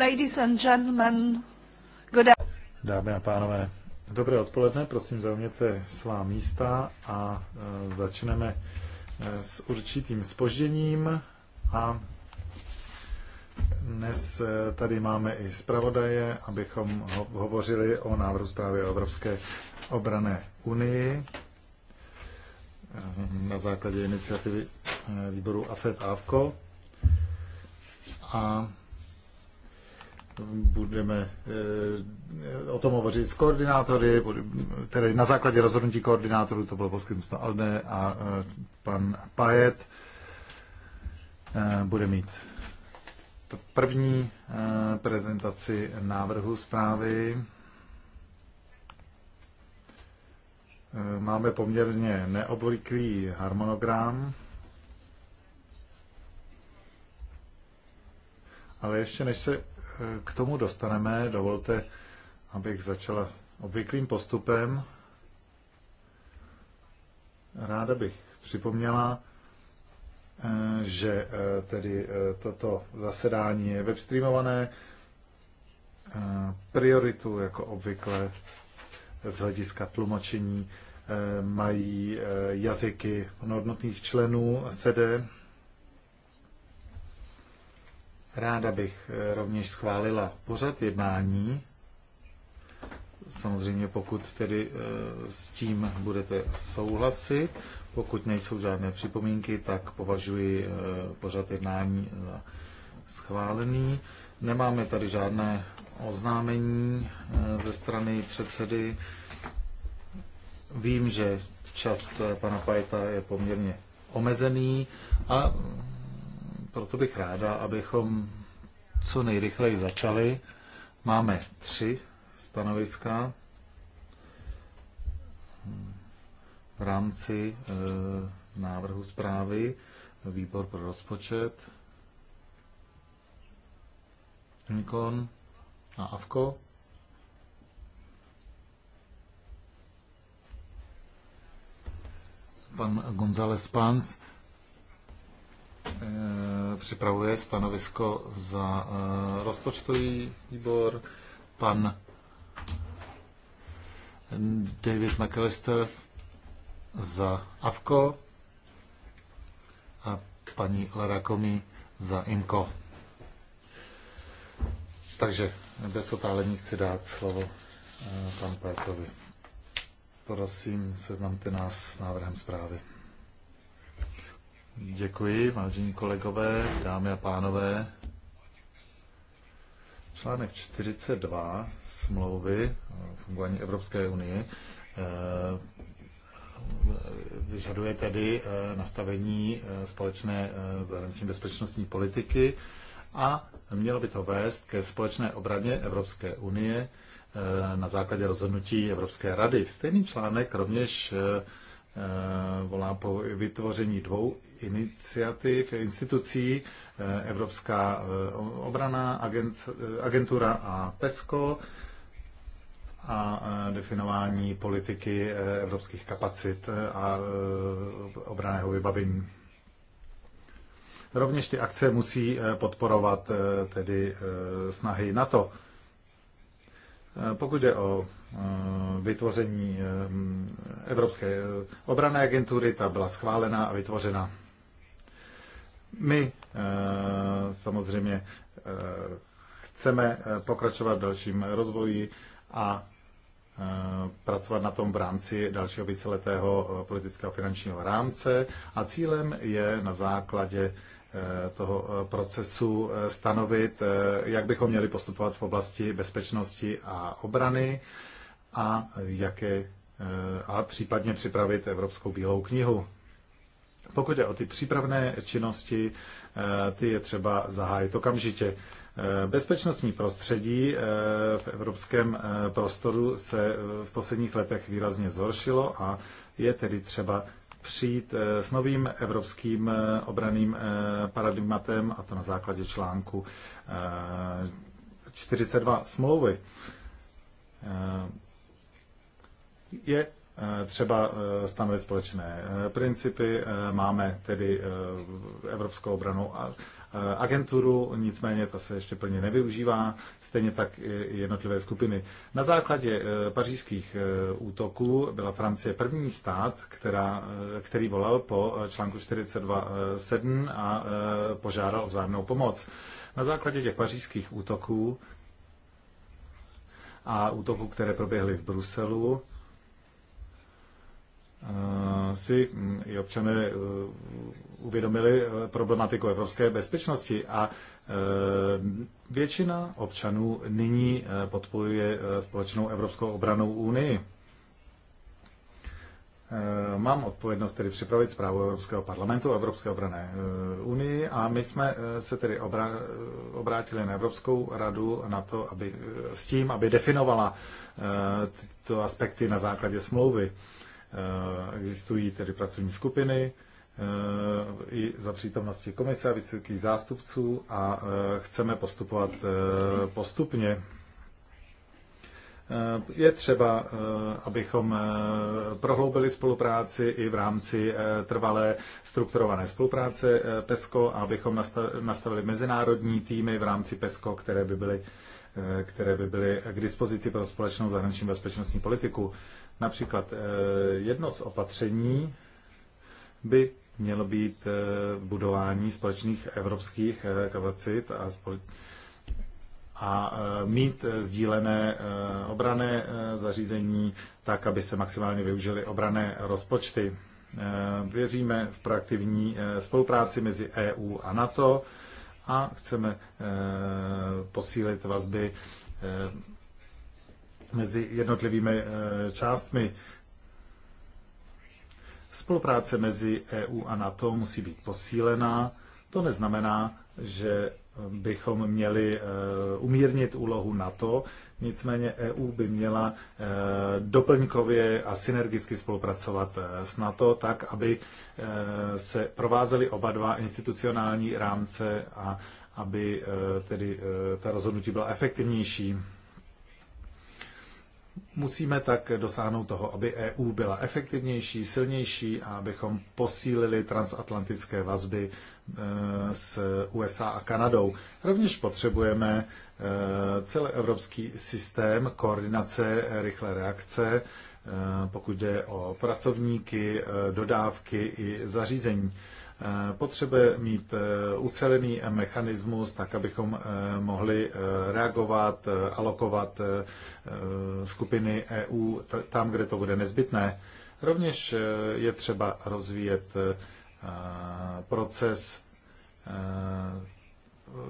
Ladies and gentlemen, good Dámy a pánové, dobré odpoledne, prosím zaujměte svá místa a e, začneme e, s určitým spožděním a dnes e, tady máme i zpravodaje, abychom ho, hovořili o návrhu zprávy o Evropské obrané unii e, na základě iniciativy e, výboru AFET AVKO. A budeme eh, o tom hovořit s koordinátory, tedy na základě rozhodnutí koordinátorů to bylo poskytnuto Alde a eh, pan Pajet eh, bude mít první prezentaci návrhu zprávy. Máme poměrně neobvyklý harmonogram. Ale ještě než se k tomu dostaneme, dovolte, abych začala obvyklým postupem. Ráda bych připomněla, eh, že eh, tedy eh, toto zasedání je webstreamované. Prioritu, jako obvykle, z hlediska tlumočení mají jazyky plnohodnotných členů sede Ráda bych eh, rovněž schválila pořad jednání. Samozřejmě pokud tedy eh, s tím budete souhlasit, pokud nejsou žádné připomínky, tak považuji eh, pořad jednání za schválený. Nemáme tady žádné oznámení ze strany předsedy. Vím, že čas pana Pajta je poměrně omezený a proto bych ráda, abychom co nejrychleji začali. Máme tři stanoviska v rámci eh, návrhu zprávy. Výbor pro rozpočet, Nikon a Avko. Pan González Pans Eh, připravuje stanovisko za eh, rozpočtový výbor. Pan David McAllister za AVKO a paní Lara Komi za IMKO. Takže bez otálení chci dát slovo eh, panu Pétovi. Prosím, seznamte nás s návrhem zprávy. Děkuji, vážení kolegové, dámy a pánové. Článek 42 smlouvy o fungování Evropské unie eh, vyžaduje tedy eh, nastavení eh, společné zahraniční bezpečnostní politiky a mělo by to vést ke společné obraně Evropské unie na základě rozhodnutí Evropské rady. Stejný článek rovněž volá po vytvoření dvou iniciativ, institucí, eh, Evropská eh, obrana, eh, agentura a PESCO a definování politiky evropských kapacit a obraného vybavení. Rovněž ty akce musí podporovat tedy snahy NATO. Pokud jde o vytvoření Evropské obrané agentury, ta byla schválena a vytvořena. My eh, samozřejmě eh, chceme eh, pokračovat v dalším rozvoji a pracovat na tom v rámci dalšího víceletého politického finančního rámce a cílem je na základě toho procesu stanovit, jak bychom měli postupovat v oblasti bezpečnosti a obrany a jaké a případně připravit Evropskou bílou knihu. Pokud je o ty přípravné činnosti, eh, ty je třeba zahájit okamžitě. Eh, bezpečnostní prostředí eh, v evropském prostoru se v posledních letech výrazně zhoršilo a je tedy třeba přijít s novým evropským obraným paradigmatem, a to na základě článku 42 smlouvy. Je Eh, třeba eh, stanovit společné eh, principy. Máme tedy Evropskou obranu a agenturu, nicméně ta se ještě plně nevyužívá, stejně tak i jednotlivé skupiny. Na základě pařížských útoků byla Francie první stát, která, který volal po článku 42.7 a požádal o vzájemnou pomoc. Na základě těch pařížských útoků a útoků, které proběhly v Bruselu, si mm, i občané e, uvědomili e, problematiku evropské bezpečnosti a e, většina občanů nyní podporuje společnou evropskou obranou unii. Mám odpovědnost tedy připravit zprávu Evropského parlamentu o Evropské obrané unii a my jsme se tedy obrátili na Evropskou radu na to, aby, s tím, aby definovala tyto aspekty na základě smlouvy. Eh, existují tedy pracovní skupiny eh, i za přítomnosti komise a vysokých zástupců a eh, chceme postupovat postupně. Je třeba, abychom prohloubili spolupráci i v rámci trvalé strukturované spolupráce PESCO a abychom nastavili mezinárodní týmy v rámci PESCO, které by byly které by byly k dispozici pro společnou zahraniční bezpečnostní politiku. Například eh, jedno z opatření by mělo být eh, budování společných evropských eh, kapacit a, a mít sdílené obrané zařízení tak, aby se maximálně využily obrané rozpočty. Věříme v proaktivní spolupráci mezi EU a NATO a chceme posílit vazby mezi jednotlivými eh, částmi. Spolupráce mezi EU a NATO musí být posílená. To neznamená, že bychom měli eh, umírnit úlohu NATO, nicméně EU by měla eh, doplňkově a synergicky spolupracovat s NATO tak, aby se provázely oba dva institucionální rámce a aby tedy ta rozhodnutí byla efektivnější musíme tak dosáhnout toho, aby EU byla efektivnější, silnější a abychom posílili transatlantické vazby e, s USA a Kanadou. Rovněž potřebujeme e, celoevropský systém koordinace rychlé reakce, e, pokud jde o pracovníky, dodávky i zařízení. Eh, potřebuje mít eh, ucelený eh, mechanismus, tak abychom mohli reagovat, alokovat skupiny EU tam, kde to bude nezbytné. Rovněž je třeba rozvíjet proces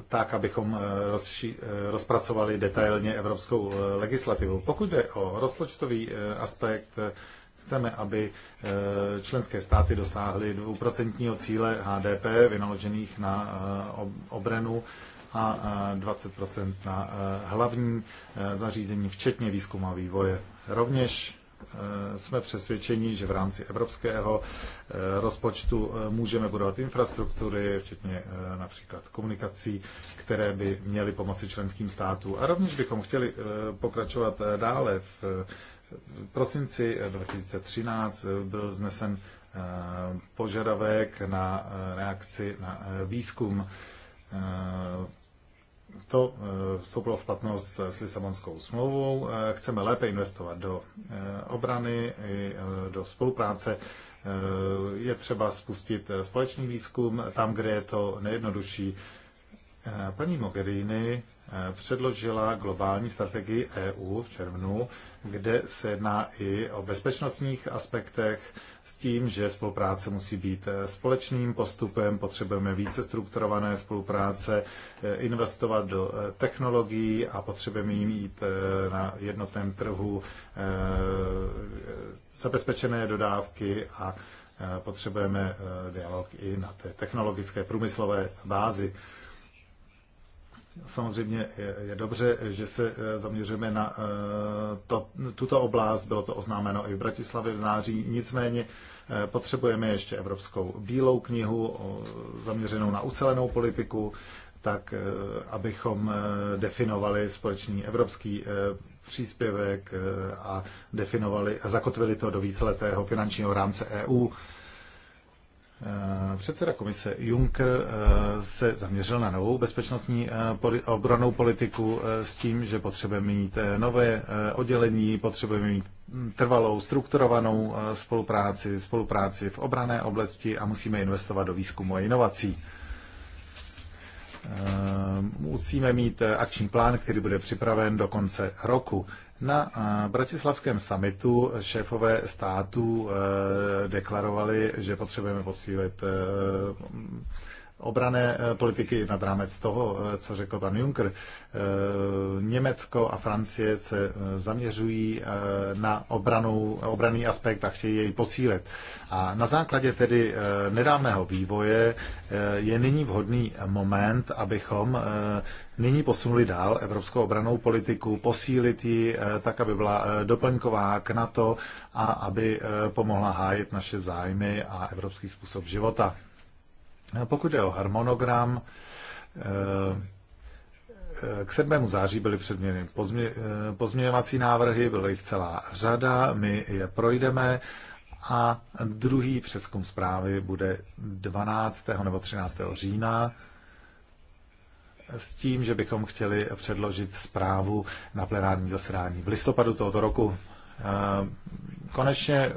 tak, abychom rozši- rozpracovali detailně evropskou legislativu. Pokud jde o rozpočtový aspekt, Chceme, aby eh, členské státy dosáhly 2% cíle HDP vynaložených na eh, obranu a 20% eh, na hlavní zařízení, včetně výzkumu a vývoje. Rovněž jsme přesvědčeni, že v rámci evropského rozpočtu můžeme budovat infrastruktury, včetně například komunikací, které by měly pomoci členským státům. A rovněž bychom chtěli pokračovat dále v v prosinci 2013 eh, eh, byl znesen eh, požadavek na reakci na výzkum. To vstoupilo v platnost s Lisabonskou smlouvou. Chceme lépe investovat do obrany, i do spolupráce. Je třeba spustit společný výzkum tam, kde je to nejjednodušší. Paní Mogherini Eh, předložila globální strategii EU v červnu, kde se jedná i o bezpečnostních aspektech s tím, že spolupráce musí být eh, společným postupem, potřebujeme více strukturované spolupráce, eh, investovat do technologií a potřebujeme ji mít na jednotném trhu zabezpečené dodávky a potřebujeme dialog i na té technologické průmyslové bázi. Samozřejmě je dobře, že se eh, zaměřujeme na eh, to, tuto oblast, bylo to oznámeno i v Bratislavě v září, nicméně eh, potřebujeme ještě Evropskou bílou knihu zaměřenou na ucelenou politiku, tak abychom definovali společný evropský příspěvek a definovali a zakotvili to do víceletého finančního rámce EU. Eh, předseda komise Juncker eh, se zaměřil na novou bezpečnostní eh, obranou politiku s tím, že potřebujeme mít nové oddělení, potřebujeme mít hm, trvalou, strukturovanou spolupráci, spolupráci v obrané oblasti a musíme investovat do výzkumu a inovací musíme mít eh, akční plán, který bude připraven do konce roku. Na eh, bratislavském summitu šéfové států eh, deklarovali, že potřebujeme posílit obrané eh, politiky nad rámec toho, eh, co řekl pan Juncker. Eh, Německo a Francie se zaměřují na obranu, obraný aspekt a chtějí jej posílit. A na základě tedy nedávného vývoje je nyní vhodný moment, abychom nyní posunuli dál evropskou obranou politiku, posílit ji tak, aby byla doplňková k NATO a aby pomohla hájit naše zájmy a evropský způsob života. Pokud je o harmonogram, eh, k 7. září byly předměny pozmě, eh, pozměňovací návrhy, byla jich celá řada, my je projdeme a druhý přeskum zprávy bude 12. nebo 13. října s tím, že bychom chtěli předložit zprávu na plenární zasedání v listopadu tohoto roku. Eh, konečně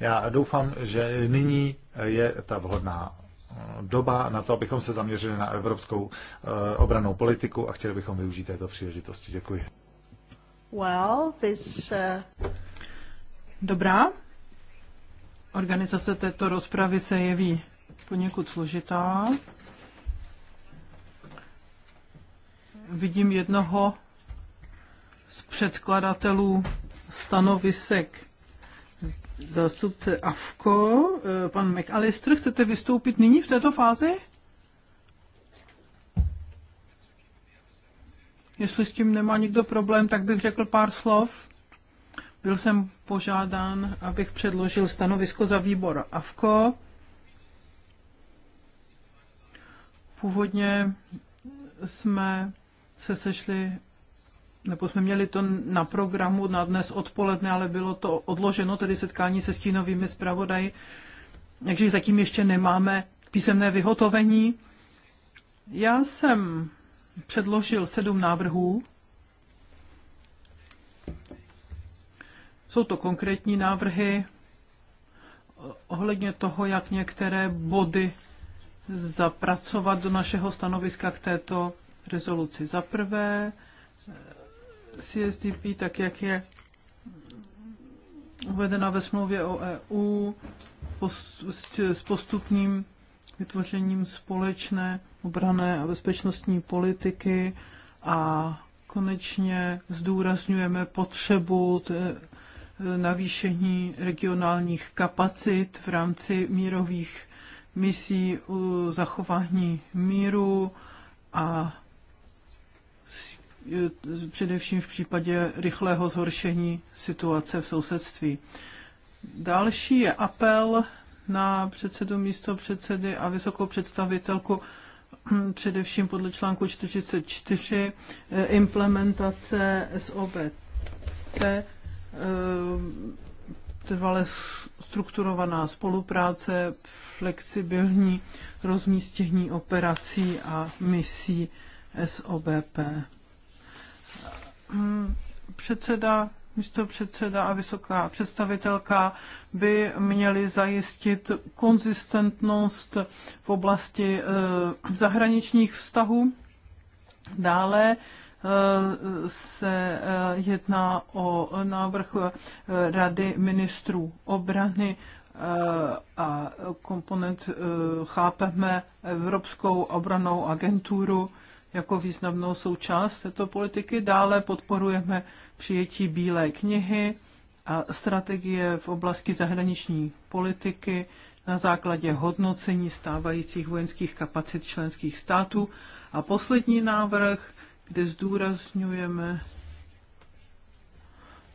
já doufám, že nyní je ta vhodná doba na to, abychom se zaměřili na evropskou eh, obranou politiku a chtěli bychom využít této příležitosti. Děkuji. Well, this, uh... Dobrá. Organizace této rozpravy se jeví poněkud složitá. Vidím jednoho z předkladatelů stanovisek zástupce AFKO, eh, pan McAllister, chcete vystoupit nyní v této fázi? Jestli s tím nemá nikdo problém, tak bych řekl pár slov. Byl jsem požádán, abych předložil stanovisko za výbor AFKO. Původně jsme se sešli nebo jsme měli to na programu na dnes odpoledne, ale bylo to odloženo, tedy setkání se stínovými zpravodaji, takže zatím ještě nemáme písemné vyhotovení. Já jsem předložil sedm návrhů. Jsou to konkrétní návrhy ohledně toho, jak některé body zapracovat do našeho stanoviska k této rezoluci. Za prvé, CSDP, tak jak je uvedena ve smlouvě o EU, s postupným vytvořením společné obrané a bezpečnostní politiky a konečně zdůrazňujeme potřebu navýšení regionálních kapacit v rámci mírových misí u zachování míru a především v případě rychlého zhoršení situace v sousedství. Další je apel na předsedu místo předsedy a vysokou představitelku především podle článku 44 eh, implementace SOBT eh, trvale strukturovaná spolupráce, flexibilní rozmístění operací a misí SOBP. Hmm, předseda, místo předseda a vysoká představitelka by měli zajistit konzistentnost v oblasti eh, zahraničních vztahů. Dále eh, se eh, jedná o návrh Rady ministrů obrany a komponent chápeme Evropskou obranou agenturu jako významnou součást této politiky. Dále podporujeme přijetí Bílé knihy a strategie v oblasti zahraniční politiky na základě hodnocení stávajících vojenských kapacit členských států. A poslední návrh, kde zdůrazňujeme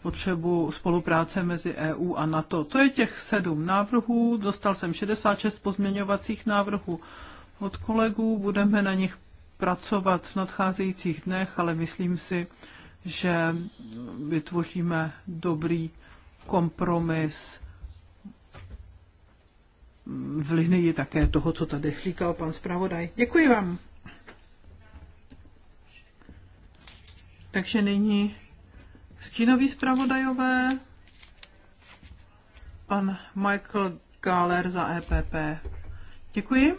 potřebu spolupráce mezi EU a NATO. To je těch sedm návrhů. Dostal jsem 66 pozměňovacích návrhů od kolegů. Budeme na nich pracovat v nadcházejících dnech, ale myslím si, že vytvoříme dobrý kompromis v linii také toho, co tady říkal pan zpravodaj. Děkuji vám. Takže nyní stínový zpravodajové, pan Michael Gáler za EPP. Děkuji.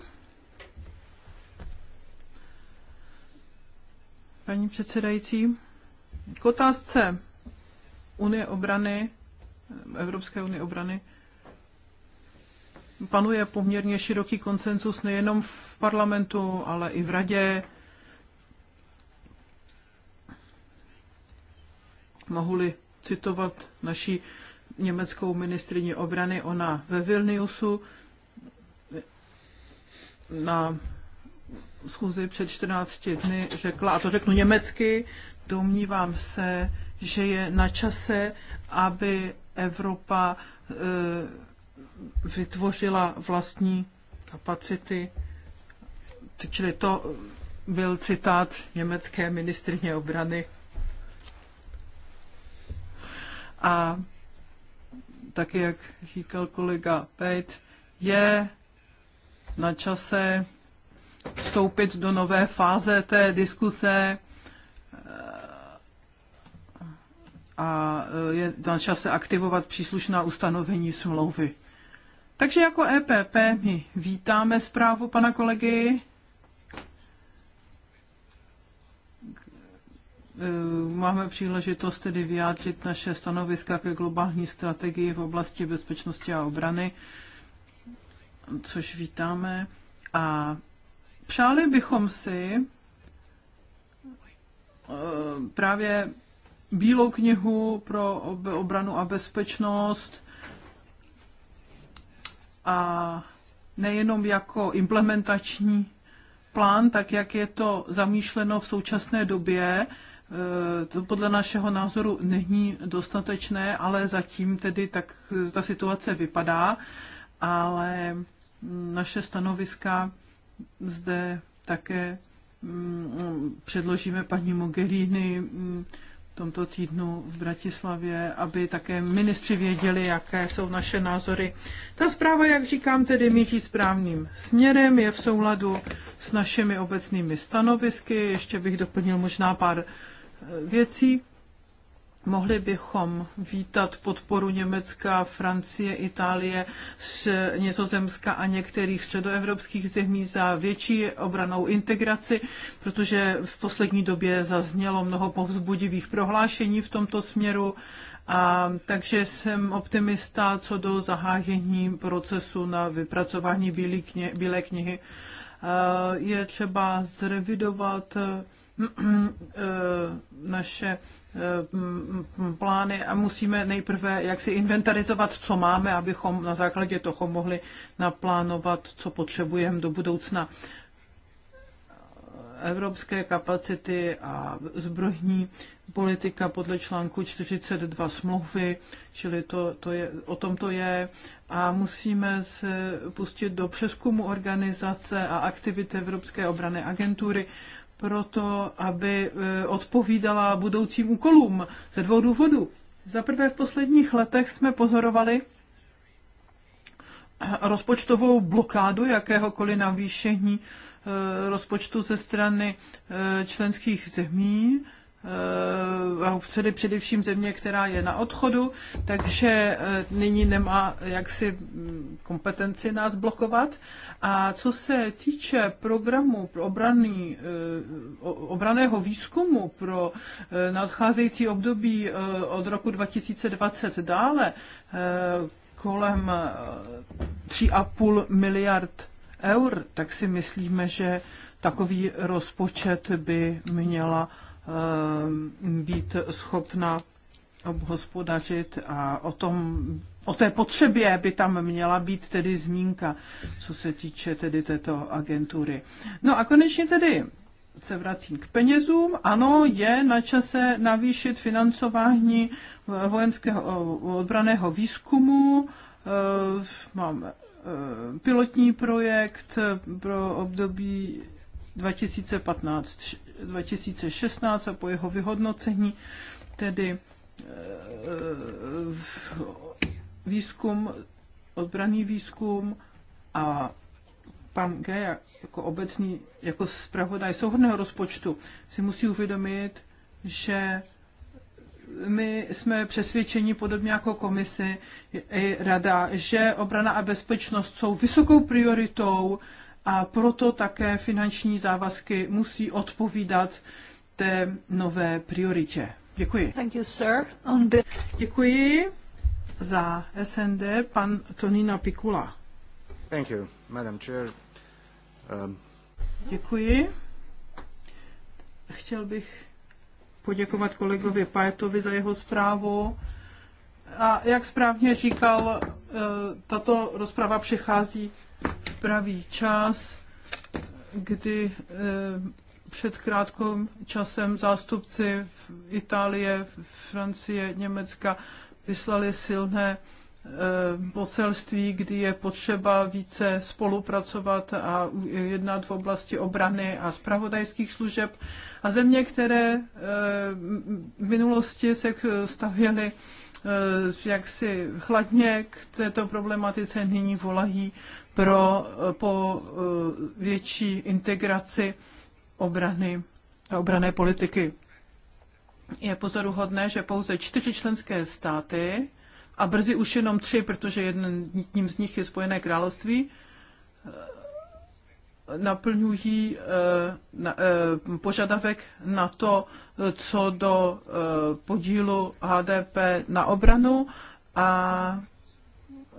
paní předsedající. K otázce Unie obrany, Evropské unie obrany, panuje poměrně široký konsenzus nejenom v parlamentu, ale i v radě. Mohu-li citovat naši německou ministrině obrany, ona ve Vilniusu na schůzi před 14 dny řekla, a to řeknu německy, domnívám se, že je na čase, aby Evropa eh, vytvořila vlastní kapacity. Čili to byl citát německé ministrně obrany. A tak, jak říkal kolega Pejt, je na čase vstoupit do nové fáze té diskuse a je na čase aktivovat příslušná ustanovení smlouvy. Takže jako EPP my vítáme zprávu pana kolegy. Máme příležitost tedy vyjádřit naše stanoviska ke globální strategii v oblasti bezpečnosti a obrany, což vítáme. A Přáli bychom si eh, právě bílou knihu pro obranu a bezpečnost a nejenom jako implementační plán, tak jak je to zamýšleno v současné době, eh, to podle našeho názoru není dostatečné, ale zatím tedy tak eh, ta situace vypadá, ale mm, naše stanoviska zde také mm, předložíme paní Mogherini mm, tomto týdnu v Bratislavě, aby také ministři věděli, jaké jsou naše názory. Ta zpráva, jak říkám, tedy míří správným směrem, je v souladu s našimi obecnými stanovisky. Ještě bych doplnil možná pár eh, věcí. Mohli bychom vítat podporu Německa, Francie, Itálie, Nizozemska a některých středoevropských zemí za větší obranou integraci, protože v poslední době zaznělo mnoho povzbudivých prohlášení v tomto směru. A, takže jsem optimista co do zahájení procesu na vypracování bílé, kni- bílé knihy. Je třeba zrevidovat eh, naše Eh, plány a musíme nejprve jak si inventarizovat, co máme, abychom na základě toho mohli naplánovat, co potřebujeme do budoucna. Evropské kapacity a zbrojní politika podle článku 42 smlouvy, čili to, to je, o tom to je. A musíme se pustit do přeskumu organizace a aktivity Evropské obrany agentury proto, aby eh, odpovídala budoucím úkolům ze dvou důvodů. Za prvé v posledních letech jsme pozorovali eh, rozpočtovou blokádu jakéhokoliv navýšení eh, rozpočtu ze strany členských zemí Eh, a tedy především země, která je na odchodu, takže eh, nyní nemá jaksi mm, kompetenci nás blokovat. A co se týče programu pro obraný, eh, obraného výzkumu pro nadcházející období od roku 2020 dále, kolem 3,5 miliard eur, tak si myslíme, že takový rozpočet by měla Ehm, být schopna obhospodařit a o tom o té potřebě by tam měla být tedy zmínka, co se týče tedy této agentury. No a konečně tedy se vracím k penězům. Ano, je na čase navýšit financování vojenského odbraného výzkumu. Ehm, Máme ehm, pilotní projekt pro období 2015 2016 a po jeho vyhodnocení, tedy eh, výzkum, odbraný výzkum a pan G jako obecný, jako zpravodaj souhodného rozpočtu si musí uvědomit, že my jsme přesvědčeni, podobně jako komisi i rada, že obrana a bezpečnost jsou vysokou prioritou a proto také finanční závazky musí odpovídat té nové prioritě. Děkuji. Thank you, sir. On... Děkuji za SND pan Tonina Pikula. Thank you, Madam Chair. Um... Děkuji. Chtěl bych poděkovat kolegovi Pajetovi za jeho zprávu. A jak správně říkal, eh, tato rozprava přichází pravý čas, kdy eh, před krátkým časem zástupci v Itálie, v Francie, Německa vyslali silné eh, poselství, kdy je potřeba více spolupracovat a jednat v oblasti obrany a spravodajských služeb. A země, které eh, v minulosti se stavěly jaksi chladně k této problematice, nyní volají pro po eh, větší integraci obrany obrané politiky. Je pozoruhodné, že pouze čtyři členské státy a brzy už jenom tři, protože jedním z nich je Spojené království, eh, naplňují eh, požadavek na to, co do podílu HDP na obranu a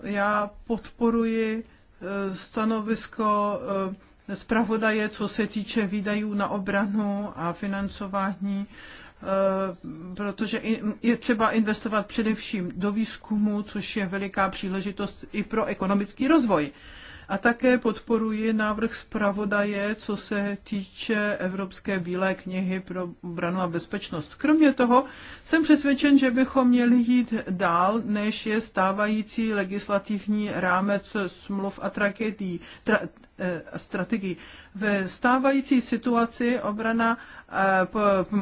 já podporuji Eh, stanovisko eh, zpravodaje, co se týče výdajů na obranu a financování, eh, protože je třeba investovat především do výzkumu, což je veliká příležitost i pro ekonomický rozvoj. A také podporuji návrh zpravodaje, co se týče Evropské bílé knihy pro branu a bezpečnost. Kromě toho jsem přesvědčen, že bychom měli jít dál, než je stávající legislativní rámec smluv a tragédií, tra, eh, strategií. Ve stávající situaci obrana eh,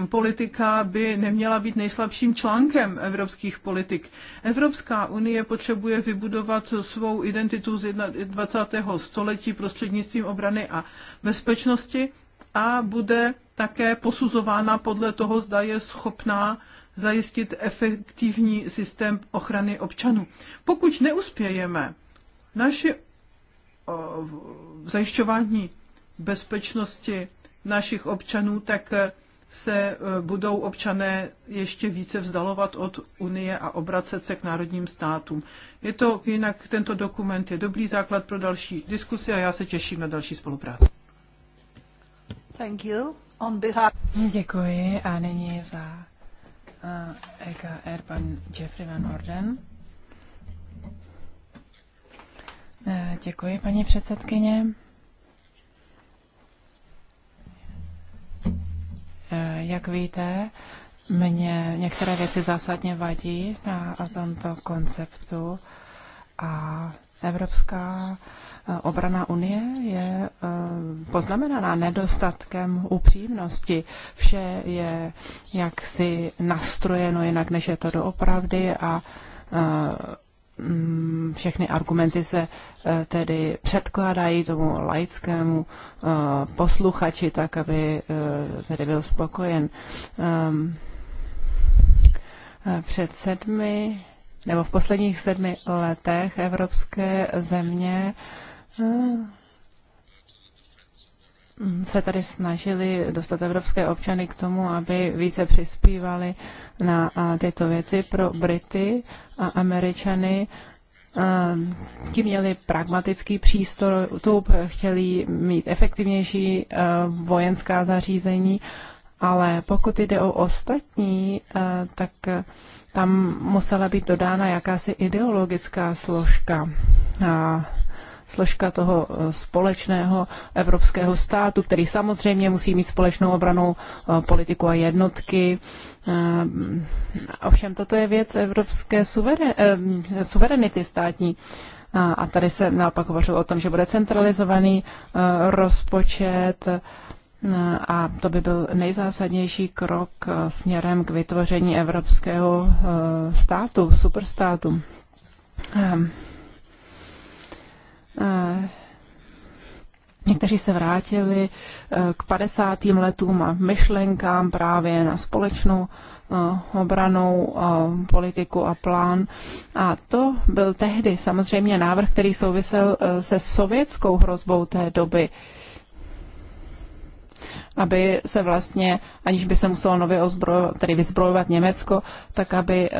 politika by neměla být nejslabším článkem evropských politik. Evropská unie potřebuje vybudovat svou identitu z 21. století prostřednictvím obrany a bezpečnosti a bude také posuzována podle toho, zda je schopná zajistit efektivní systém ochrany občanů. Pokud neuspějeme, naše zajišťování bezpečnosti našich občanů, tak eh, se eh, budou občané ještě více vzdalovat od Unie a obracet se k národním státům. Je to jinak, tento dokument je dobrý základ pro další diskusy a já se těším na další spolupráci. Thank you. On behalf... Děkuji a nyní za uh, eh, EKR pan Jeffrey Van Orden. Uh, děkuji, paní předsedkyně. Eh, jak víte, mě některé věci zásadně vadí na tomto konceptu a Evropská eh, obrana unie je eh, poznamenaná nedostatkem upřímnosti. Vše je jaksi nastrojeno jinak, než je to doopravdy a Mm, všechny argumenty se eh, tedy předkládají tomu laickému eh, posluchači, tak aby eh, tedy byl spokojen. Ehm, před sedmi nebo v posledních sedmi letech evropské země se tady snažili dostat evropské občany k tomu, aby více přispívali na tyto věci pro Brity a Američany. Ti měli pragmatický přístup, chtěli mít efektivnější e, vojenská zařízení, ale pokud jde o ostatní, e, tak tam musela být dodána jakási ideologická složka složka toho eh, společného evropského státu, který samozřejmě musí mít společnou obranou eh, politiku a jednotky. Eh, ovšem toto je věc evropské suverenity státní. A tady se naopak hovořilo o tom, že bude centralizovaný rozpočet a to by byl nejzásadnější krok směrem k vytvoření evropského státu, superstátu. Eh, někteří se vrátili eh, k 50. letům a myšlenkám právě na společnou eh, obranou politiku a plán. A to byl tehdy samozřejmě návrh, který souvisel se sovětskou hrozbou té doby aby se vlastně, aniž by se muselo nově ozbrojovat, tedy vyzbrojovat Německo, tak aby e,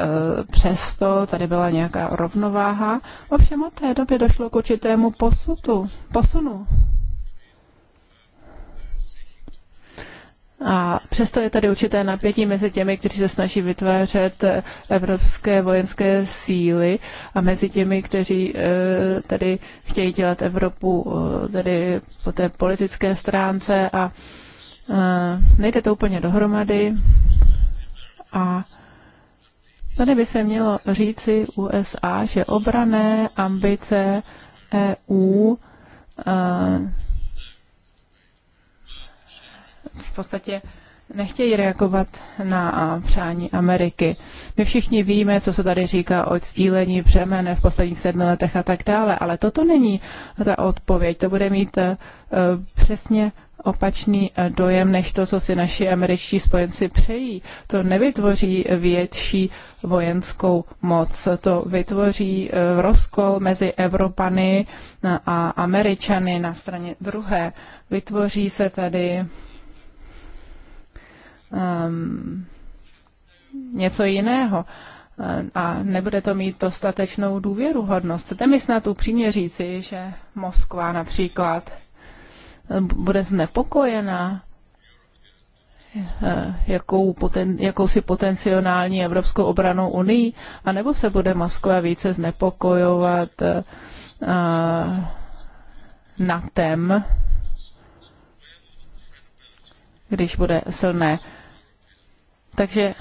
přesto tady byla nějaká rovnováha. Ovšem od té doby došlo k určitému posutu, posunu. A přesto je tady určité napětí mezi těmi, kteří se snaží vytvářet e, evropské vojenské síly a mezi těmi, kteří e, tady chtějí dělat Evropu tady po té politické stránce a Eh, nejde to úplně dohromady a tady by se mělo říci USA, že obrané ambice EU eh, v podstatě nechtějí reagovat na přání Ameriky. My všichni víme, co se tady říká o stílení břemene v posledních sedmi letech a tak dále, ale toto není ta odpověď. To bude mít eh, přesně opačný eh, dojem než to, co si naši američtí spojenci přejí. To nevytvoří větší vojenskou moc. To vytvoří eh, rozkol mezi Evropany eh, a Američany na straně druhé. Vytvoří se tady um, něco jiného a nebude to mít dostatečnou důvěruhodnost. Chcete mi snad upřímně říci, že Moskva například bude znepokojena eh, jakou, poten, jakousi potenciální Evropskou obranou unii, anebo se bude Moskva více znepokojovat uh, tem, když bude silné. Takže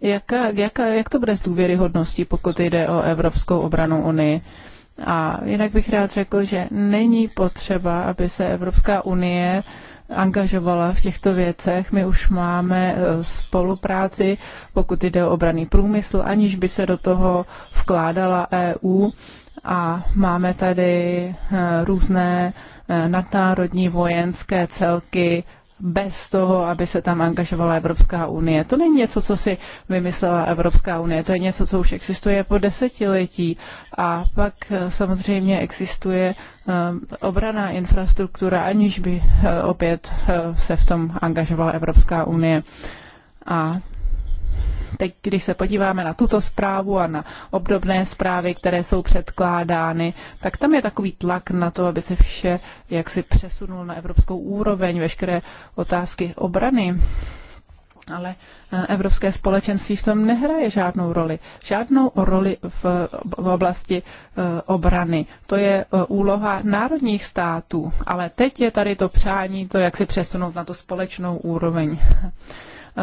jaká, jaká, jak to bude s důvěryhodností, pokud jde o Evropskou obranou unii? Uh, a jinak bych rád řekl, že není potřeba, aby se Evropská unie angažovala v těchto věcech. My už máme e, spolupráci, pokud jde o obraný průmysl, aniž by se do toho vkládala EU. A máme tady e, různé e, nadnárodní vojenské celky, bez toho, aby se tam angažovala Evropská unie. To není něco, co si vymyslela Evropská unie, to je něco, co už existuje po desetiletí. A pak eh, samozřejmě existuje eh, obraná infrastruktura, aniž by eh, opět se v tom angažovala Evropská unie. A Teď, když se podíváme na tuto zprávu a na obdobné zprávy, které jsou předkládány, tak tam je takový tlak na to, aby se vše jaksi přesunul na evropskou úroveň, veškeré otázky obrany. Ale eh, Evropské společenství v tom nehraje žádnou roli. Žádnou roli v, v oblasti eh, obrany. To je eh, úloha národních států. Ale teď je tady to přání, to, jak si přesunout na tu společnou úroveň.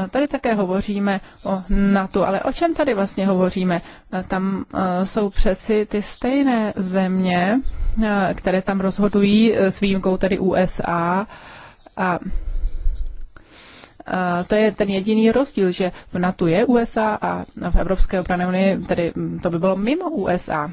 Tady také hovoříme o NATO, ale o čem tady vlastně hovoříme? Tam jsou přeci ty stejné země, které tam rozhodují e, s výjimkou tedy USA a to je ten jediný rozdíl, že v NATO je USA a v Evropské obrané unii, tedy to by bylo mimo USA.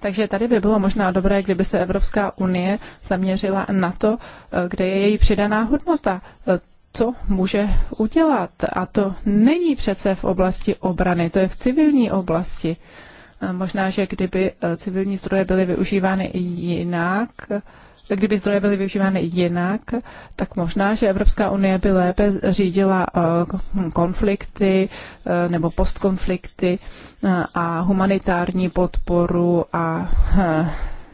Takže tady by bylo možná dobré, kdyby se Evropská unie zaměřila na to, eh, kde je její přidaná hodnota eh, co může udělat. A to není přece v oblasti obrany, to je v civilní oblasti. Eh, možná, že kdyby civilní zdroje byly využívány i jinak, kdyby zdroje byly využívány jinak, tak možná, že Evropská unie by lépe řídila eh, konflikty eh, nebo postkonflikty eh, a humanitární podporu a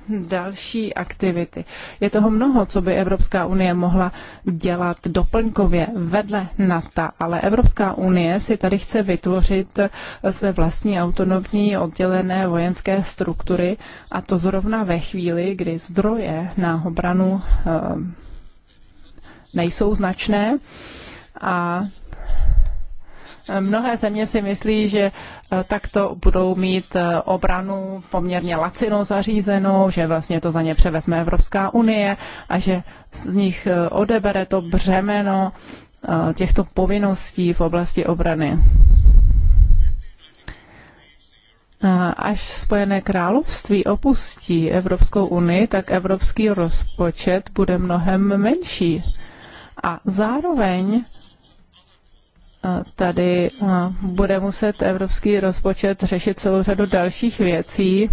další aktivity. Je toho mnoho, co by Evropská unie mohla dělat doplňkově vedle NATO, ale Evropská unie si tady chce vytvořit eh, své vlastní autonomní oddělené vojenské struktury a to zrovna ve chvíli, kdy zdroje na obranu eh, nejsou značné a eh, Mnohé země si myslí, že Eh, takto budou mít eh, obranu poměrně lacino zařízenou, že vlastně to za ně převezme Evropská unie a že z nich eh, odebere to břemeno těchto povinností v oblasti obrany. Až Spojené království opustí Evropskou unii, tak evropský rozpočet bude mnohem menší. A zároveň tady bude muset evropský rozpočet řešit celou řadu dalších věcí.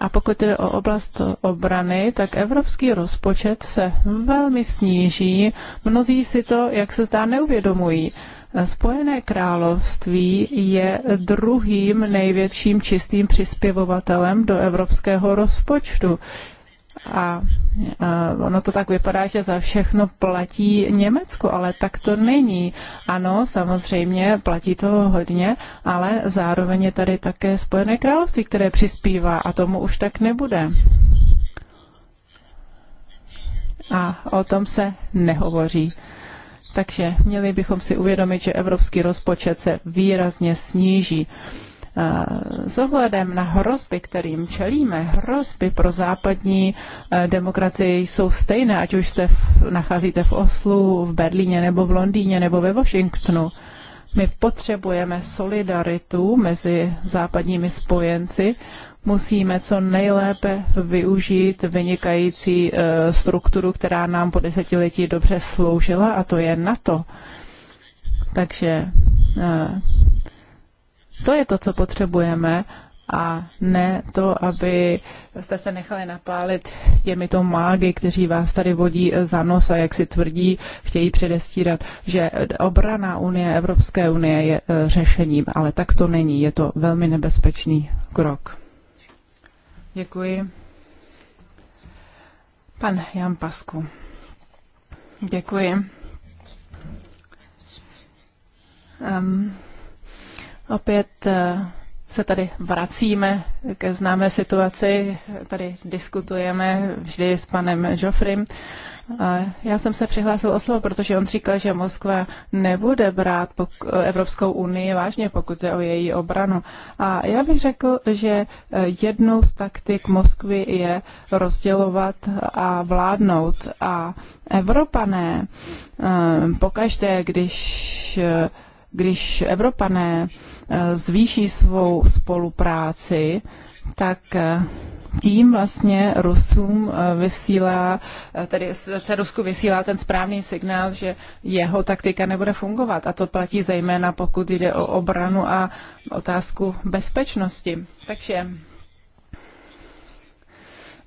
A pokud jde o oblast obrany, tak evropský rozpočet se velmi sníží. Mnozí si to, jak se zdá, neuvědomují. Spojené království je druhým největším čistým přispěvovatelem do evropského rozpočtu. A uh, ono to tak vypadá, že za všechno platí Německo, ale tak to není. Ano, samozřejmě platí to hodně, ale zároveň je tady také Spojené království, které přispívá a tomu už tak nebude. A o tom se nehovoří. Takže měli bychom si uvědomit, že evropský rozpočet se výrazně sníží. Uh, Eh, s ohledem na hrozby, kterým čelíme, hrozby pro západní eh, demokracii jsou stejné, ať už se nacházíte v Oslu, v Berlíně nebo v Londýně nebo ve Washingtonu. My potřebujeme solidaritu mezi západními spojenci, musíme co nejlépe využít vynikající eh, strukturu, která nám po desetiletí dobře sloužila, a to je NATO. Takže to je to, co potřebujeme a ne to, aby jste se nechali napálit těmito mágy, kteří vás tady vodí za nos a jak si tvrdí, chtějí předestírat, že obrana Unie, Evropské unie je e, řešením, ale tak to není, je to velmi nebezpečný krok. Děkuji. Pan Jan Pasku. Děkuji. Um, Opět eh, se tady vracíme ke známé situaci. Tady diskutujeme vždy s panem Joffrym. Já jsem se přihlásil o slovo, protože on říkal, že Moskva nebude brát Evropskou unii vážně, pokud je o její obranu. A já bych řekl, že eh, jednou z taktik Moskvy je rozdělovat a vládnout. A Evropané eh, pokaždé, když když Evropané eh, zvýší svou spolupráci, tak eh, tím vlastně Rusům eh, vysílá, tedy se Rusku vysílá ten správný signál, že jeho taktika nebude fungovat. A to platí zejména, pokud jde o obranu a otázku bezpečnosti. Takže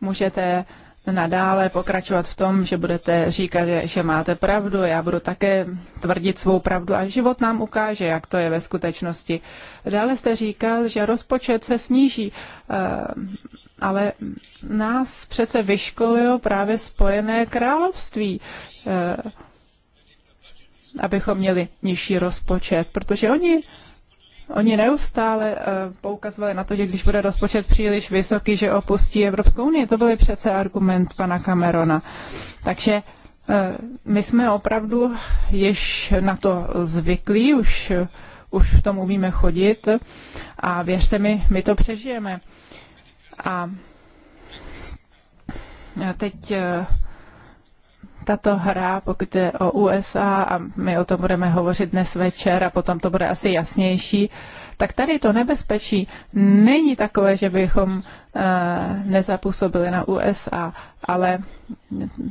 můžete nadále pokračovat v tom, že budete říkat, že máte pravdu. Já budu také tvrdit svou pravdu a život nám ukáže, jak to je ve skutečnosti. Dále jste říkal, že rozpočet se sníží, eh, ale nás přece vyškolilo právě Spojené království eh, abychom měli nižší rozpočet, protože oni Oni neustále eh, poukazovali na to, že když bude rozpočet příliš vysoký, že opustí Evropskou unii. To byl přece argument pana Camerona. Takže eh, my jsme opravdu již na to zvyklí, už, už v tom umíme chodit a věřte mi, my to přežijeme. A teď eh, tato hra, pokud je o USA, a my o tom budeme hovořit dnes večer a potom to bude asi jasnější, tak tady to nebezpečí není takové, že bychom eh, nezapůsobili na USA, ale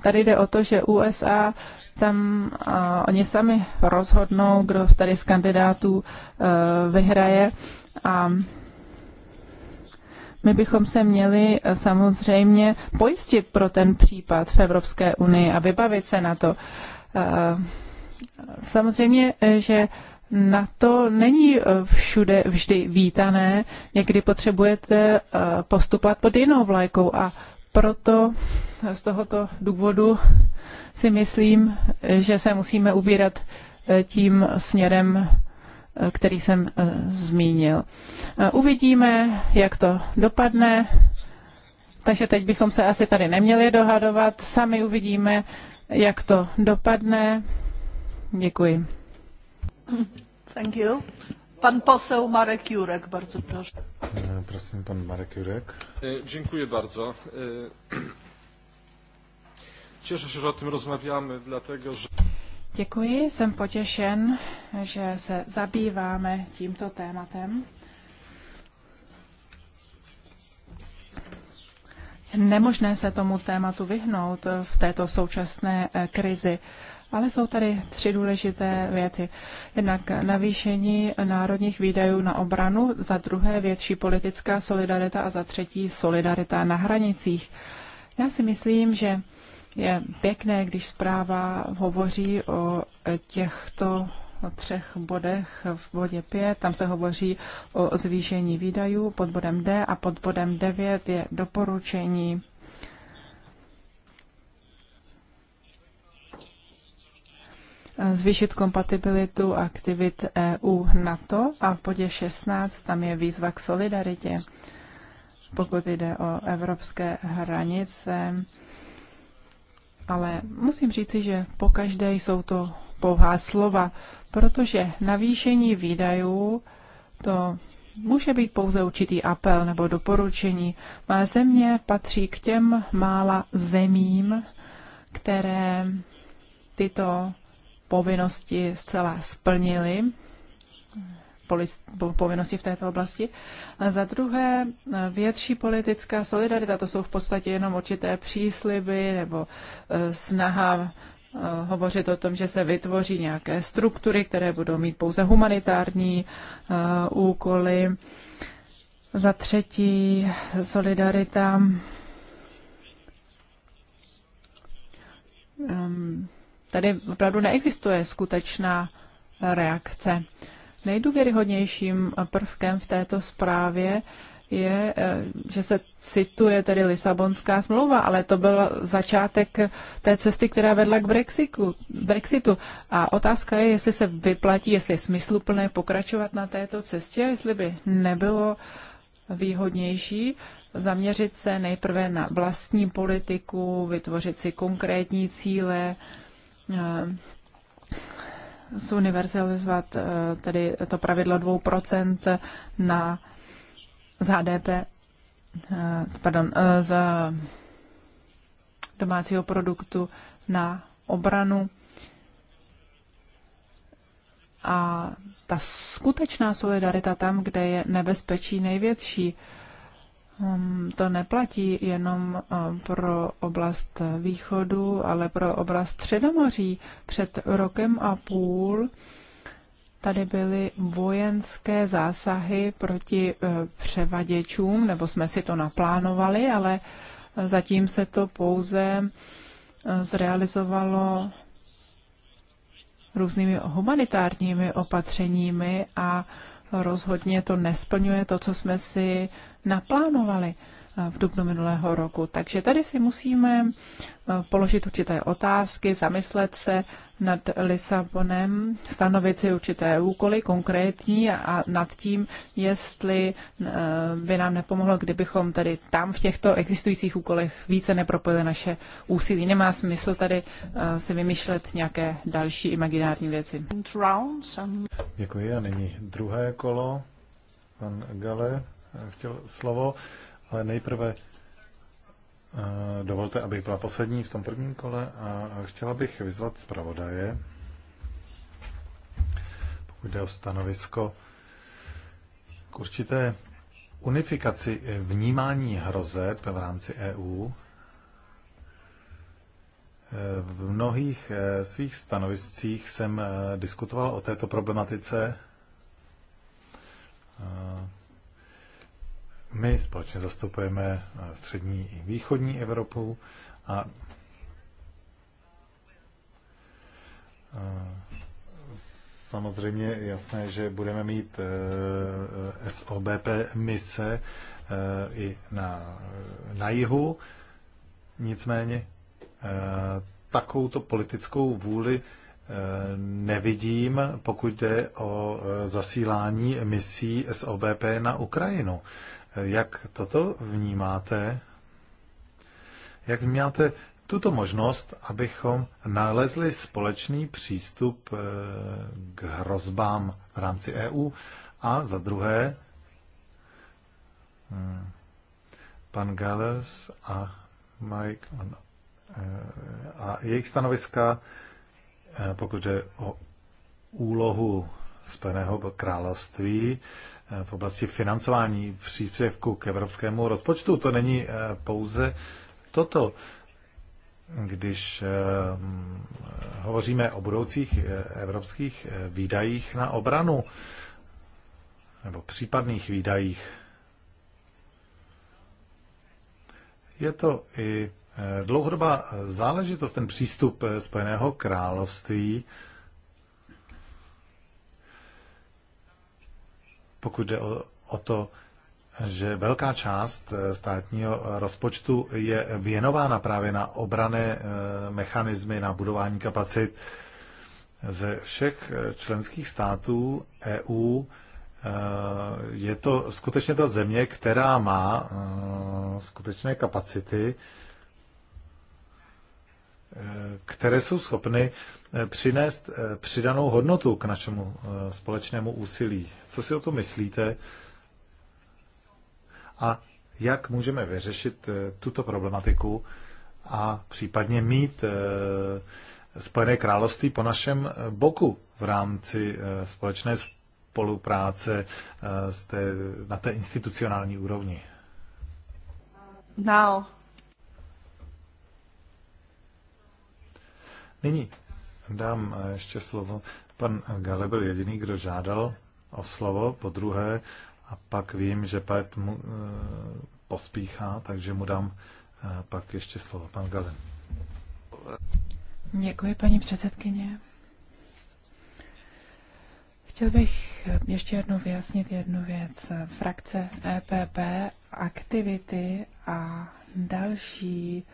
tady jde o to, že USA tam uh, oni sami rozhodnou, kdo tady z kandidátů uh, vyhraje a my bychom se měli eh, samozřejmě pojistit pro ten případ v Evropské unii a vybavit se na to. Eh, samozřejmě, eh, že na to není všude vždy vítané, někdy potřebujete postupovat pod jinou vlajkou a proto z tohoto důvodu si myslím, že se musíme ubírat tím směrem, který jsem eh, zmínil. Eh, uvidíme, jak to dopadne. Takže teď bychom se asi tady neměli dohadovat. Sami uvidíme, jak to dopadne. Děkuji. Thank you. Pan poseł Marek Jurek, bardzo proszę. Eh, prosím, pan Marek Jurek. E, dziękuję bardzo. E, cieszę się, że o tym rozmawiamy, dlatego że... Děkuji, jsem potěšen, že se zabýváme tímto tématem. Nemožné se tomu tématu vyhnout v této současné eh, krizi. Ale jsou tady tři důležité věci. Jednak navýšení národních výdajů na obranu, za druhé větší politická solidarita a za třetí solidarita na hranicích. Já si myslím, že je pěkné, když zpráva hovoří o těchto o třech bodech v bodě 5. Tam se hovoří o zvýšení výdajů pod bodem D a pod bodem 9 je doporučení zvýšit kompatibilitu aktivit EU NATO a v bodě 16 tam je výzva k solidaritě. Pokud jde o evropské hranice, ale musím říci, že po každé jsou to pouhá slova, protože navýšení výdajů to může být pouze určitý apel nebo doporučení. Má země patří k těm mála zemím, které tyto povinnosti zcela splnily povinnosti v této oblasti. A za druhé, větší politická solidarita, to jsou v podstatě jenom určité přísliby nebo e, snaha e, hovořit o tom, že se vytvoří nějaké struktury, které budou mít pouze humanitární e, úkoly. Za třetí, solidarita. Tady opravdu neexistuje skutečná reakce. Nejdůvěryhodnějším prvkem v této zprávě je, eh, že se cituje tedy Lisabonská smlouva, ale to byl začátek té cesty, která vedla k Brexitu. Brexitu. A otázka je, jestli se vyplatí, jestli je smysluplné pokračovat na této cestě, jestli by nebylo výhodnější zaměřit se nejprve na vlastní politiku, vytvořit si konkrétní cíle, eh, zuniverzalizovat eh, tedy to pravidlo 2% na z HDP, eh, pardon, eh, z domácího produktu na obranu. A ta skutečná solidarita tam, kde je nebezpečí největší, Ehm, to neplatí jenom eh, pro oblast východu, ale pro oblast Středomoří. Před rokem a půl tady byly vojenské zásahy proti eh, převaděčům, nebo jsme si to naplánovali, ale eh, zatím se to pouze zrealizovalo různými humanitárními opatřeními a rozhodně to nesplňuje to, co jsme si naplánovali eh, v dubnu minulého roku. Takže tady si musíme eh, položit určité otázky, zamyslet se nad Lisabonem, stanovit si určité úkoly konkrétní a nad tím, jestli eh, by nám nepomohlo, kdybychom tady tam v těchto existujících úkolech více nepropojili naše úsilí. Nemá smysl tady si vymýšlet nějaké další imaginární věci. Děkuji a nyní druhé kolo. Pan Gale chtěl slovo, ale nejprve eh, dovolte, abych byla poslední v tom prvním kole a chtěla bych vyzvat zpravodaje, pokud jde o stanovisko, k určité unifikaci vnímání hrozeb v rámci EU. Eh, v mnohých eh, svých stanoviscích jsem diskutoval o této problematice my společně zastupujeme eh, střední i východní Evropu a eh, samozřejmě jasné, že budeme mít eh, SOBP mise i na, na jihu. Nicméně takovouto politickou vůli nevidím, pokud jde o zasílání misí SOBP na Ukrajinu. Jak toto vnímáte? Jak vnímáte tuto možnost, abychom nalezli společný přístup eh, k hrozbám v rámci EU? A za druhé, hm, pan Gallers a Mike eh, a jejich stanoviska, eh, pokud je o úlohu speného království v oblasti financování příspěvku k evropskému rozpočtu. To není eh, pouze toto. Když eh, mm, hovoříme o budoucích eh, evropských výdajích na obranu nebo případných výdajích, je to i dlouhodobá záležitost, ten přístup Spojeného království pokud jde o, o to, že velká část eh, státního rozpočtu je věnována právě na obrané eh, mechanismy, na budování kapacit. Eh, ze všech členských států EU je to skutečně ta země, která má skutečné kapacity které jsou schopny eh, přinést eh, přidanou hodnotu k našemu eh, společnému úsilí. Co si o to myslíte? A jak můžeme vyřešit tuto problematiku a případně mít Spojené království po našem boku v rámci společné spolupráce na té institucionální úrovni? Now, Nyní dám eh, ještě slovo. Pan Gale byl jediný, kdo žádal o slovo po druhé a pak vím, že Pet mu e, pospíchá, takže mu dám e, pak ještě slovo. Pan Gale. Děkuji, paní předsedkyně. Chtěl bych ještě jednou vyjasnit jednu věc. Frakce EPP, aktivity a další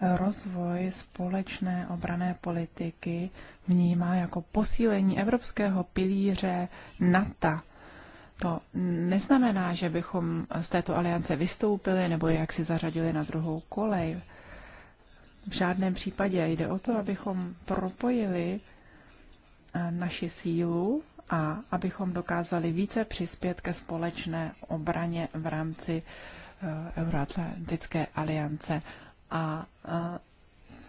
rozvoj společné obrané politiky vnímá jako posílení evropského pilíře NATO. To neznamená, že bychom z této aliance vystoupili nebo jak si zařadili na druhou kolej. V žádném případě jde o to, abychom propojili eh, naši sílu a abychom dokázali více přispět ke společné obraně v rámci eh, Euroatlantické aliance. A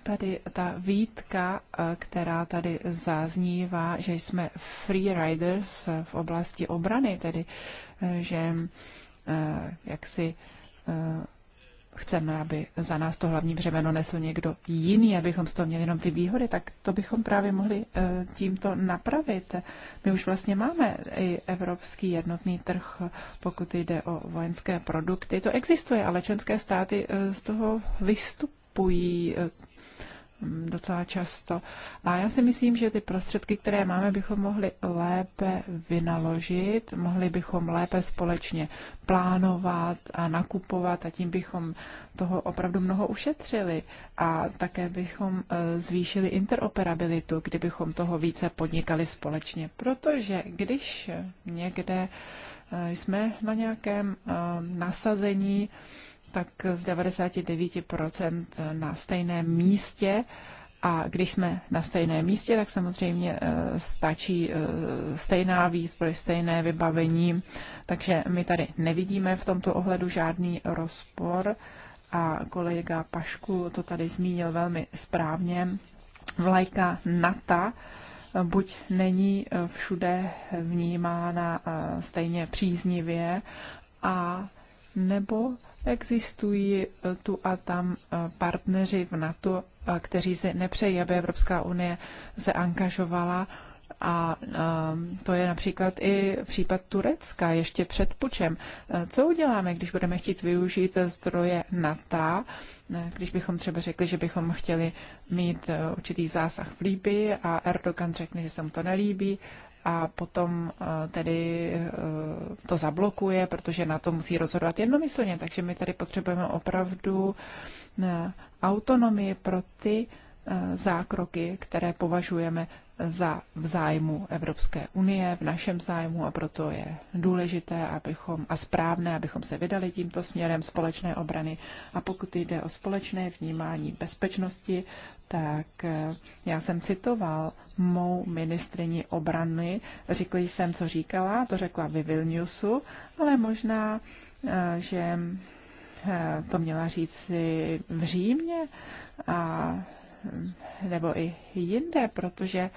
tady ta výtka, která tady zaznívá, že jsme freeriders v oblasti obrany, tedy e, že e, jaksi e, chceme, aby za nás to hlavní břemeno nesl někdo jiný, abychom z toho měli jenom ty výhody, tak to bychom právě mohli eh, tímto napravit. My už vlastně máme i evropský jednotný trh, pokud jde o vojenské produkty. To existuje, ale členské státy eh, z toho vystupují. Eh, docela často. A já si myslím, že ty prostředky, které máme, bychom mohli lépe vynaložit, mohli bychom lépe společně plánovat a nakupovat a tím bychom toho opravdu mnoho ušetřili. A také bychom e, zvýšili interoperabilitu, kdybychom toho více podnikali společně. Protože když někde e, jsme na nějakém e, nasazení, tak z 99% na stejném místě. A když jsme na stejném místě, tak samozřejmě eh, stačí eh, stejná výzbroj, stejné vybavení. Takže my tady nevidíme v tomto ohledu žádný rozpor. A kolega Pašku to tady zmínil velmi správně. Vlajka NATO eh, buď není všude vnímána stejně příznivě, a nebo Existují eh, tu a tam eh, partneři v NATO, eh, kteří si nepřejí, aby Evropská unie se angažovala a to je například i případ Turecka ještě před pučem. Co uděláme, když budeme chtít využít zdroje NATO, když bychom třeba řekli, že bychom chtěli mít určitý zásah v Líbii a Erdogan řekne, že se mu to nelíbí a potom eh, tedy eh, to zablokuje, protože na to musí rozhodovat jednomyslně. Takže my tady potřebujeme opravdu eh, autonomii pro ty zákroky, které považujeme za v zájmu Evropské unie, v našem zájmu a proto je důležité abychom, a správné, abychom se vydali tímto směrem společné obrany. A pokud jde o společné vnímání bezpečnosti, tak eh, já jsem citoval mou ministrini obrany, řekl jsem, co říkala, to řekla ve Vilniusu, ale možná, eh, že eh, to měla říct v Římě a nebo i jinde, protože eh,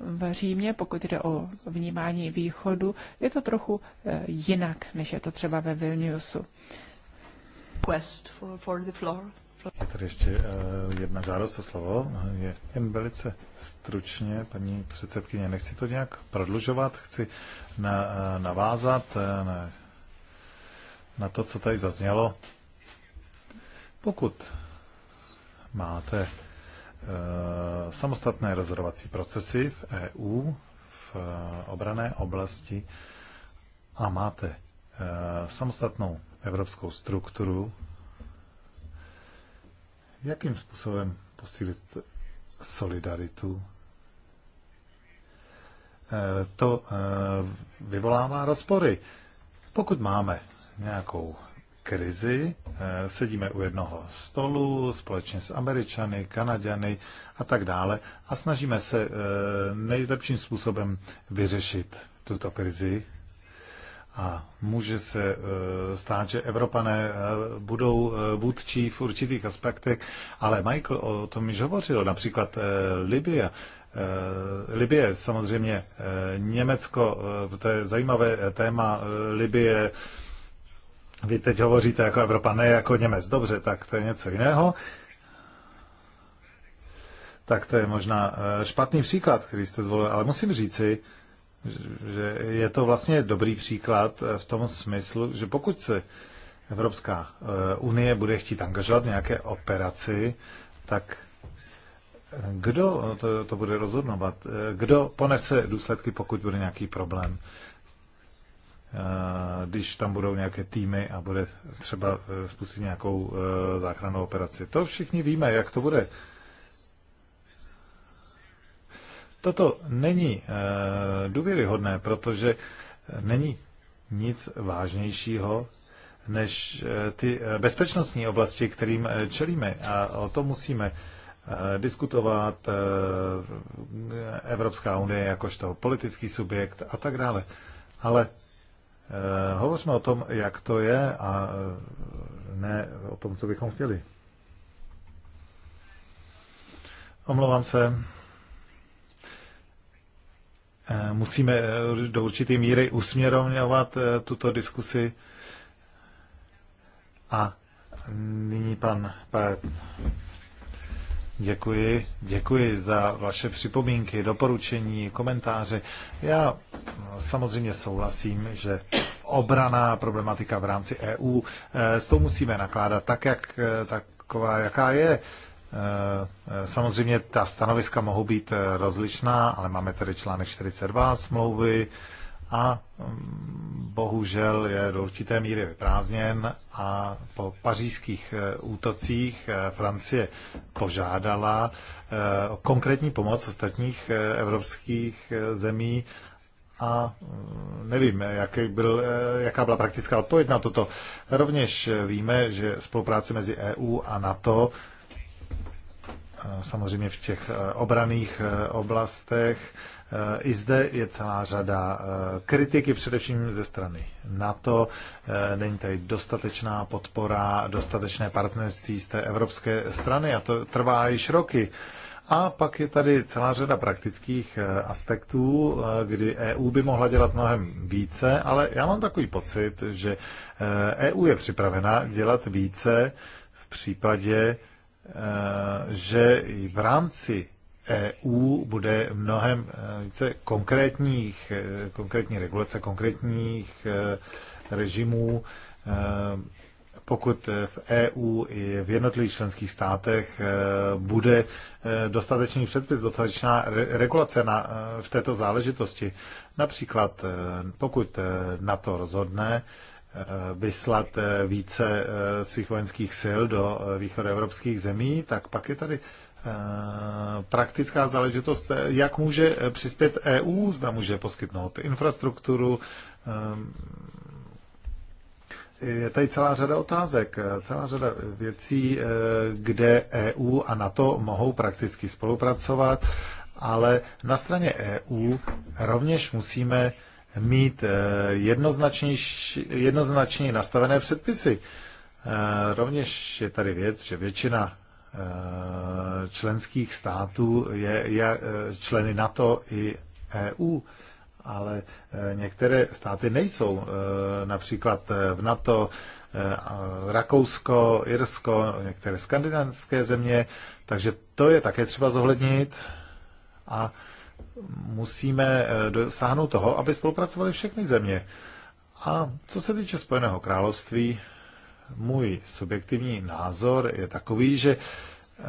v Římě, pokud jde o vnímání východu, je to trochu eh, jinak, než je to třeba ve Vilniusu. Quest for, for the floor. Je tady ještě uh, jedna žádost o slovo. Je jen velice stručně, paní předsedkyně, nechci to nějak prodlužovat, chci na, navázat na, na to, co tady zaznělo. Pokud máte eh, samostatné rozhodovací procesy v EU v eh, obrané oblasti a máte eh, samostatnou evropskou strukturu, jakým způsobem posílit solidaritu. To vyvolává rozpory. Pokud máme nějakou krizi, eh, sedíme u jednoho stolu společně s Američany, Kanaděny a tak dále a snažíme se eh, nejlepším způsobem vyřešit tuto krizi. A může se eh, stát, že Evropané budou vůdčí v určitých aspektech, ale Michael o tom již hovořil, například Libie. Libie, samozřejmě Německo, to je zajímavé téma Libie, vy teď hovoříte jako Evropa, ne jako Němec. Dobře, tak to je něco jiného. Tak to je možná eh, špatný příklad, který jste zvolil, ale musím říci, že je to vlastně dobrý příklad eh, v tom smyslu, že pokud se Evropská eh, unie bude chtít angažovat nějaké operaci, tak kdo no, to, to bude rozhodnovat? Kdo ponese důsledky, pokud bude nějaký problém? Eh, když tam budou nějaké týmy a bude třeba eh, spustit nějakou eh, záchrannou operaci. To všichni víme, jak to bude. Toto není důvěryhodné, protože není nic vážnějšího než ty bezpečnostní oblasti, kterým čelíme. A o tom musíme diskutovat Evropská unie jakožto politický subjekt a tak dále. Ale Eh, hovořme o tom, jak to je a eh, ne o tom, co bychom chtěli. Omlouvám se. Eh, musíme do určité míry usměrovňovat tuto diskusi. A nyní pan Pep. Děkuji, děkuji za vaše připomínky, doporučení, komentáře. Já samozřejmě souhlasím, že obraná problematika v rámci EU, eh, s tou musíme nakládat tak, jak eh, taková, jaká je. Eh, samozřejmě ta stanoviska mohou být rozličná, ale máme tady článek 42 smlouvy, a mm, bohužel je do určité míry vyprázněn a po pařížských e, útocích e, Francie požádala e, o konkrétní pomoc ostatních evropských zemí a mm, nevím, jak byl, jaká byla praktická odpověď na toto. Rovněž víme, že spolupráce mezi EU a NATO samozřejmě v těch obraných oblastech i zde je celá řada eh, kritiky, především ze strany NATO. Eh, není tady dostatečná podpora, dostatečné partnerství z té evropské strany a to trvá již roky. A pak je tady celá řada praktických eh, aspektů, kdy EU by mohla dělat mnohem více, ale já mám takový pocit, že EU e je připravena dělat více v případě, že v rámci EU bude mnohem e, více konkrétních, e, konkrétní regulace, konkrétních e, režimů, pokud v EU i v jednotlivých členských státech bude dostatečný předpis, dostatečná regulace na, v této záležitosti. Například pokud na to rozhodne vyslat více svých vojenských sil do východoevropských zemí, tak pak je tady Eh, praktická záležitost, eh, jak může eh, přispět EU, zda může poskytnout infrastrukturu. Ehm, je tady celá řada otázek, celá řada věcí, kde EU a NATO mohou prakticky spolupracovat, ale na straně EU rovněž musíme mít jednoznačně nastavené předpisy. Rovněž je tady věc, že většina Eh, členských států je, je eh, členy NATO i EU, ale eh, některé státy nejsou. Například v NATO Rakousko, Irsko, některé skandinávské země, takže to je také třeba zohlednit a musíme dosáhnout toho, aby spolupracovaly všechny země. A co se týče Spojeného království, můj subjektivní názor je takový, že eh,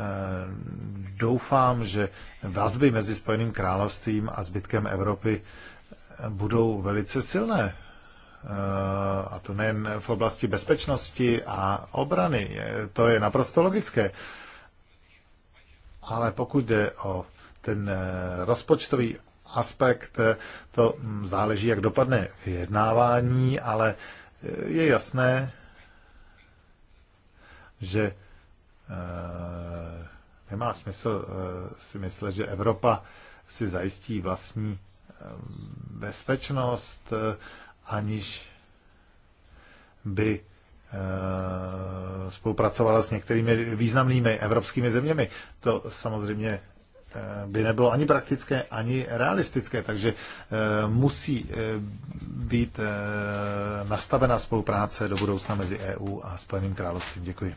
doufám, že vazby mezi Spojeným královstvím a zbytkem Evropy eh, budou velice silné. Eh, a to nejen v oblasti bezpečnosti a obrany. To je naprosto logické. Ale pokud jde o ten rozpočtový aspekt, to hm, záleží, jak dopadne vyjednávání, ale je jasné, že eh, nemá smysl eh, si myslet, že Evropa si zajistí vlastní eh, bezpečnost, aniž by spolupracovala s některými významnými evropskými zeměmi. To samozřejmě by nebylo ani praktické, ani realistické, takže musí být nastavena spolupráce do budoucna mezi EU a Spojeným královstvím. Děkuji.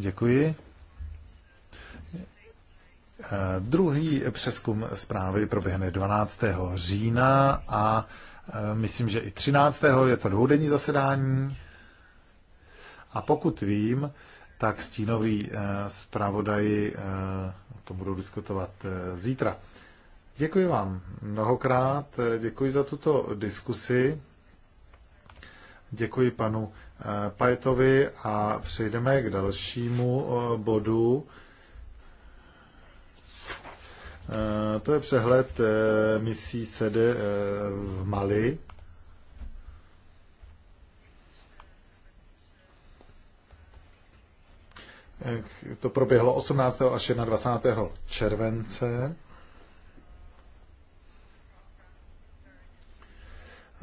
Děkuji. Eh, druhý přeskum zprávy proběhne 12. října a eh, myslím, že i 13. je to dvoudenní zasedání. A pokud vím, tak stínoví eh, zpravodaji o tom budou diskutovat zítra. Děkuji vám mnohokrát, děkuji za tuto diskusi, děkuji panu Pajetovi a přejdeme k dalšímu eh, bodu. Eh, to je přehled eh, misí SEDE v Mali. To proběhlo 18. až 21. července.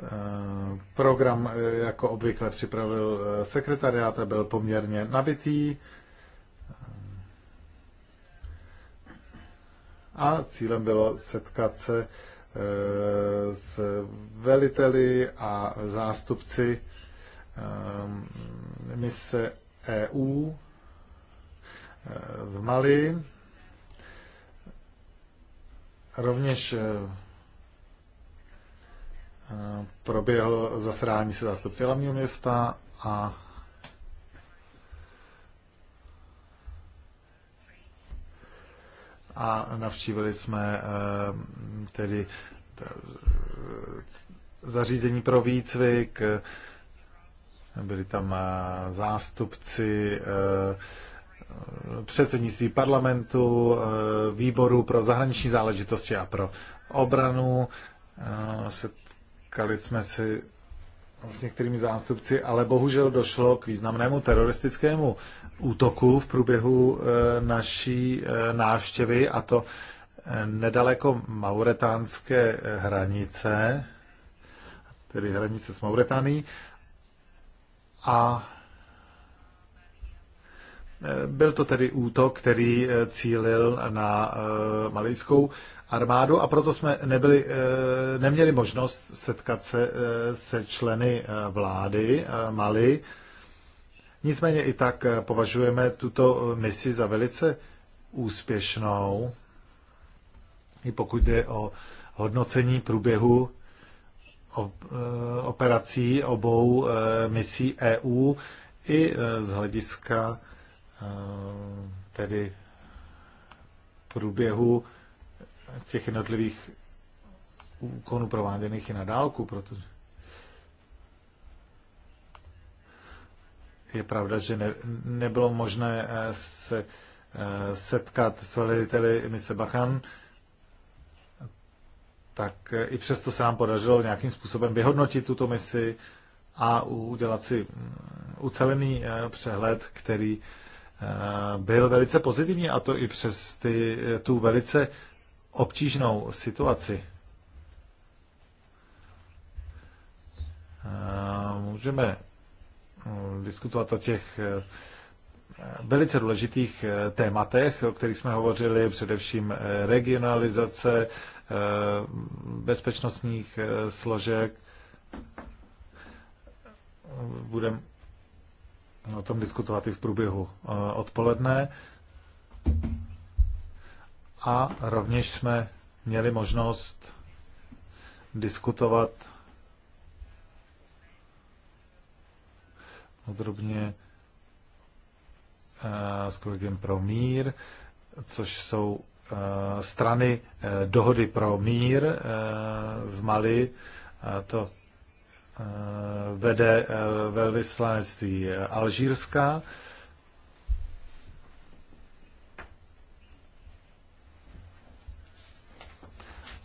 Eh, program, eh, jako obvykle, připravil eh, sekretariát a byl poměrně nabitý. A cílem bylo setkat se s veliteli a zástupci mise EU v Mali. Rovněž proběhlo zasedání se zástupci hlavního města a a navštívili jsme eh, tedy eh, zařízení pro výcvik, byli tam eh, zástupci předsednictví parlamentu, výboru pro zahraniční záležitosti a pro obranu. Se setkali jsme si s některými zástupci, ale bohužel došlo k významnému teroristickému útoku v průběhu e, naší e, návštěvy, a to e, nedaleko mauretánské hranice, tedy hranice s Mauretaní. A byl to tedy útok, který cílil na malijskou armádu a proto jsme nebyli, eh, neměli možnost setkat se eh, se členy eh, vlády Mali. Nicméně i tak považujeme tuto misi za velice úspěšnou, i pokud jde o hodnocení průběhu operací obou misí EU i z hlediska tedy průběhu těch jednotlivých úkonů prováděných i na dálku, protože je pravda, že ne, nebylo možné eh, se eh, setkat s veliteli mise Bachan, tak eh, i přesto se nám podařilo nějakým způsobem vyhodnotit tuto misi a udělat si mm, ucelený přehled, který byl velice pozitivní a to i přes ty, tu velice obtížnou situaci. Eh, můžeme mm, diskutovat o těch eh, velice důležitých eh, tématech, o kterých jsme hovořili, především regionalizace bezpečnostních složek. Budeme o tom diskutovat i v průběhu odpoledne a rovněž jsme měli možnost diskutovat podrobně eh, s kolegem pro mír, což jsou eh, strany eh, dohody pro mír v Mali. To vede velvyslanectví Alžírska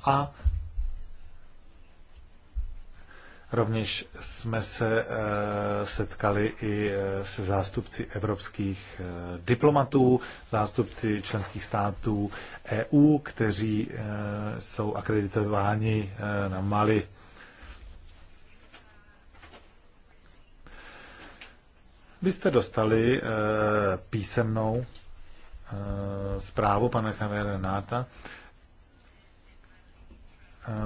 a Rovněž jsme se eh, setkali i eh, se zástupci evropských eh, diplomatů, zástupci členských států EU, kteří jsou akreditováni na Mali. Vy jste dostali písemnou zprávu pana Javiera Náta.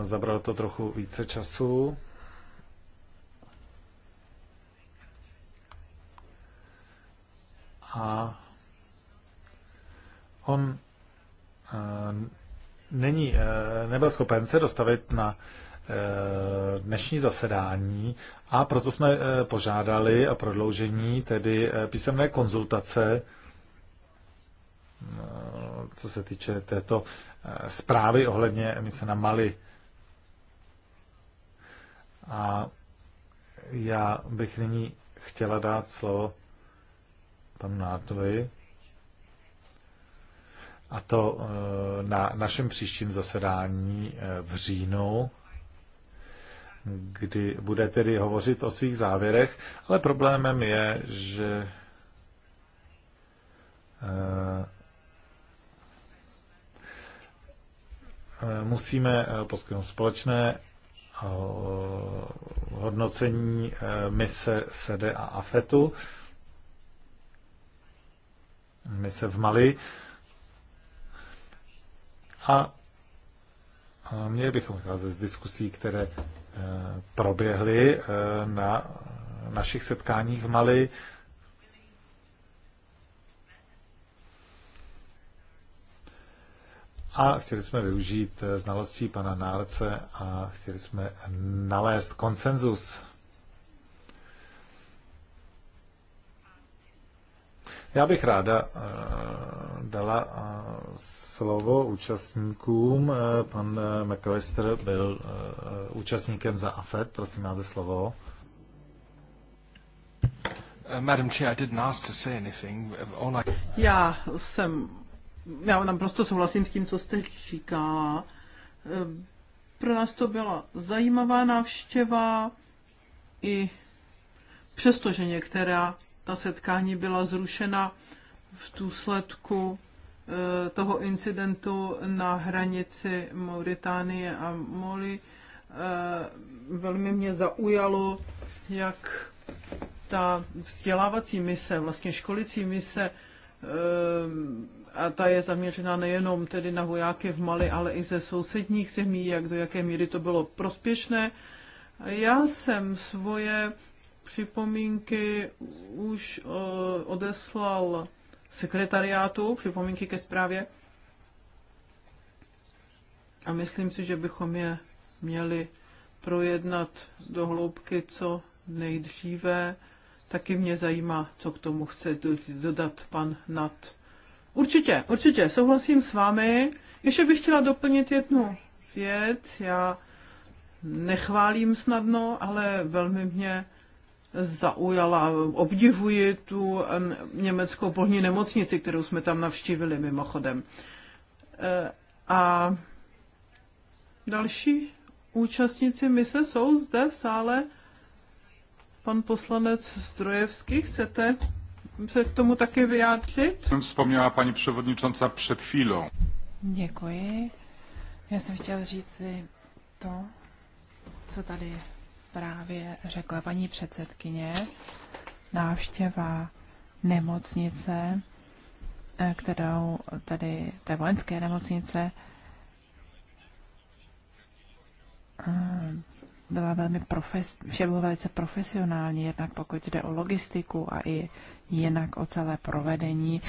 Zabralo to trochu více času. A on není, e, nebyl schopen se dostavit na e, dnešní zasedání a proto jsme e, požádali a prodloužení tedy písemné konzultace, co se týče této Eh, zprávy ohledně emise na Mali. A já bych nyní chtěla dát slovo panu Nátovi a to eh, na našem příštím zasedání eh, v říjnu, kdy bude tedy hovořit o svých závěrech, ale problémem je, že Eh, musíme eh, poskytnout společné eh, hodnocení mise SEDE a AFETu, mise v Mali. A měli bychom vycházet z diskusí, které proběhly na našich setkáních v Mali A chtěli jsme využít eh, znalostí pana Nálce a chtěli jsme nalézt konsenzus. Já bych ráda eh, dala eh, slovo účastníkům. Pan McAllister byl účastníkem za AFED. Prosím, máte slovo. Já jsem já naprosto souhlasím s tím, co jste říkala. Eh, pro nás to byla zajímavá návštěva i přesto, že některá ta setkání byla zrušena v důsledku eh, toho incidentu na hranici Mauritánie a Moli. Eh, velmi mě zaujalo, jak ta vzdělávací mise, vlastně školicí mise a ta je zaměřena nejenom tedy na vojáky v Mali, ale i ze sousedních zemí, jak do jaké míry to bylo prospěšné. Já jsem svoje připomínky už eh, odeslal sekretariátu, připomínky ke zprávě. A myslím si, že bychom je měli projednat do hloubky co nejdříve. Taky mě zajímá, co k tomu chce dodat pan Nat. Určitě, určitě, souhlasím s vámi. Ještě bych chtěla doplnit jednu věc. Já nechválím snadno, ale velmi mě zaujala. Obdivuji tu německou polní nemocnici, kterou jsme tam navštívili mimochodem. E, a další účastníci mise jsou zde v sále. Pan poslanec Strojevský. chcete se k tomu taky vyjádřit? Vzpomněla paní převodničonca před chvílou. Děkuji. Já jsem chtěl říct si to, co tady právě řekla paní předsedkyně. Návštěva nemocnice, eh, kterou tady té vojenské nemocnice, eh, byla velmi profes, vše bylo velice profesionální, jednak pokud jde o logistiku a i jinak o celé provedení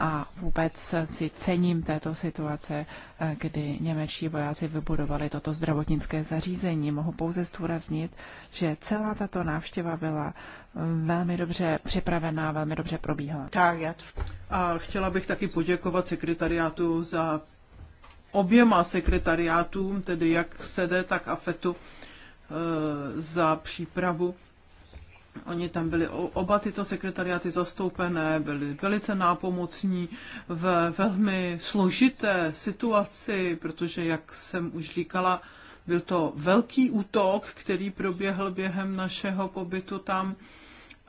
a vůbec si cením této situace, eh, kdy němečtí vojáci vybudovali toto zdravotnické zařízení. Mohu pouze zdůraznit, že celá tato návštěva byla eh, velmi dobře připravená, velmi dobře probíhala. A chtěla bych taky poděkovat sekretariátu za oběma sekretariátům, tedy jak SEDE, tak AFETu, Eh, za přípravu. Oni tam byli, oba tyto sekretariáty zastoupené, byli velice nápomocní v velmi složité situaci, protože, jak jsem už říkala, byl to velký útok, který proběhl během našeho pobytu tam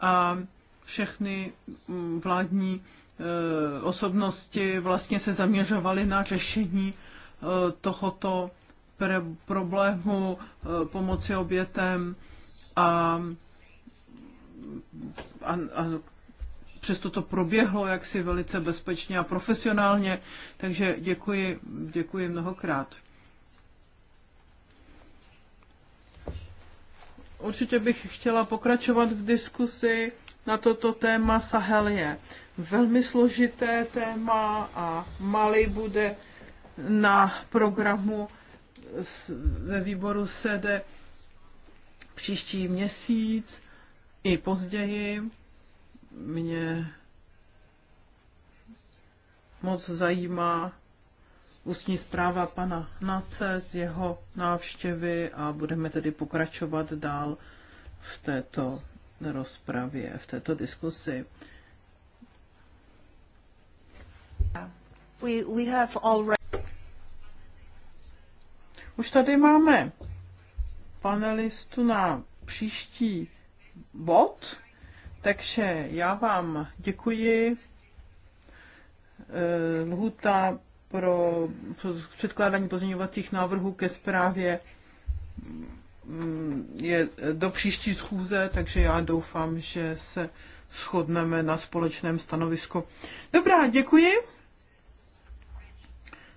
a všechny mm, vládní eh, osobnosti vlastně se zaměřovaly na řešení eh, tohoto problému eh, pomoci obětem a, a, a přesto to proběhlo jaksi velice bezpečně a profesionálně, takže děkuji, děkuji mnohokrát. Určitě bych chtěla pokračovat v diskusi na toto téma Sahel je velmi složité téma a Mali bude na programu ve výboru sede příští měsíc i později. Mě moc zajímá ústní zpráva pana Nace z jeho návštěvy a budeme tedy pokračovat dál v této rozpravě, v této diskusi. We, we have already... Už tady máme panelistu na příští bod, takže já vám děkuji. Eh, Lhuta pro předkládání pozměňovacích návrhů ke zprávě mm, je do příští schůze, takže já doufám, že se shodneme na společném stanovisku. Dobrá, děkuji.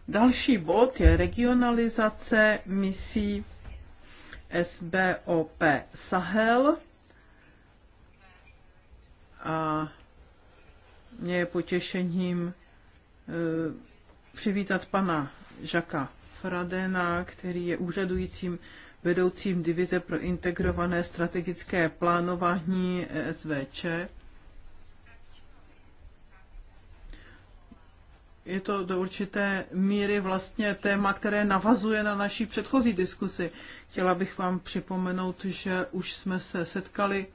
Další bod je regionalizace misí SBOP Sahel. A mě je potěšením e, přivítat pana Žaka Fradena, který je úřadujícím vedoucím divize pro integrované strategické plánování SVČ je to do určité míry vlastně téma, které navazuje na naší předchozí diskusi. Chtěla bych vám připomenout, že už jsme se setkali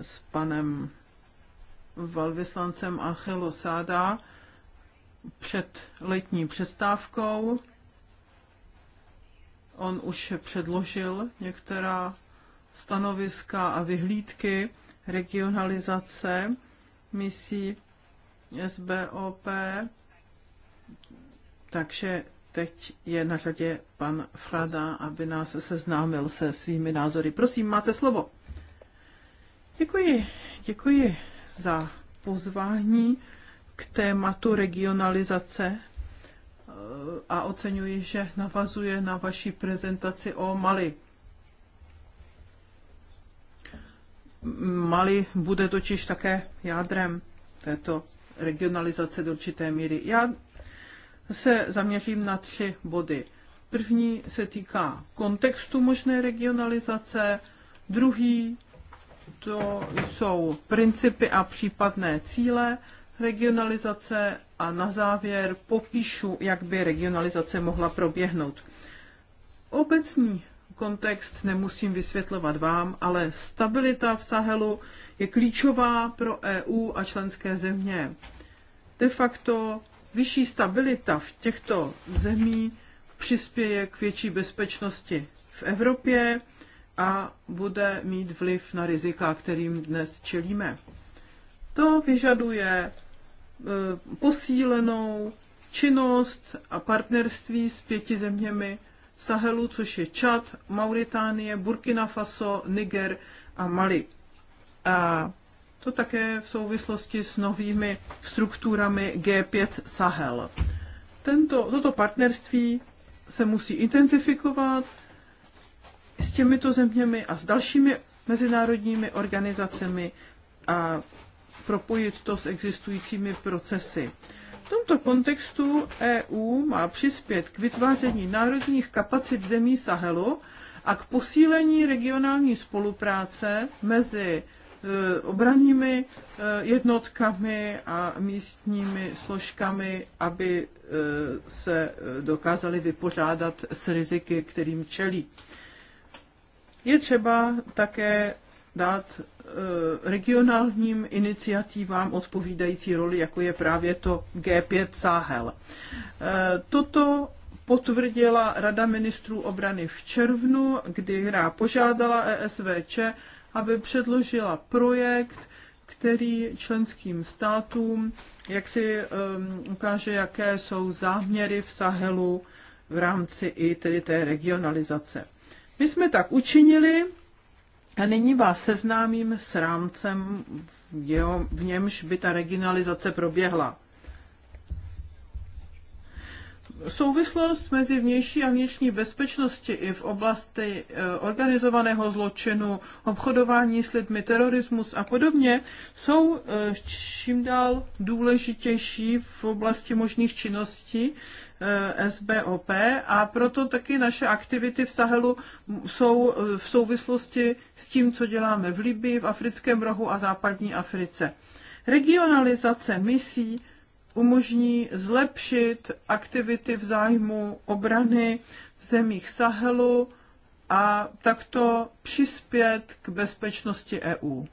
s panem velvyslancem Angelo Sáda před letní přestávkou. On už předložil některá stanoviska a vyhlídky regionalizace misí SBOP. Takže teď je na řadě pan Frada, aby nás seznámil se svými názory. Prosím, máte slovo. Děkuji, děkuji za pozvání k tématu regionalizace a oceňuji, že navazuje na vaši prezentaci o Mali. Mali bude totiž také jádrem této regionalizace do určité míry. Já se zaměřím na tři body. První se týká kontextu možné regionalizace, druhý to jsou principy a případné cíle regionalizace a na závěr popíšu, jak by regionalizace mohla proběhnout. Obecní kontext nemusím vysvětlovat vám, ale stabilita v Sahelu je klíčová pro EU a členské země. De facto vyšší stabilita v těchto zemí přispěje k větší bezpečnosti v Evropě a bude mít vliv na rizika, kterým dnes čelíme. To vyžaduje e, posílenou činnost a partnerství s pěti zeměmi Sahelu, což je Čad, Mauritánie, Burkina Faso, Niger a Mali. A to také v souvislosti s novými strukturami G5 Sahel. Tento, toto partnerství se musí intenzifikovat s těmito zeměmi a s dalšími mezinárodními organizacemi a propojit to s existujícími procesy. V tomto kontextu EU má přispět k vytváření národních kapacit zemí Sahelu a k posílení regionální spolupráce mezi Eh, obranými eh, jednotkami a místními složkami, aby eh, se dokázali vypořádat s riziky, kterým čelí. Je třeba také dát regionálním iniciativám odpovídající roli, jako je právě to G5 Sahel. Toto potvrdila Rada ministrů obrany v červnu, kdy hra požádala ESVČ, aby předložila projekt, který členským státům jak si um, ukáže, jaké jsou záměry v Sahelu v rámci i tedy té regionalizace. My jsme tak učinili a nyní vás seznámím s rámcem, v, jeho, v němž by ta regionalizace proběhla. Souvislost mezi vnější a vnitřní bezpečnosti i v oblasti e, organizovaného zločinu, obchodování s lidmi, terorismus a podobně jsou e, čím dál důležitější v oblasti možných činností e, SBOP a proto taky naše aktivity v Sahelu jsou v souvislosti s tím, co děláme v Libii, v Africkém rohu a západní Africe. Regionalizace misí umožní zlepšit aktivity v zájmu obrany v zemích Sahelu a takto přispět k bezpečnosti EU.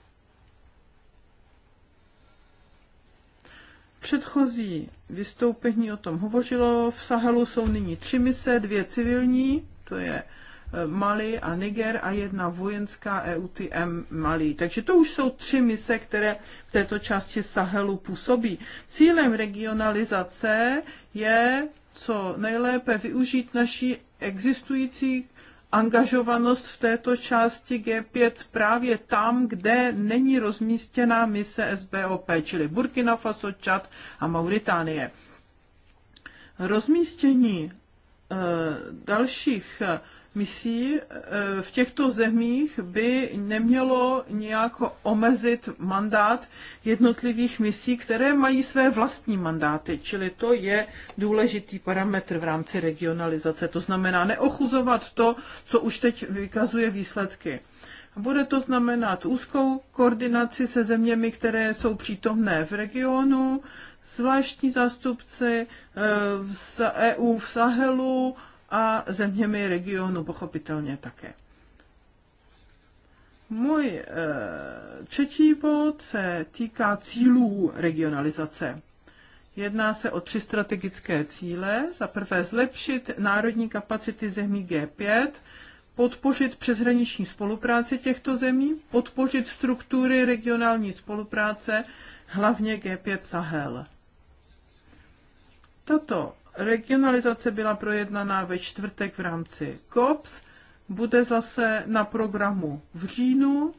Předchozí vystoupení o tom hovořilo. V Sahelu jsou nyní tři mise, dvě civilní, to je Mali a Niger a jedna vojenská EUTM Mali. Takže to už jsou tři mise, které v této části Sahelu působí. Cílem regionalizace je co nejlépe využít naší existující angažovanost v této části G5 právě tam, kde není rozmístěná mise SBOP, čili Burkina Faso, Čad a Mauritánie. Rozmístění e, dalších misí eh, v těchto zemích by nemělo nějak omezit mandát jednotlivých misí, které mají své vlastní mandáty. Čili to je důležitý parametr v rámci regionalizace. To znamená neochuzovat to, co už teď vykazuje výsledky. Bude to znamenat úzkou koordinaci se zeměmi, které jsou přítomné v regionu, zvláštní zástupci z eh, EU v Sahelu, a zeměmi regionu pochopitelně také. Můj eh, třetí bod se týká cílů regionalizace. Jedná se o tři strategické cíle. Za prvé zlepšit národní kapacity zemí G5, podpořit přeshraniční spolupráci těchto zemí, podpořit struktury regionální spolupráce, hlavně G5 Sahel. Tato Regionalizace byla projednaná ve čtvrtek v rámci COPS, bude zase na programu v říjnu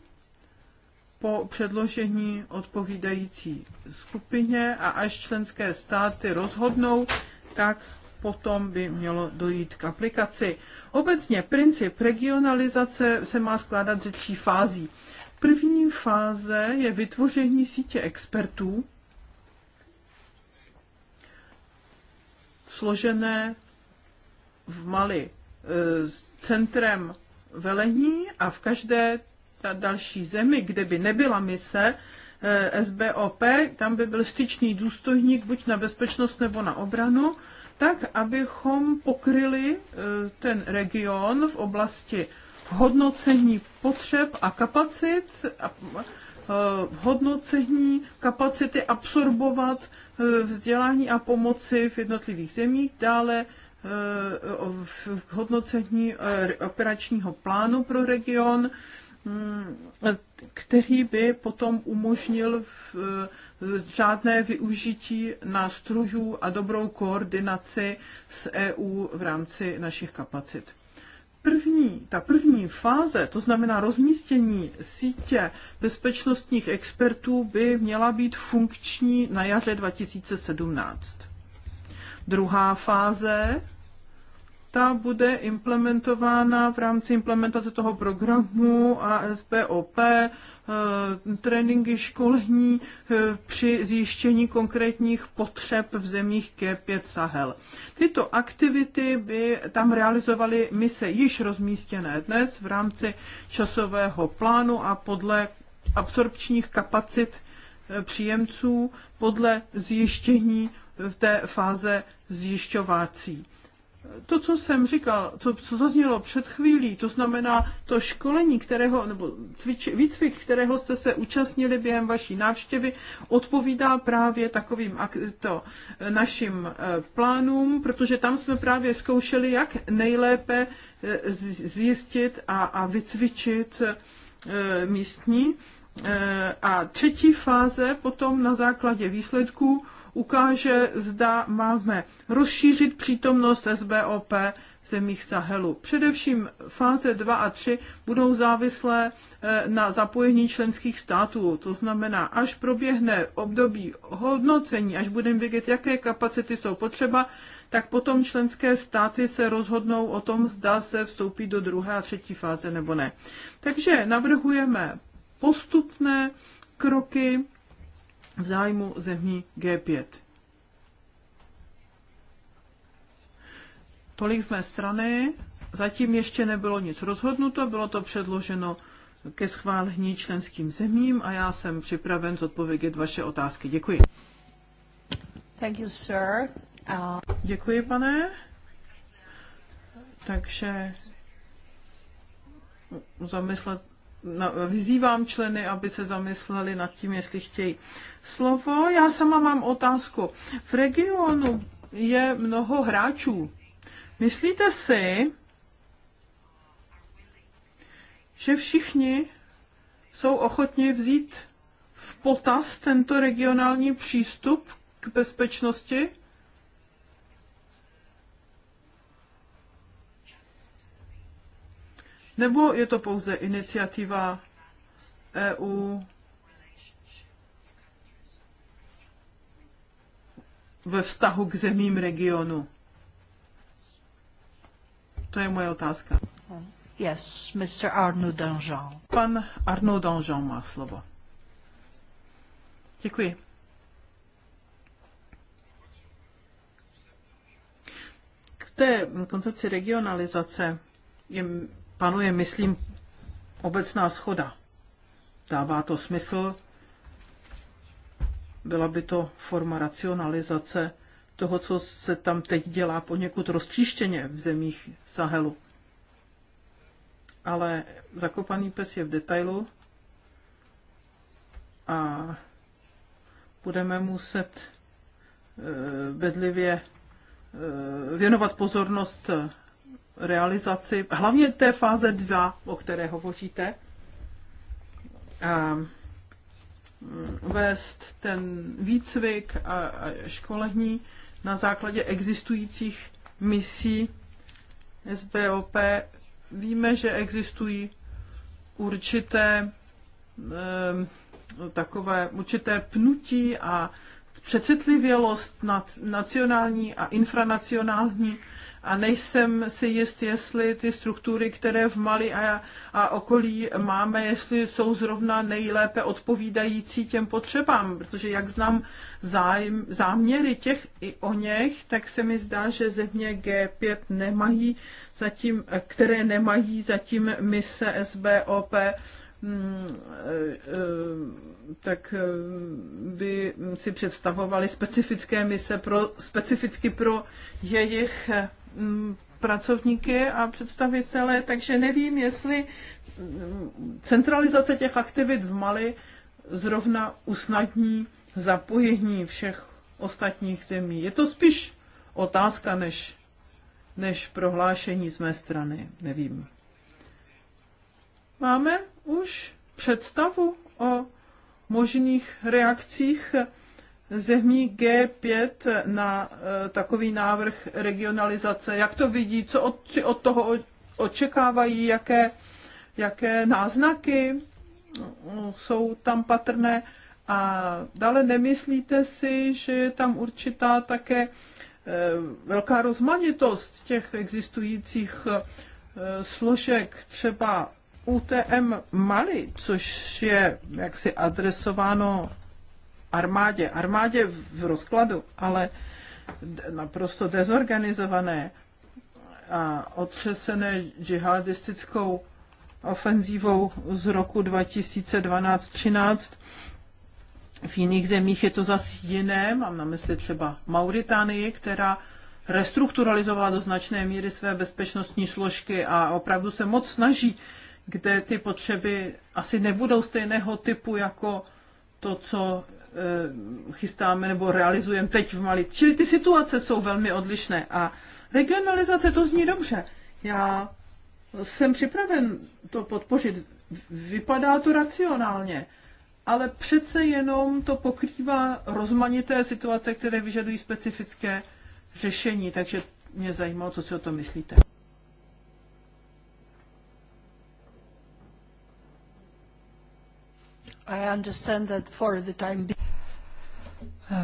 po předložení odpovídající skupině a až členské státy rozhodnou, tak potom by mělo dojít k aplikaci. Obecně princip regionalizace se má skládat ze tří fází. První fáze je vytvoření sítě expertů, složené v Mali e, s centrem velení a v každé ta další zemi, kde by nebyla mise e, SBOP, tam by byl styčný důstojník buď na bezpečnost nebo na obranu, tak abychom pokryli e, ten region v oblasti hodnocení potřeb a kapacit a, Eh, hodnocení kapacity absorbovat eh, vzdělání a pomoci v jednotlivých zemích, dále eh, v hodnocení operačního plánu pro region, mm, který by potom umožnil řádné využití nástrojů a dobrou koordinaci s EU v rámci našich kapacit první, ta první fáze, to znamená rozmístění sítě bezpečnostních expertů, by měla být funkční na jaře 2017. Druhá fáze ta bude implementována v rámci implementace toho programu a SBOP, eh, tréninky školní eh, při zjištění konkrétních potřeb v zemích K5 Sahel. Tyto aktivity by tam realizovaly mise již rozmístěné dnes v rámci časového plánu a podle absorpčních kapacit eh, příjemců podle zjištění v té fáze zjišťovací to, co jsem říkal, to co zaznělo před chvílí, to znamená to školení, kterého, nebo cvič, výcvik, kterého jste se účastnili během vaší návštěvy, odpovídá právě takovým to, našim eh, plánům, protože tam jsme právě zkoušeli, jak nejlépe eh, zjistit a, a vycvičit eh, místní. A třetí fáze potom na základě výsledků ukáže, zda máme rozšířit přítomnost SBOP v zemích Sahelu. Především fáze 2 a 3 budou závislé eh, na zapojení členských států. To znamená, až proběhne období hodnocení, až budeme vědět, jaké kapacity jsou potřeba, tak potom členské státy se rozhodnou o tom, zda se vstoupí do druhé a třetí fáze nebo ne. Takže navrhujeme postupné kroky v zájmu zemí G5. Tolik z mé strany. Zatím ještě nebylo nic rozhodnuto, bylo to předloženo ke schválení členským zemím a já jsem připraven zodpovědět vaše otázky. Děkuji. Thank you, sir. Uh... Děkuji, pane. Takže zamyslet vyzývám členy, aby se zamysleli nad tím, jestli chtějí slovo. Já sama mám otázku. V regionu je mnoho hráčů. Myslíte si, že všichni jsou ochotni vzít v potaz tento regionální přístup k bezpečnosti? nebo je to pouze iniciativa EU ve vztahu k zemím regionu? To je moje otázka. Yes, Mr. Arnaud Danjean. Pan Arnaud Danjean má slovo. Děkuji. K té koncepci regionalizace je panuje, myslím, obecná schoda. Dává to smysl. Byla by to forma racionalizace toho, co se tam teď dělá poněkud roztříštěně v zemích Sahelu. Ale zakopaný pes je v detailu a budeme muset eh, bedlivě eh, věnovat pozornost realizaci, hlavně té fáze 2, o které hovoříte, mm, vést ten výcvik a školení na základě existujících misí SBOP. Víme, že existují určité takové určité pnutí a přecitlivělost nad nacionální a infranacionální a nejsem si jist, jestli ty struktury, které v Mali a, a okolí máme, jestli jsou zrovna nejlépe odpovídající těm potřebám, protože jak znám zájem, záměry těch i o něch, tak se mi zdá, že země G5 nemají zatím, které nemají zatím mise SBOP, hmm, eh, eh, tak eh, by si představovali specifické mise pro, specificky pro jejich Mm, pracovníky a představitele, takže nevím, jestli mm, centralizace těch aktivit v Mali zrovna usnadní zapojení všech ostatních zemí. Je to spíš otázka než, než prohlášení z mé strany, nevím. Máme už představu o možných reakcích zemí G5 na eh, takový návrh regionalizace? Jak to vidí? Co od, si od toho očekávají? Jaké, jaké náznaky eh, jsou tam patrné? A dále nemyslíte si, že je tam určitá také eh, velká rozmanitost těch existujících složek, třeba UTM Mali, což je jaksi adresováno armádě, armádě v rozkladu, ale naprosto dezorganizované a otřesené džihadistickou ofenzívou z roku 2012-13. V jiných zemích je to zase jiné, mám na mysli třeba Mauritánii, která restrukturalizovala do značné míry své bezpečnostní složky a opravdu se moc snaží, kde ty potřeby asi nebudou stejného typu jako to, co eh, chystáme nebo realizujeme teď v Mali. Čili ty situace jsou velmi odlišné a regionalizace to zní dobře. Já jsem připraven to podpořit. Vypadá to racionálně, ale přece jenom to pokrývá rozmanité situace, které vyžadují specifické řešení. Takže mě zajímalo, co si o tom myslíte.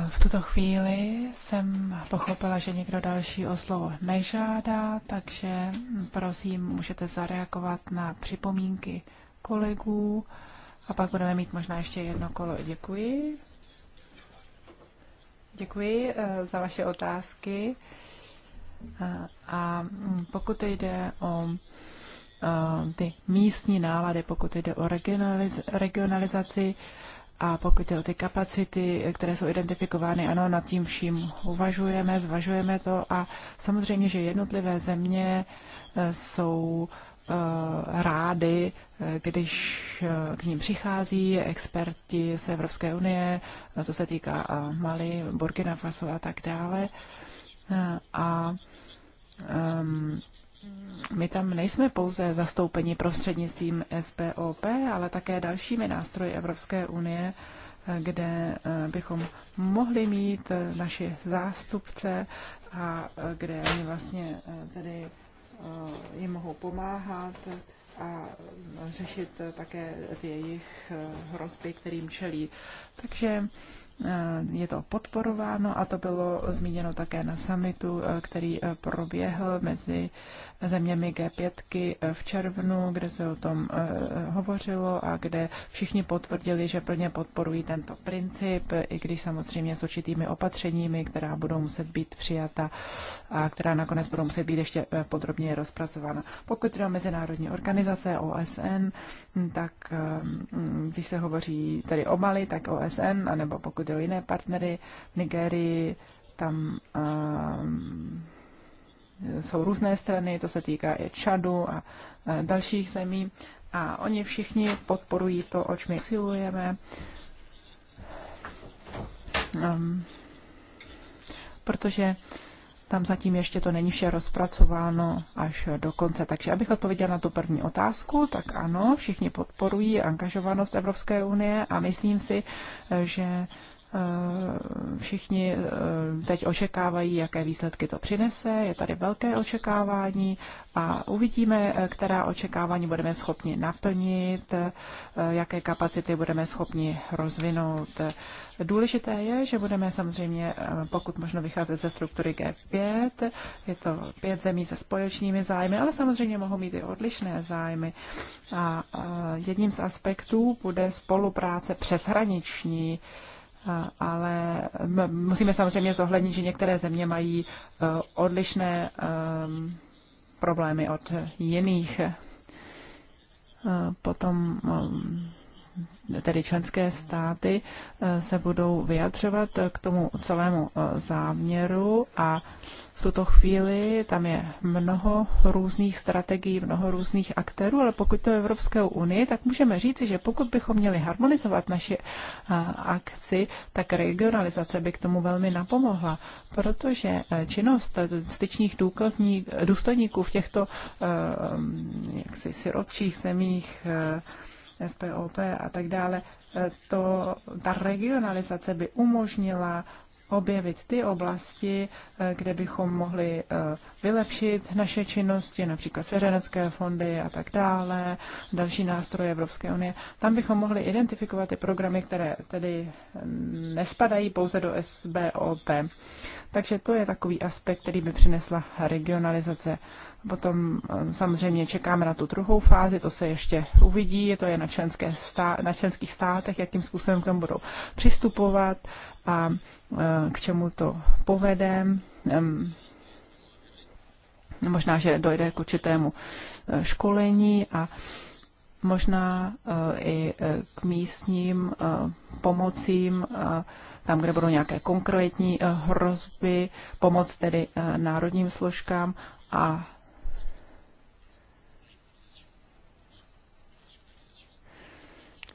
v tuto chvíli jsem pochopila, že někdo další o slovo nežádá, takže prosím, můžete zareagovat na připomínky kolegů a pak budeme mít možná ještě jedno kolo. Děkuji. Děkuji eh, za vaše otázky. Eh, a pokud jde o Eh, ty místní nálady, pokud jde o regionaliz regionalizaci a pokud jde o ty kapacity, které jsou identifikovány, ano, nad tím vším uvažujeme, zvažujeme to a samozřejmě, že jednotlivé země eh, jsou eh, rády, když k ním přichází experti z Evropské unie, to se týká Mali, Burkina Faso a tak dále. A um, my tam nejsme pouze zastoupeni prostřednictvím SPOP, ale také dalšími nástroji Evropské unie, kde eh, bychom mohli mít eh, naši zástupce a eh, kde oni vlastně tedy jim mohou pomáhat a řešit také ty jejich hrozby, kterým čelí. Takže Eh, je to podporováno a to bylo zmíněno také na summitu, eh, který eh, proběhl mezi zeměmi G5 v červnu, kde se o tom hovořilo a kde všichni potvrdili, že plně podporují tento princip, i když samozřejmě s určitými opatřeními, která budou muset být přijata a která nakonec budou muset být ještě podrobněji rozpracována. Pokud jde o mezinárodní organizace OSN, tak když se hovoří tady o Mali, tak OSN, anebo pokud jde o jiné partnery v Nigerii, tam ehm, jsou různé strany, to se týká i Čadu a e, dalších zemí. A oni všichni podporují to, oč my usilujeme. Um, protože tam zatím ještě to není vše rozpracováno až do konce. Takže abych odpověděl na tu první otázku, tak ano, všichni podporují angažovanost Evropské unie a myslím si, e, že Eh, všichni eh, teď očekávají, jaké výsledky to přinese. Je tady velké očekávání a uvidíme, eh, která očekávání budeme schopni naplnit, jaké kapacity budeme schopni rozvinout. Důležité je, že budeme samozřejmě pokud možno vycházet ze struktury G5. Je to pět zemí se společnými zájmy, ale samozřejmě mohou mít i odlišné zájmy. A jedním z aspektů bude spolupráce přeshraniční ale musíme samozřejmě zohlednit, že některé země mají e, odlišné e, problémy od e, jiných. Potom tedy členské státy, eh, se budou vyjadřovat k tomu celému eh, záměru a v tuto chvíli tam je mnoho různých strategií, mnoho různých aktérů, ale pokud to je Evropské unie, tak můžeme říci, že pokud bychom měli harmonizovat naši eh, akci, tak regionalizace by k tomu velmi napomohla, protože činnost styčních důkazní, důstojníků v těchto jaksi, sirotčích zemích SPOP a tak dále, eh, to, ta regionalizace by umožnila objevit ty oblasti, eh, kde bychom mohli eh, vylepšit naše činnosti, například svěřenecké fondy a tak dále, další nástroje Evropské unie. Tam bychom mohli identifikovat ty programy, které tedy mm, nespadají pouze do SBOP. Takže to je takový aspekt, který by přinesla regionalizace. Potom eh, samozřejmě čekáme na tu druhou fázi, to se ještě uvidí, to je na, členské stá, na členských státech, jakým způsobem k tomu budou přistupovat a eh, k čemu to povede. Možná, že dojde k určitému eh, školení a možná i k místním pomocím, tam, kde budou nějaké konkrétní hrozby, pomoc tedy národním složkám a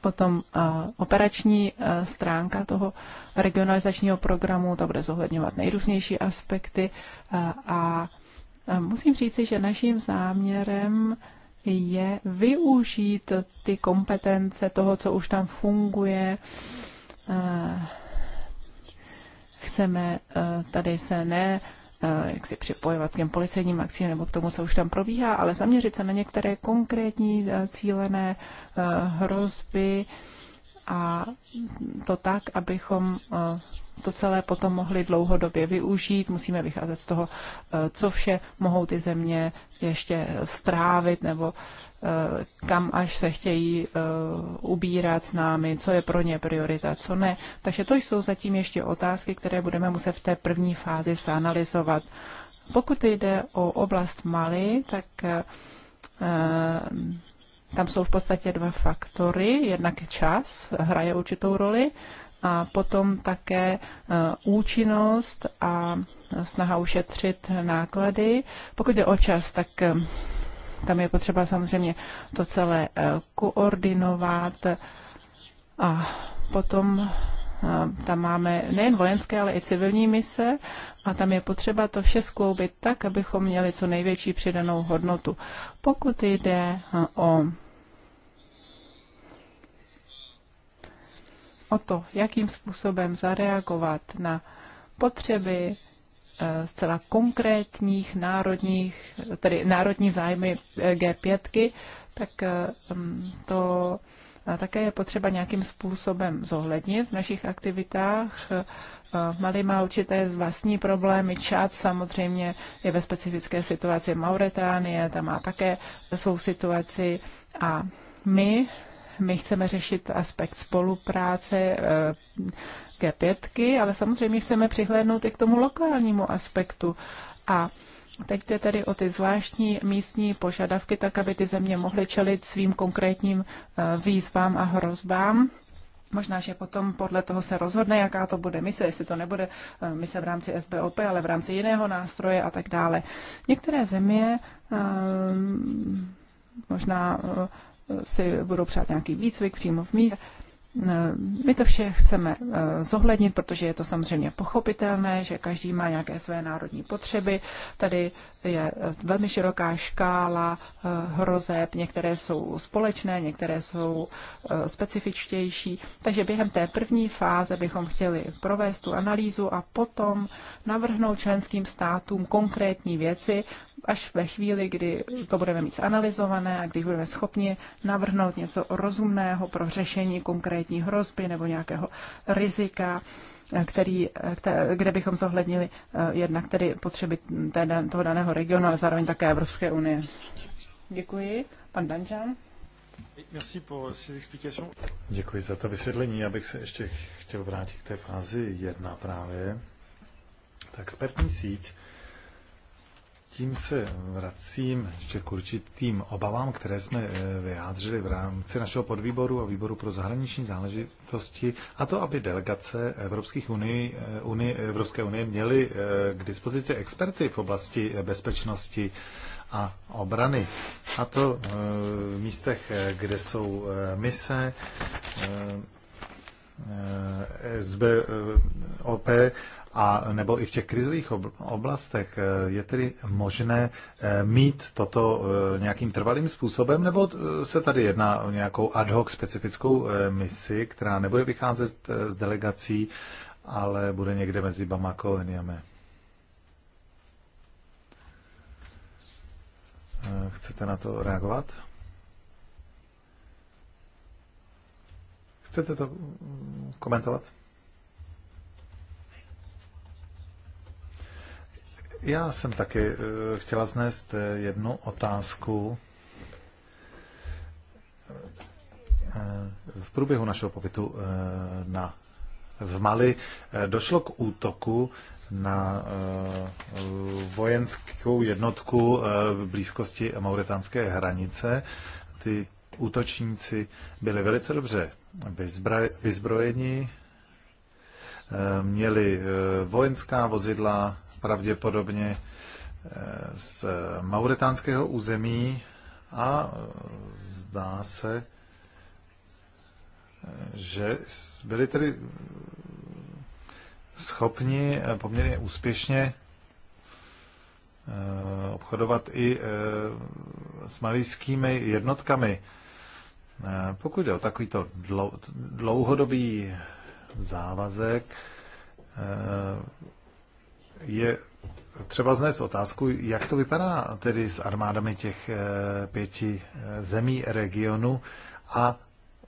Potom eh, operační eh, stránka toho regionalizačního programu, to bude zohledňovat nejrůznější aspekty eh, a musím říci, že naším záměrem je využít ty kompetence toho, co už tam funguje. Chceme tady se ne Eh, jak si připojovat k těm policejním akcím nebo k tomu, co už tam probíhá, ale zaměřit se na některé konkrétní eh, cílené eh, hrozby a to tak, abychom to celé potom mohli dlouhodobě využít. Musíme vycházet z toho, co vše mohou ty země ještě strávit nebo uh, Eh, kam až se chtějí eh, ubírat s námi, co je pro ně priorita, co ne. Takže to jsou zatím ještě otázky, které budeme muset v té první fázi zanalizovat. Pokud jde o oblast Mali, tak eh, tam jsou v podstatě dva faktory. Jednak čas hraje určitou roli a potom také účinnost a snaha ušetřit náklady. Pokud jde o čas, tak tam je potřeba samozřejmě to celé eh, koordinovat a potom eh, tam máme nejen vojenské, ale i civilní mise a tam je potřeba to vše skloubit tak, abychom měli co největší přidanou hodnotu. Pokud jde eh, o o to, jakým způsobem zareagovat na potřeby Eh, zcela konkrétních národních, tedy národní zájmy eh, G5, tak eh, mm, to také je potřeba nějakým způsobem zohlednit v našich aktivitách. Mali má určité vlastní problémy. Čad samozřejmě je ve specifické situaci Mauretánie, tam má také svou situaci. A my my chceme řešit aspekt spolupráce eh, G5, ale samozřejmě chceme přihlédnout i k tomu lokálnímu aspektu. A Teď jde tedy o ty zvláštní místní požadavky, tak aby ty země mohly čelit svým konkrétním eh, výzvám a hrozbám. Možná, že potom podle toho se rozhodne, jaká to bude mise, jestli to nebude eh, mise v rámci SBOP, ale v rámci jiného nástroje a tak dále. Některé země možná si budou přát nějaký výcvik přímo v místě Eh, my to vše chceme eh, zohlednit, protože je to samozřejmě pochopitelné, že každý má nějaké své národní potřeby. Tady je eh, velmi široká škála hrozeb, některé jsou společné, některé jsou specifičtější. Takže během té první fáze bychom chtěli provést tu analýzu a potom navrhnout členským státům konkrétní věci, až ve chvíli, kdy to budeme mít zanalizované a když budeme schopni navrhnout něco rozumného pro řešení konkrétní konkrétní hrozby nebo nějakého rizika, eh, který, eh, kde bychom zohlednili eh, jednak tedy potřeby té, toho daného regionu, ale zároveň také Evropské unie. Děkuji. Pan Danžan. Děkuji za to vysvětlení. Já bych se ještě chtěl vrátit k té fázi jedna právě. Ta expertní síť tím se vracím ještě k určitým obavám, které jsme eh, vyjádřili v rámci našeho podvýboru a výboru pro zahraniční záležitosti, a to, aby delegace Evropských unii, eh, unii, Evropské unie měly eh, k dispozici experty v oblasti bezpečnosti a obrany. A to v místech, kde jsou mise, SB, OP a nebo i v těch krizových oblastech eh, je tedy možné eh, mít toto eh, nějakým trvalým způsobem, nebo se tady jedná o nějakou ad hoc specifickou misi, která nebude vycházet z delegací, ale bude někde mezi Bamako a Niame. Chcete na to reagovat? Chcete to komentovat? Já jsem taky eh, chtěla znést eh, jednu otázku. Eh, v průběhu našeho pobytu na, v Mali došlo k útoku na vojenskou jednotku v blízkosti mauritánské hranice. Ty útočníci byli velice dobře vyzbrojeni, měli vojenská vozidla, pravděpodobně eh, z mauretánského území a eh, zdá se, eh, že byli tedy schopni poměrně úspěšně obchodovat i s malijskými jednotkami. Pokud je o takovýto dlouhodobý závazek, je třeba znést otázku, jak to vypadá tedy s armádami těch eh, pěti eh, zemí regionu a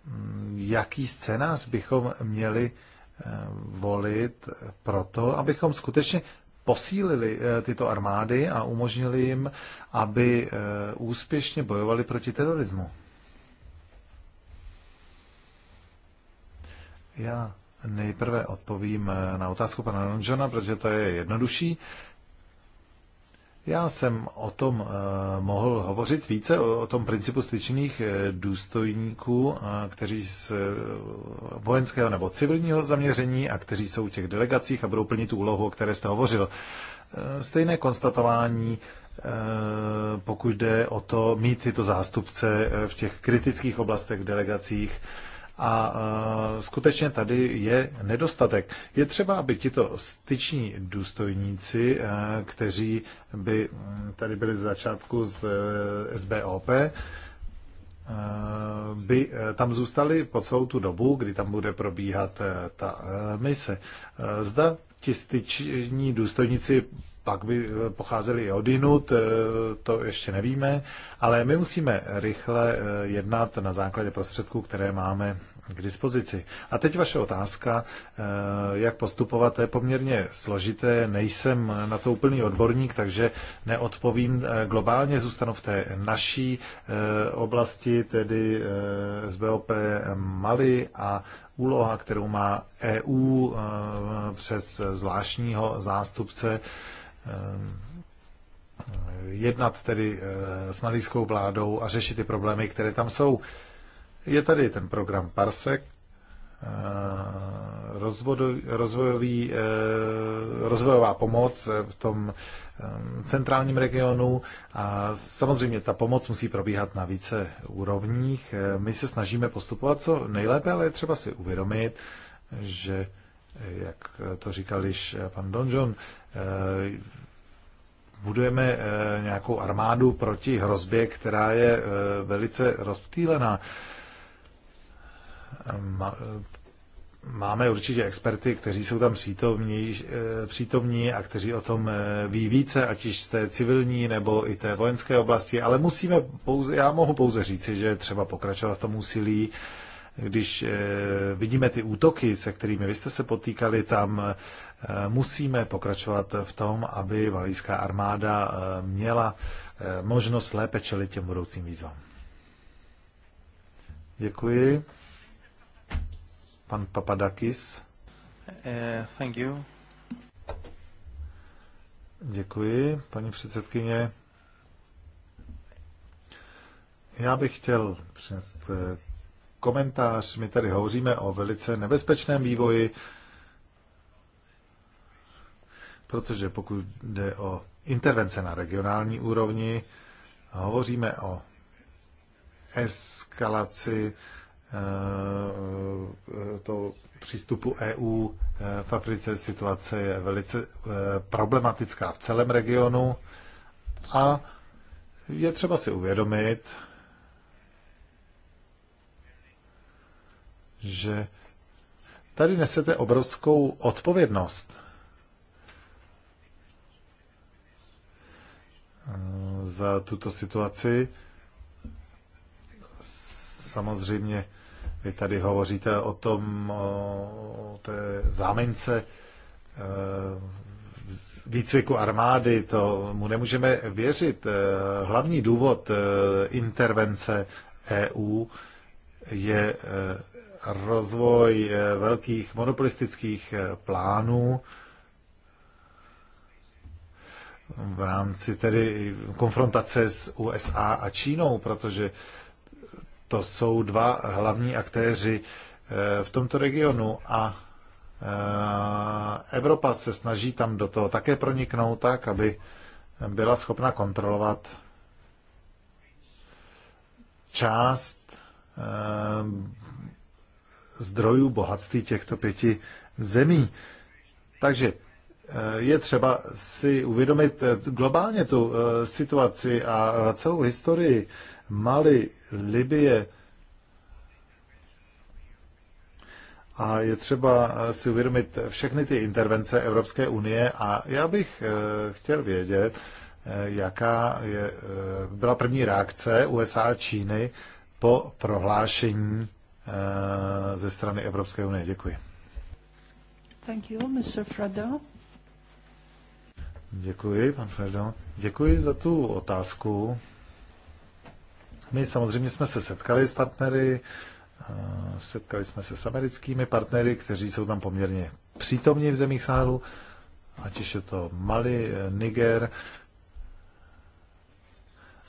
mm, jaký scénář bychom měli eh, volit pro to, abychom skutečně posílili tyto armády a umožnili jim, aby úspěšně bojovali proti terorismu. Já Nejprve odpovím eh, na otázku pana Nonžona, protože to je jednodušší. Já jsem o tom eh, mohl hovořit více, o, tom principu styčných eh, důstojníků, kteří z vojenského nebo civilního zaměření a kteří jsou v těch delegacích a budou plnit tu úlohu, o které jste hovořil. Stejné konstatování, pokud jde o to mít tyto zástupce v těch kritických oblastech v delegacích, a e, skutečně tady je nedostatek. Je třeba, aby tito styční důstojníci, e, kteří by tady byli z začátku z e, SBOP, by tam zůstali po celou tu dobu, kdy tam bude probíhat ta mise. Zda ti styční důstojníci pak by eh, pocházeli od jinut, eh, to ještě nevíme, ale my musíme rychle eh, jednat na základě prostředků, které máme k dispozici. A teď vaše otázka, jak postupovat, to je poměrně složité, nejsem na to úplný odborník, takže neodpovím globálně, zůstanu v té naší oblasti, tedy SBOP Mali a úloha, kterou má EU přes zvláštního zástupce Ehm, jednat tedy eh, s malýskou vládou a řešit ty problémy, které tam jsou. Je tady ten program Parsek, eh, rozvojový, eh, rozvojová pomoc v tom ehm, centrálním regionu a samozřejmě ta pomoc musí probíhat na více úrovních. My se snažíme postupovat co nejlépe, ale je třeba si uvědomit, že jak to říkal již pan Donjon, eh, budujeme eh, nějakou armádu proti hrozbě, která je eh, velice rozptýlená. Máme určitě experty, kteří jsou tam přítomní, přítomní a kteří o tom ví více, ať již z té civilní nebo i té vojenské oblasti, ale musíme pouze, já mohu pouze říci, že třeba pokračovat v tom úsilí, když eh, vidíme ty útoky, se kterými vy jste se potýkali, tam eh, musíme pokračovat v tom, aby valijská armáda eh, měla možnost lépe čelit těm budoucím výzvám. Děkuji. Pan Papadakis. Uh, thank you. Děkuji, paní předsedkyně. Já bych chtěl přinést komentář. My tady hovoříme o velice nebezpečném vývoji, protože pokud jde o intervence na regionální úrovni, hovoříme o eskalaci eh, toho přístupu EU eh, v Africe. Situace je velice eh, problematická v celém regionu a je třeba si uvědomit, že tady nesete obrovskou odpovědnost. za tuto situaci. Samozřejmě vy tady hovoříte o tom, o té zámence eh, výcviku armády, to mu nemůžeme věřit. Eh, hlavní důvod eh, intervence EU je rozvoj eh, velkých monopolistických eh, plánů v rámci tedy konfrontace s USA a Čínou, protože to jsou dva hlavní aktéři eh, v tomto regionu a Evropa se snaží tam do toho také proniknout tak, aby byla schopna kontrolovat část zdrojů bohatství těchto pěti zemí. Takže eh, je třeba si uvědomit eh, globálně tu eh, situaci a celou historii Mali, Libie. A je třeba si uvědomit všechny ty intervence Evropské unie a já bych chtěl vědět, jaká je, byla první reakce USA a Číny po prohlášení Eh, ze strany Evropské unie. Děkuji. Thank you, Mr. Fredo. Děkuji, pan Fredo. Děkuji za tu otázku. My samozřejmě jsme se setkali s partnery, eh, setkali jsme se s americkými partnery, kteří jsou tam poměrně přítomní v zemích sálu, ať už je to Mali, eh, Niger,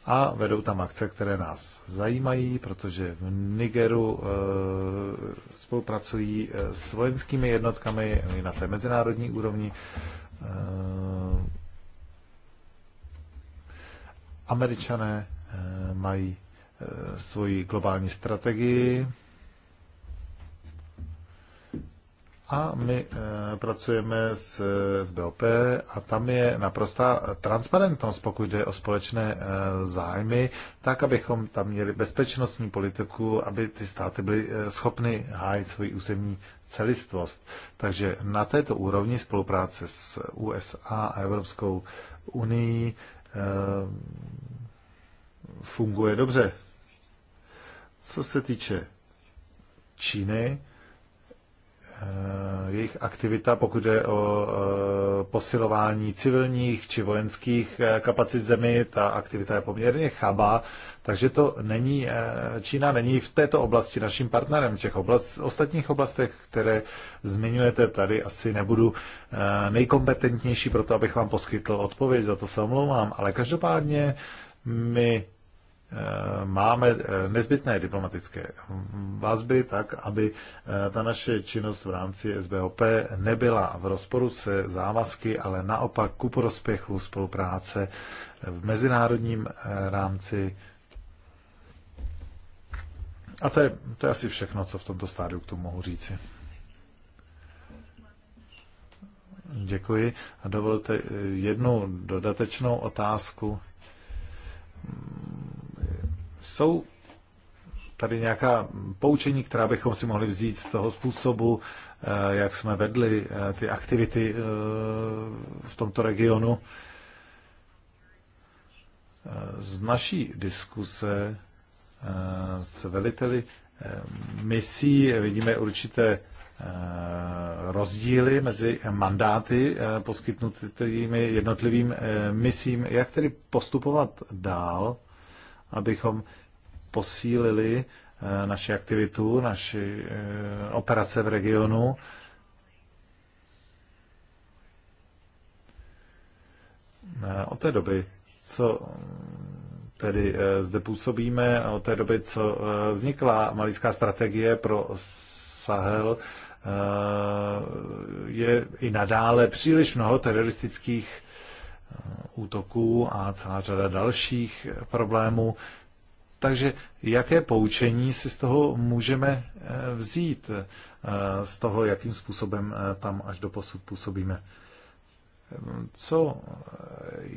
a vedou tam akce, které nás zajímají, protože v Nigeru e, spolupracují eh, s vojenskými jednotkami na té mezinárodní úrovni. E, Američané e, mají e, svoji globální strategii A my eh, pracujeme s, eh, s BOP a tam je naprostá transparentnost, pokud jde o společné eh, zájmy, tak, abychom tam měli bezpečnostní politiku, aby ty státy byly schopny hájit svoji územní celistvost. Takže na této úrovni spolupráce s USA a Evropskou unii funguje dobře. Co se týče Číny, Eh, jejich aktivita, pokud je o eh, posilování civilních či vojenských eh, kapacit zemi, ta aktivita je poměrně chabá, takže to není, Čína není v této oblasti naším partnerem. V těch oblast, ostatních oblastech, které zmiňujete tady, asi nebudu nejkompetentnější pro to, abych vám poskytl odpověď, za to se omlouvám, ale každopádně my Eh, máme eh, nezbytné diplomatické vazby tak, aby eh, ta naše činnost v rámci SBOP nebyla v rozporu se závazky, ale naopak ku prospěchu spolupráce v mezinárodním rámci. A to je, to je asi všechno, co v tomto stádiu k tomu mohu říci. Děkuji. A dovolte jednu dodatečnou otázku jsou tady nějaká poučení, která bychom si mohli vzít z toho způsobu, eh, jak jsme vedli eh, ty aktivity eh, v tomto regionu. Z naší diskuse s veliteli misí vidíme určité rozdíly mezi mandáty poskytnutými jednotlivým misím, jak tedy postupovat dál, abychom posílili eh, naši aktivitu, naši eh, operace v regionu. Eh, od té doby, co mm, tedy zde působíme, od té doby, co vznikla malická strategie pro Sahel, je i nadále příliš mnoho teroristických útoků a celá řada dalších problémů. Takže jaké poučení si z toho můžeme eh, vzít, eh, z toho, jakým způsobem eh, tam až do posud působíme? Co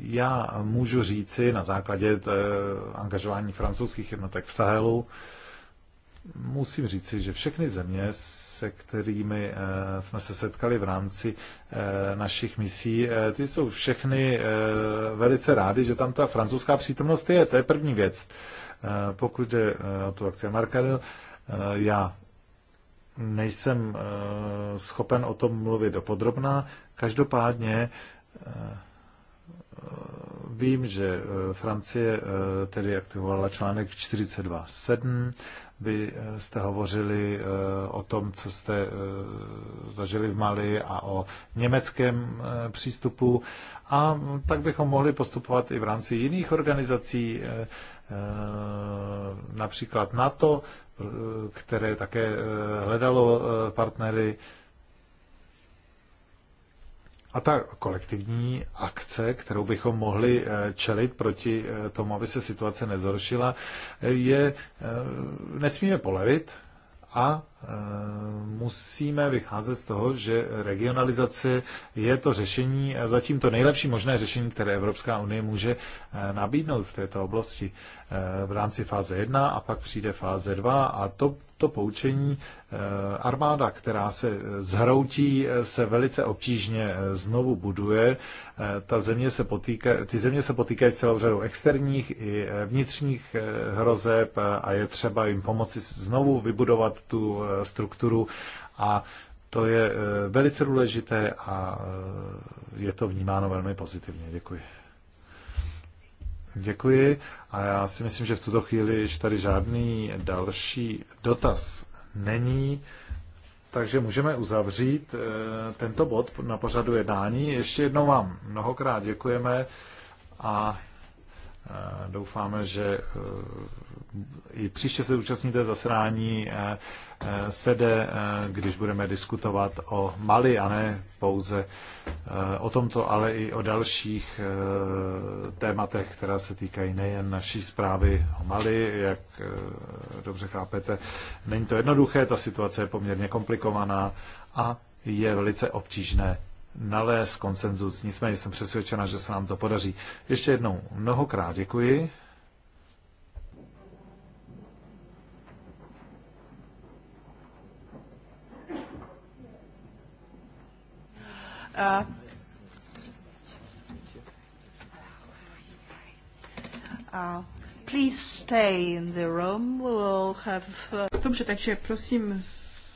já můžu říci na základě angažování francouzských jednotek v Sahelu, musím říci, že všechny země, se kterými jsme se setkali v rámci našich misí, ty jsou všechny velice rádi, že tam ta francouzská přítomnost je. To je první věc. Eh, pokud jde o eh, tu akci Markadel, eh, já nejsem schopen o tom mluvit dopodrobná. Každopádně vím, že Francie tedy aktivovala článek 42.7. Vy jste hovořili o tom, co jste zažili v Mali a o německém přístupu. A tak bychom mohli postupovat i v rámci jiných organizací, Eh, například NATO, eh, které také eh, hledalo partnery. A ta kolektivní akce, kterou bychom mohli čelit proti tomu, aby se situace nezhoršila, je nesmíme polevit a musíme vycházet z toho, že regionalizace je to řešení, zatím to nejlepší možné řešení, které Evropská unie může eh, nabídnout v této oblasti eh, v rámci fáze 1 a pak přijde fáze 2 a to, to poučení eh, armáda, která se zhroutí, se velice obtížně znovu buduje. Ta země se potýká, ty země se potýkají s celou řadou externích i vnitřních hrozeb a je třeba jim pomoci znovu vybudovat tu Eh, strukturu a to je eh, velice důležité a eh, je to vnímáno velmi pozitivně. Děkuji. Děkuji a já si myslím, že v tuto chvíli ještě tady žádný další dotaz není, takže můžeme uzavřít tento bod na pořadu jednání. Ještě jednou vám mnohokrát děkujeme a doufáme, že i příště se účastníte zasrání eh, eh, sede, eh, když budeme diskutovat o Mali a ne pouze o tomto, ale i o dalších tématech, která se týkají nejen naší zprávy o Mali, jak dobře chápete. Není to jednoduché, ta situace je poměrně komplikovaná a je velice obtížné nalézt konsenzus. Nicméně jsem přesvědčena, že se nám to podaří. Ještě jednou mnohokrát děkuji Uh, uh, uh, Dobře, takže prosím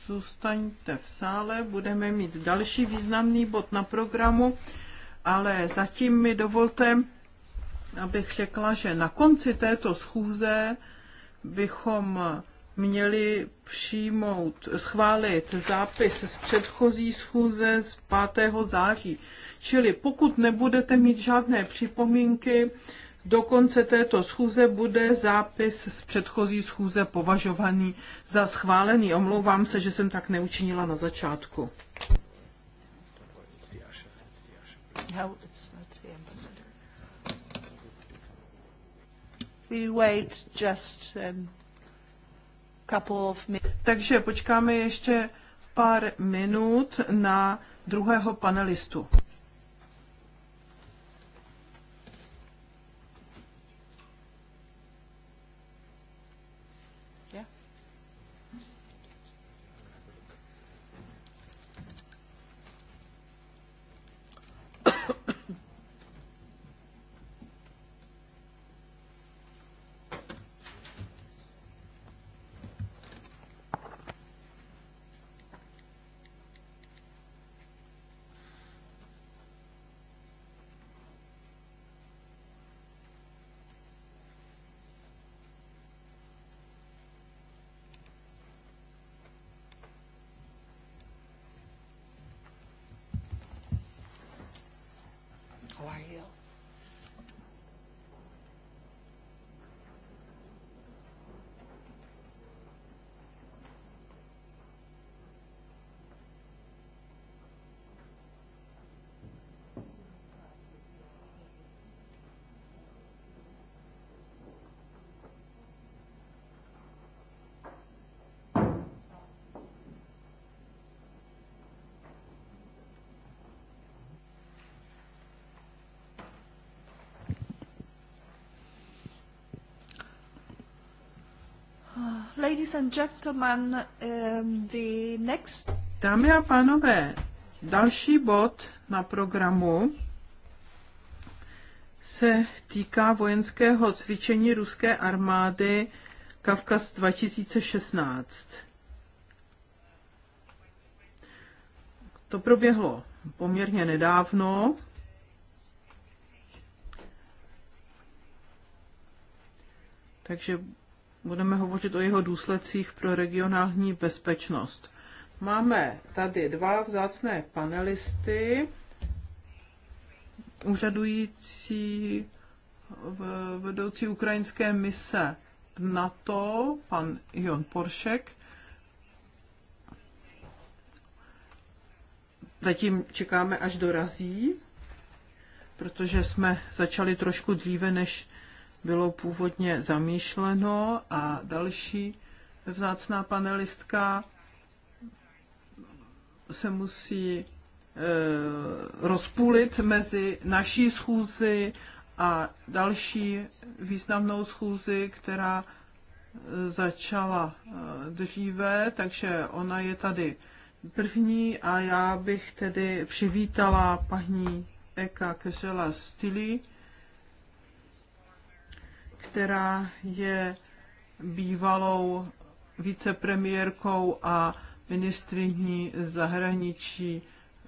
zůstaňte v sále, budeme mít další významný bod na programu, ale zatím mi dovolte, abych řekla, že na konci této schůze bychom měli přijmout, schválit zápis z předchozí schůze z 5. září. Čili pokud nebudete mít žádné připomínky, do konce této schůze bude zápis z předchozí schůze považovaný za schválený. Omlouvám se, že jsem tak neučinila na začátku. We wait just um, takže počkáme ještě pár minut na druhého panelistu. Ladies and gentlemen, um, the next... Dámy a pánové, další bod na programu se týká vojenského cvičení ruské armády Kavkaz 2016. To proběhlo poměrně nedávno. Takže budeme hovořit o jeho důsledcích pro regionální bezpečnost. Máme tady dva vzácné panelisty, úřadující vedoucí ukrajinské mise NATO, pan Jon Poršek. Zatím čekáme, až dorazí, protože jsme začali trošku dříve, než bylo původně zamýšleno a další vzácná panelistka se musí e, rozpůlit mezi naší schůzi a další významnou schůzi, která e, začala e, dříve, takže ona je tady první a já bych tedy přivítala paní Eka Keřela Stily, která je bývalou vicepremiérkou a ministriní zahraničí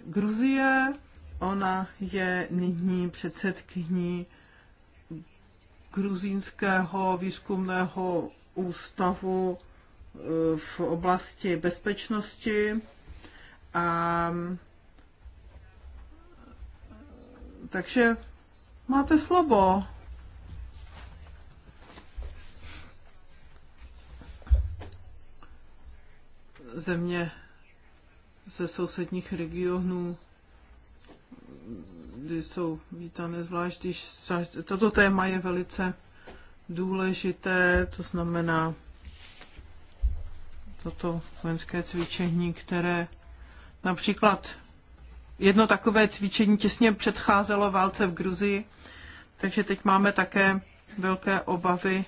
Gruzie. Ona je nyní předsedkyní gruzínského výzkumného ústavu e, v oblasti bezpečnosti a takže máte slovo. země ze sousedních regionů kdy jsou vítané, zvlášť když toto téma je velice důležité, to znamená toto vojenské cvičení, které například jedno takové cvičení těsně předcházelo válce v Gruzii, takže teď máme také velké obavy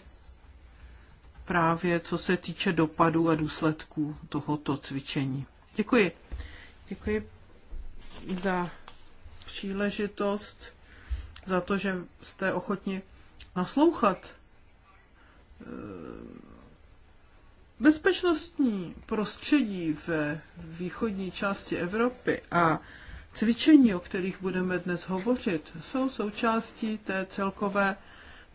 právě co se týče dopadů a důsledků tohoto cvičení. Děkuji. Děkuji za příležitost, za to, že jste ochotni naslouchat. Eh, bezpečnostní prostředí ve východní části Evropy a cvičení, o kterých budeme dnes hovořit, jsou součástí té celkové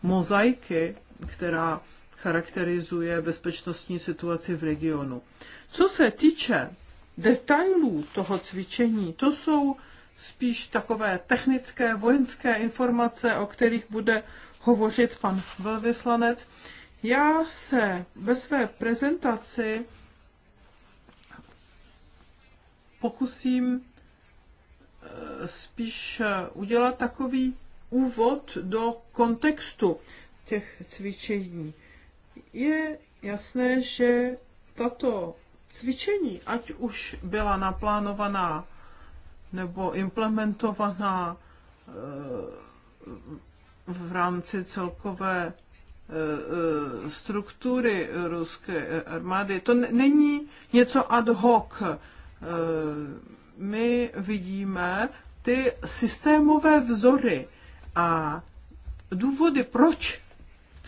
mozaiky, která charakterizuje bezpečnostní situaci v regionu. Co se týče detailů toho cvičení, to jsou spíš takové technické vojenské informace, o kterých bude hovořit pan velvyslanec. Já se ve své prezentaci pokusím eh, spíš eh, udělat takový úvod do kontextu těch cvičení je jasné, že tato cvičení, ať už byla naplánovaná nebo implementovaná eh, v rámci celkové eh, eh, struktury ruské armády. To není něco ad hoc. My vidíme ty systémové vzory a důvody, proč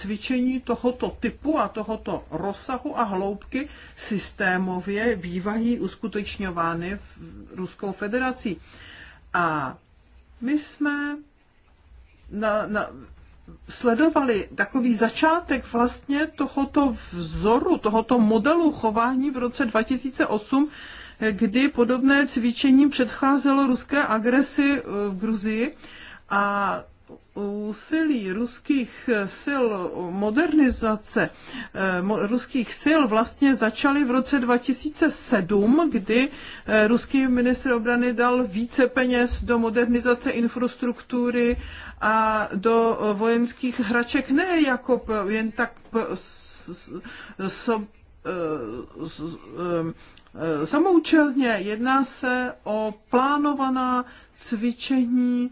cvičení tohoto typu a tohoto rozsahu a hloubky systémově bývají uskutečňovány v Ruskou federací. A my jsme na, na, sledovali takový začátek vlastně tohoto vzoru, tohoto modelu chování v roce 2008, kdy podobné cvičení předcházelo ruské agresi eh, v Gruzii. A úsilí ruských sil modernizace eh, ruských sil vlastně začaly v roce 2007, kdy eh, ruský ministr obrany dal více peněz do modernizace infrastruktury a do eh, vojenských hraček, ne jako jen tak samoučelně. Jedná se o plánovaná cvičení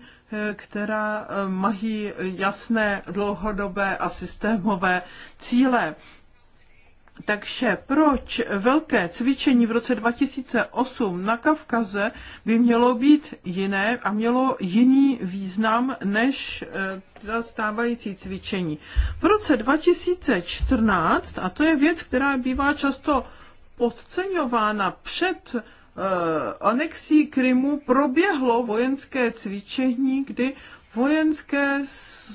která eh, mají jasné dlouhodobé a systémové cíle. Takže proč velké cvičení v roce 2008 na Kavkaze by mělo být jiné a mělo jiný význam než eh, ta stávající cvičení? V roce 2014, a to je věc, která bývá často podceňována před Eh, anexí Krymu proběhlo vojenské cvičení, kdy vojenské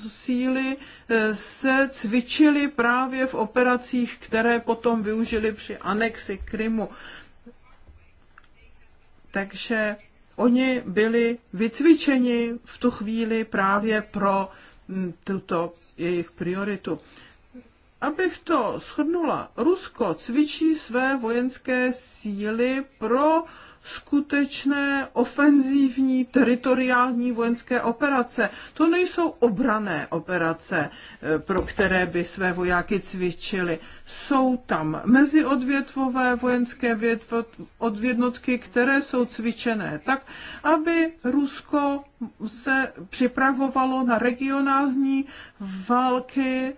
síly eh, se cvičily právě v operacích, které potom využili při anexi Krymu. Takže oni byli vycvičeni v tu chvíli právě pro mm, tuto jejich prioritu. Abych to shrnula, Rusko cvičí své vojenské síly pro skutečné ofenzívní teritoriální vojenské operace. To nejsou obrané operace, eh, pro které by své vojáky cvičili. Jsou tam meziodvětvové vojenské odvědnotky, které jsou cvičené tak, aby Rusko se připravovalo na regionální války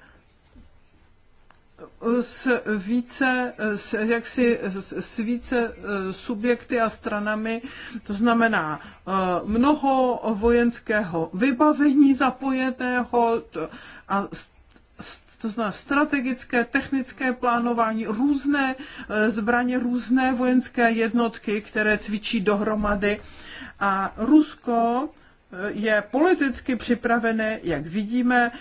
s více, s, jaksi, s více e, subjekty a stranami, to znamená e, mnoho vojenského vybavení zapojeného a to znamená strategické, technické plánování, různé e, zbraně, různé vojenské jednotky, které cvičí dohromady. A Rusko je politicky připravené, jak vidíme,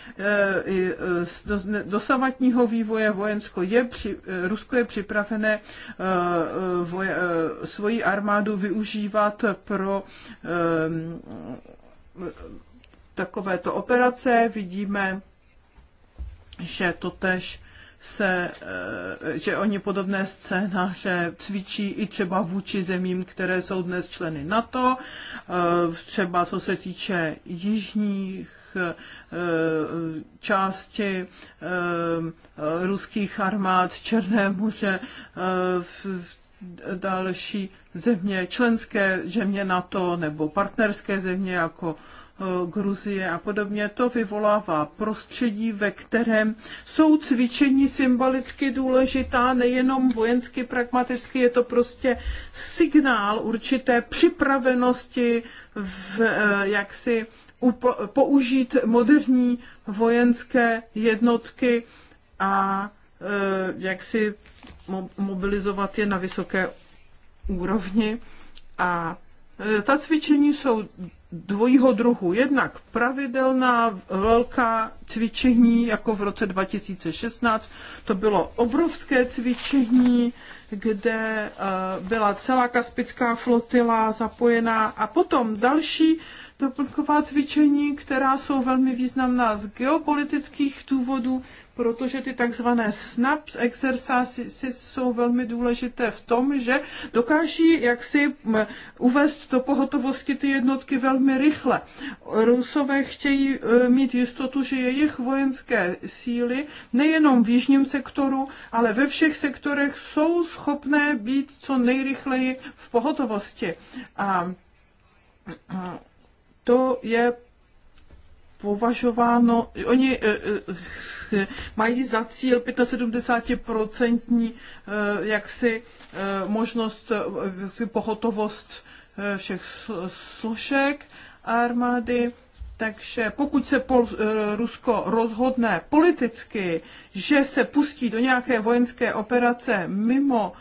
z eh, eh, dosavatního vývoje vojensko je, eh, Rusko je připravené voje, svoji armádu využívat pro takovéto operace. Vidíme, že totež se, eh, že oni podobné scénáře cvičí i třeba vůči zemím, které jsou dnes členy NATO, eh, třeba co se týče jižních eh, části ruských armád Černé muže, další země, členské země NATO nebo partnerské země jako E, Gruzie a podobně, to vyvolává prostředí, ve kterém jsou cvičení symbolicky důležitá, nejenom vojensky pragmaticky, je to prostě signál určité připravenosti v, e, jaksi použít moderní vojenské jednotky a e, jak si mobilizovat je na vysoké úrovni. A ta cvičení jsou dvojího druhu. Jednak pravidelná velká cvičení, jako v roce 2016, to bylo obrovské cvičení, kde eh, byla celá kaspická flotila zapojená a potom další doplňková cvičení, která jsou velmi významná z geopolitických důvodů, protože ty takzvané snaps exercise jsou velmi důležité v tom, že dokáží jaksi uvést do pohotovosti ty jednotky velmi rychle. Rusové chtějí e, mít jistotu, že jejich vojenské síly nejenom v jižním sektoru, ale ve všech sektorech jsou schopné být co nejrychleji v pohotovosti. A to je považováno, oni eh, eh, mají za cíl 75% eh, jaksi možnost, jaksi pohotovost všech složek armády. Takže pokud se Pol, Rusko rozhodne politicky, že se pustí do nějaké vojenské operace mimo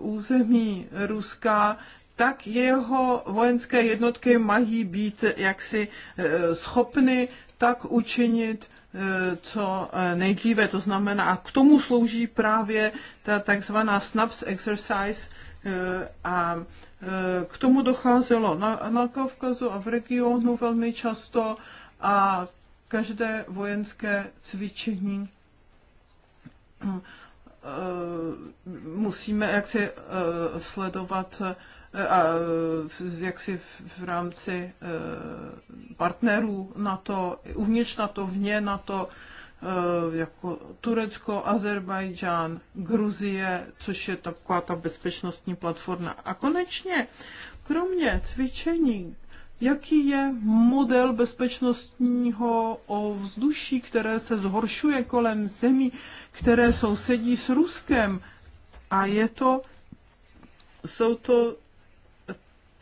území Ruska, tak jeho vojenské jednotky mají být jaksi eh, schopny tak učinit eh, co eh, nejdříve. To znamená, a k tomu slouží právě ta takzvaná SNAPS exercise a k tomu docházelo na, na Kavkazu a v regionu velmi často a každé vojenské cvičení musíme jaksi sledovat a eh, jaksi v rámci eh, partnerů na to, uvnitř na to, vně na to, eh, jako Turecko, Azerbajdžán, Gruzie, což je taková ta bezpečnostní platforma. A konečně, kromě cvičení, jaký je model bezpečnostního ovzduší, které se zhoršuje kolem zemí, které sousedí s Ruskem. A je to, jsou to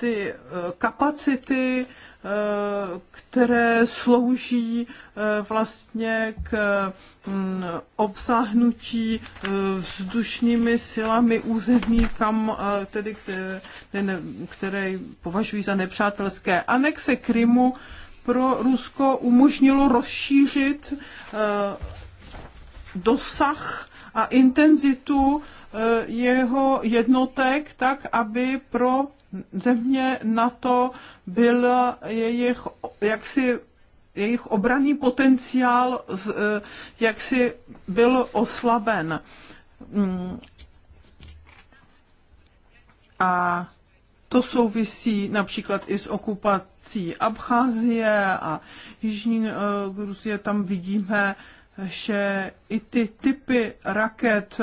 ty eh, kapacity, eh, které slouží eh, vlastně k hm, obsáhnutí vzdušnými silami území, kam tedy, které, které považují za nepřátelské. Anexe Krymu pro Rusko umožnilo rozšířit dosah a intenzitu jeho jednotek tak, aby pro země NATO byl jejich jaksi jejich obraný potenciál eh, jaksi byl oslaben. Mm. A to souvisí například i s okupací Abcházie a Jižní eh, Gruzie. Tam vidíme, že i ty typy raket,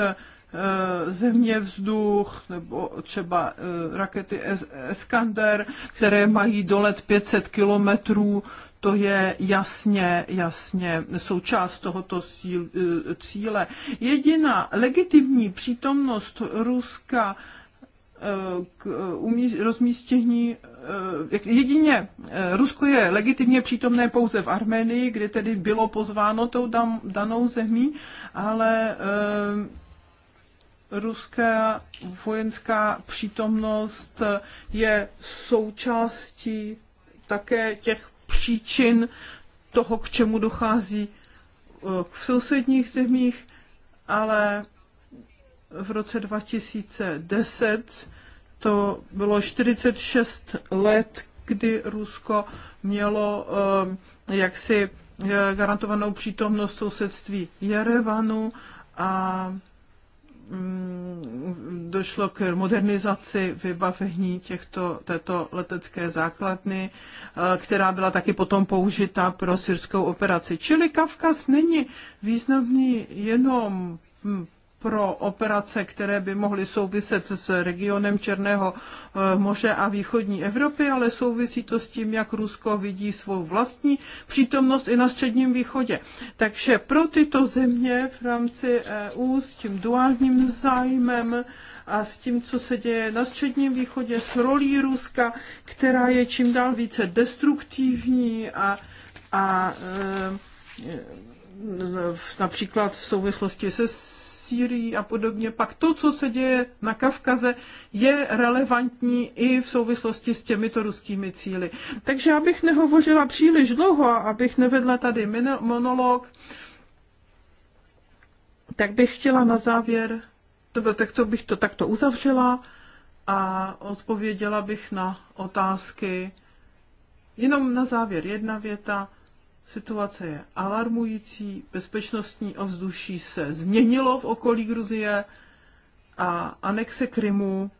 Eh, země vzduch nebo třeba eh, rakety Eskander, které mají dolet 500 kilometrů, to je jasně, jasně součást tohoto eh, cíle. Jediná legitimní přítomnost Ruska k umí, rozmístění. Jedině Rusko je legitimně přítomné pouze v Armenii, kde tedy bylo pozváno tou dam, danou zemí, ale ruská vojenská přítomnost je součástí také těch příčin toho, k čemu dochází eh, v sousedních zemích, ale v roce 2010 to bylo 46 let, kdy Rusko mělo eh, jaksi eh, garantovanou přítomnost sousedství Jerevanu a Mm, došlo k modernizaci vybavení těchto, této letecké základny, eh, která byla taky potom použita pro syrskou operaci. Čili Kavkaz není významný jenom hm, pro operace, které by mohly souviset s regionem Černého eh, moře a východní Evropy, ale souvisí to s tím, jak Rusko vidí svou vlastní přítomnost i na středním východě. Takže pro tyto země v rámci EU s tím duálním zájmem a s tím, co se děje na Středním východě, s rolí Ruska, která je čím dál více destruktivní a, a e, například v souvislosti se Sýrii a podobně, pak to, co se děje na Kavkaze, je relevantní i v souvislosti s těmito ruskými cíly. Takže abych nehovořila příliš dlouho, abych nevedla tady monolog, tak bych chtěla na závěr, to, tak to bych to takto uzavřela a odpověděla bych na otázky. Jenom na závěr jedna věta. Situace je alarmující, bezpečnostní ovzduší se změnilo v okolí Gruzie a anexe Krymu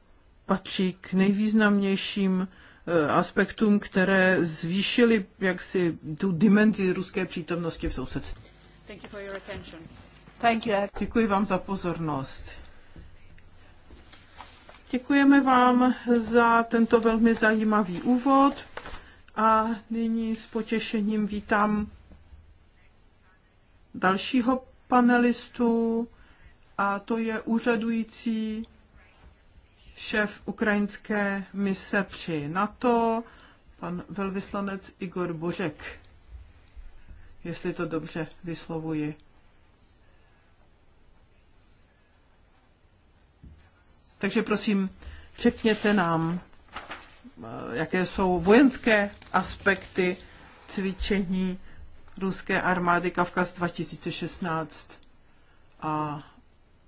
patří k nejvýznamnějším eh, aspektům, které zvýšily jaksi tu dimenzi ruské přítomnosti v sousedství. Děkuji vám za pozornost. Děkujeme vám za tento velmi zajímavý úvod. A nyní s potěšením vítám dalšího panelistu, a to je úřadující šéf ukrajinské mise při NATO, pan velvyslanec Igor Božek, jestli to dobře vyslovuji. Takže prosím, řekněte nám, Eh, jaké jsou vojenské aspekty cvičení ruské armády Kavkaz 2016. A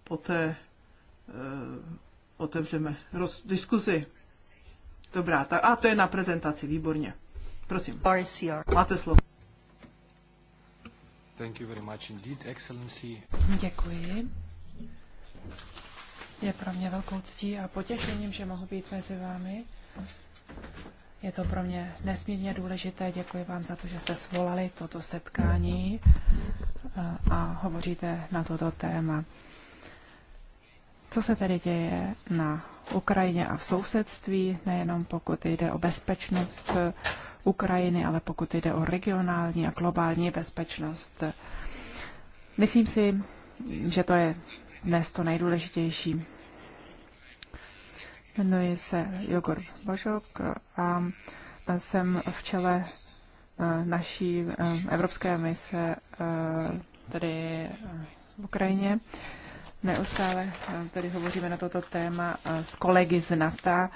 poté eh, otevřeme roz, diskuzi. Dobrá, tak a to je na prezentaci, výborně. Prosím, máte slovo. Thank you very much indeed, excellency. Děkuji. Je pro mě velkou ctí a potěšením, že mohu být mezi vámi je to pro mě nesmírně důležité. Děkuji vám za to, že jste svolali toto setkání eh, a hovoříte na toto téma. Co se tedy děje na Ukrajině a v sousedství, nejenom pokud jde o bezpečnost eh, Ukrajiny, ale pokud jde o regionální a globální bezpečnost. Myslím si, že to je dnes to nejdůležitější. Jmenuji se Jogor Božok a jsem v čele e, naší e, evropské mise e, tady v Ukrajině. Neustále tady hovoříme na toto téma s kolegy z NATO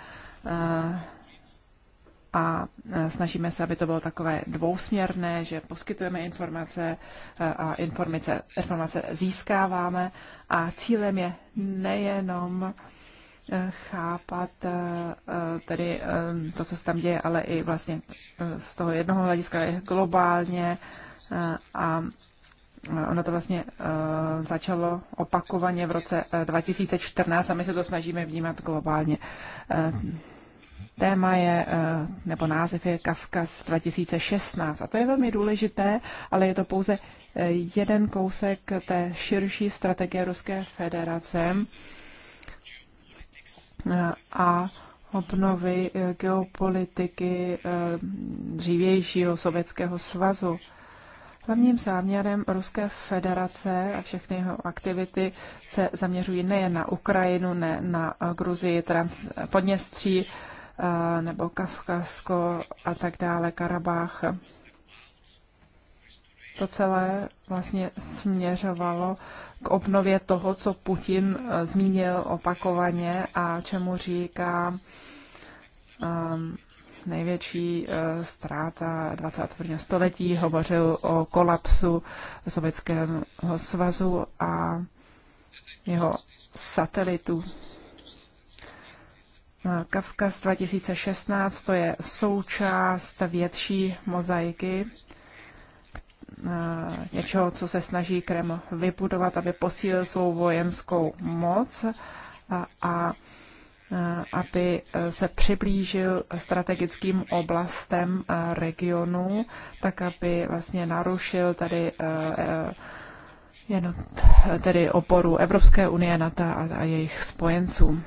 a snažíme se, aby to bylo takové dvousměrné, že poskytujeme informace a informace, informace získáváme a cílem je nejenom chápat eh, eh, tedy eh, to, co se tam děje, ale i vlastně z toho jednoho hlediska je globálně a Ono to vlastně začalo opakovaně v roce 2014 a my se to snažíme vnímat globálně. téma je, nebo název je Kavkaz 2016 a to je velmi důležité, ale je to pouze jeden kousek té širší strategie Ruské federace a obnovy eh, geopolitiky eh, dřívějšího Sovětského svazu. Hlavním záměrem Ruské federace a všechny jeho aktivity se zaměřují nejen na Ukrajinu, ne na eh, Gruzii, Trans, Podněstří nebo Kavkazsko a tak dále, Karabách to celé vlastně směřovalo k obnově toho, co Putin eh, zmínil opakovaně a čemu říká um, největší eh, ztráta 21. století. Hovořil o kolapsu Sovětského svazu a jeho satelitu. Eh, Kavkaz 2016 to je součást větší mozaiky Eh, něčeho, co se snaží Kreml vybudovat, aby posílil svou vojenskou moc a, a eh, aby eh, se přiblížil strategickým oblastem regionu, tak aby vlastně narušil tady jen tedy oporu Evropské unie, NATO a, a jejich spojenců.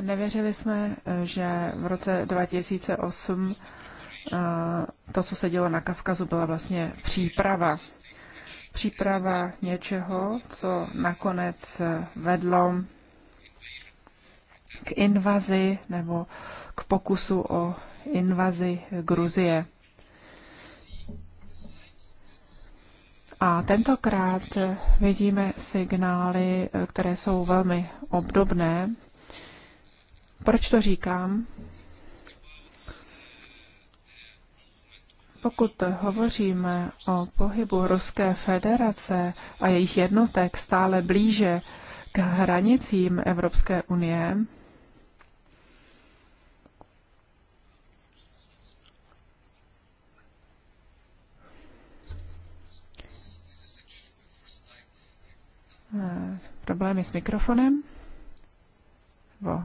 Nevěřili jsme, eh, že v roce 2008 eh, to, co se dělo na Kavkazu, byla vlastně příprava. Příprava něčeho, co nakonec eh, vedlo k invazi nebo k pokusu o invazi Gruzie. A tentokrát vidíme signály, které jsou velmi obdobné proč to říkám? Pokud hovoříme o pohybu Ruské federace a jejich jednotek stále blíže k hranicím Evropské unie, eh, problémy s mikrofonem. Bo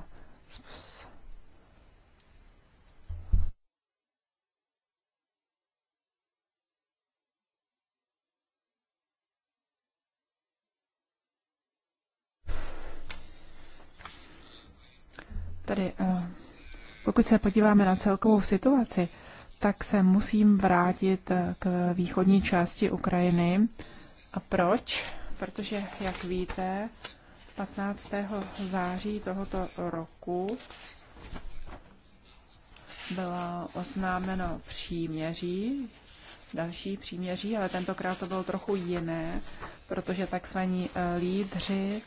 Tedy eh, pokud se podíváme na celkovou situaci, tak se musím vrátit eh, k východní části Ukrajiny. A proč? Protože, jak víte, 15. září tohoto roku bylo oznámeno příměří, další příměří, ale tentokrát to bylo trochu jiné, protože takzvaní eh, lídři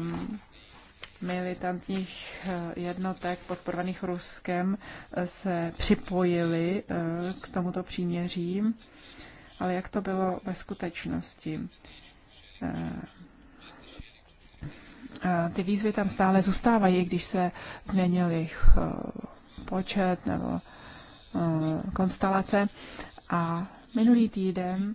um, militantních eh, jednotek podporovaných Ruskem eh, se připojili eh, k tomuto příměří. Ale jak to bylo ve skutečnosti? Ty výzvy tam stále zůstávají, když se změnil jejich počet nebo konstelace. A minulý týden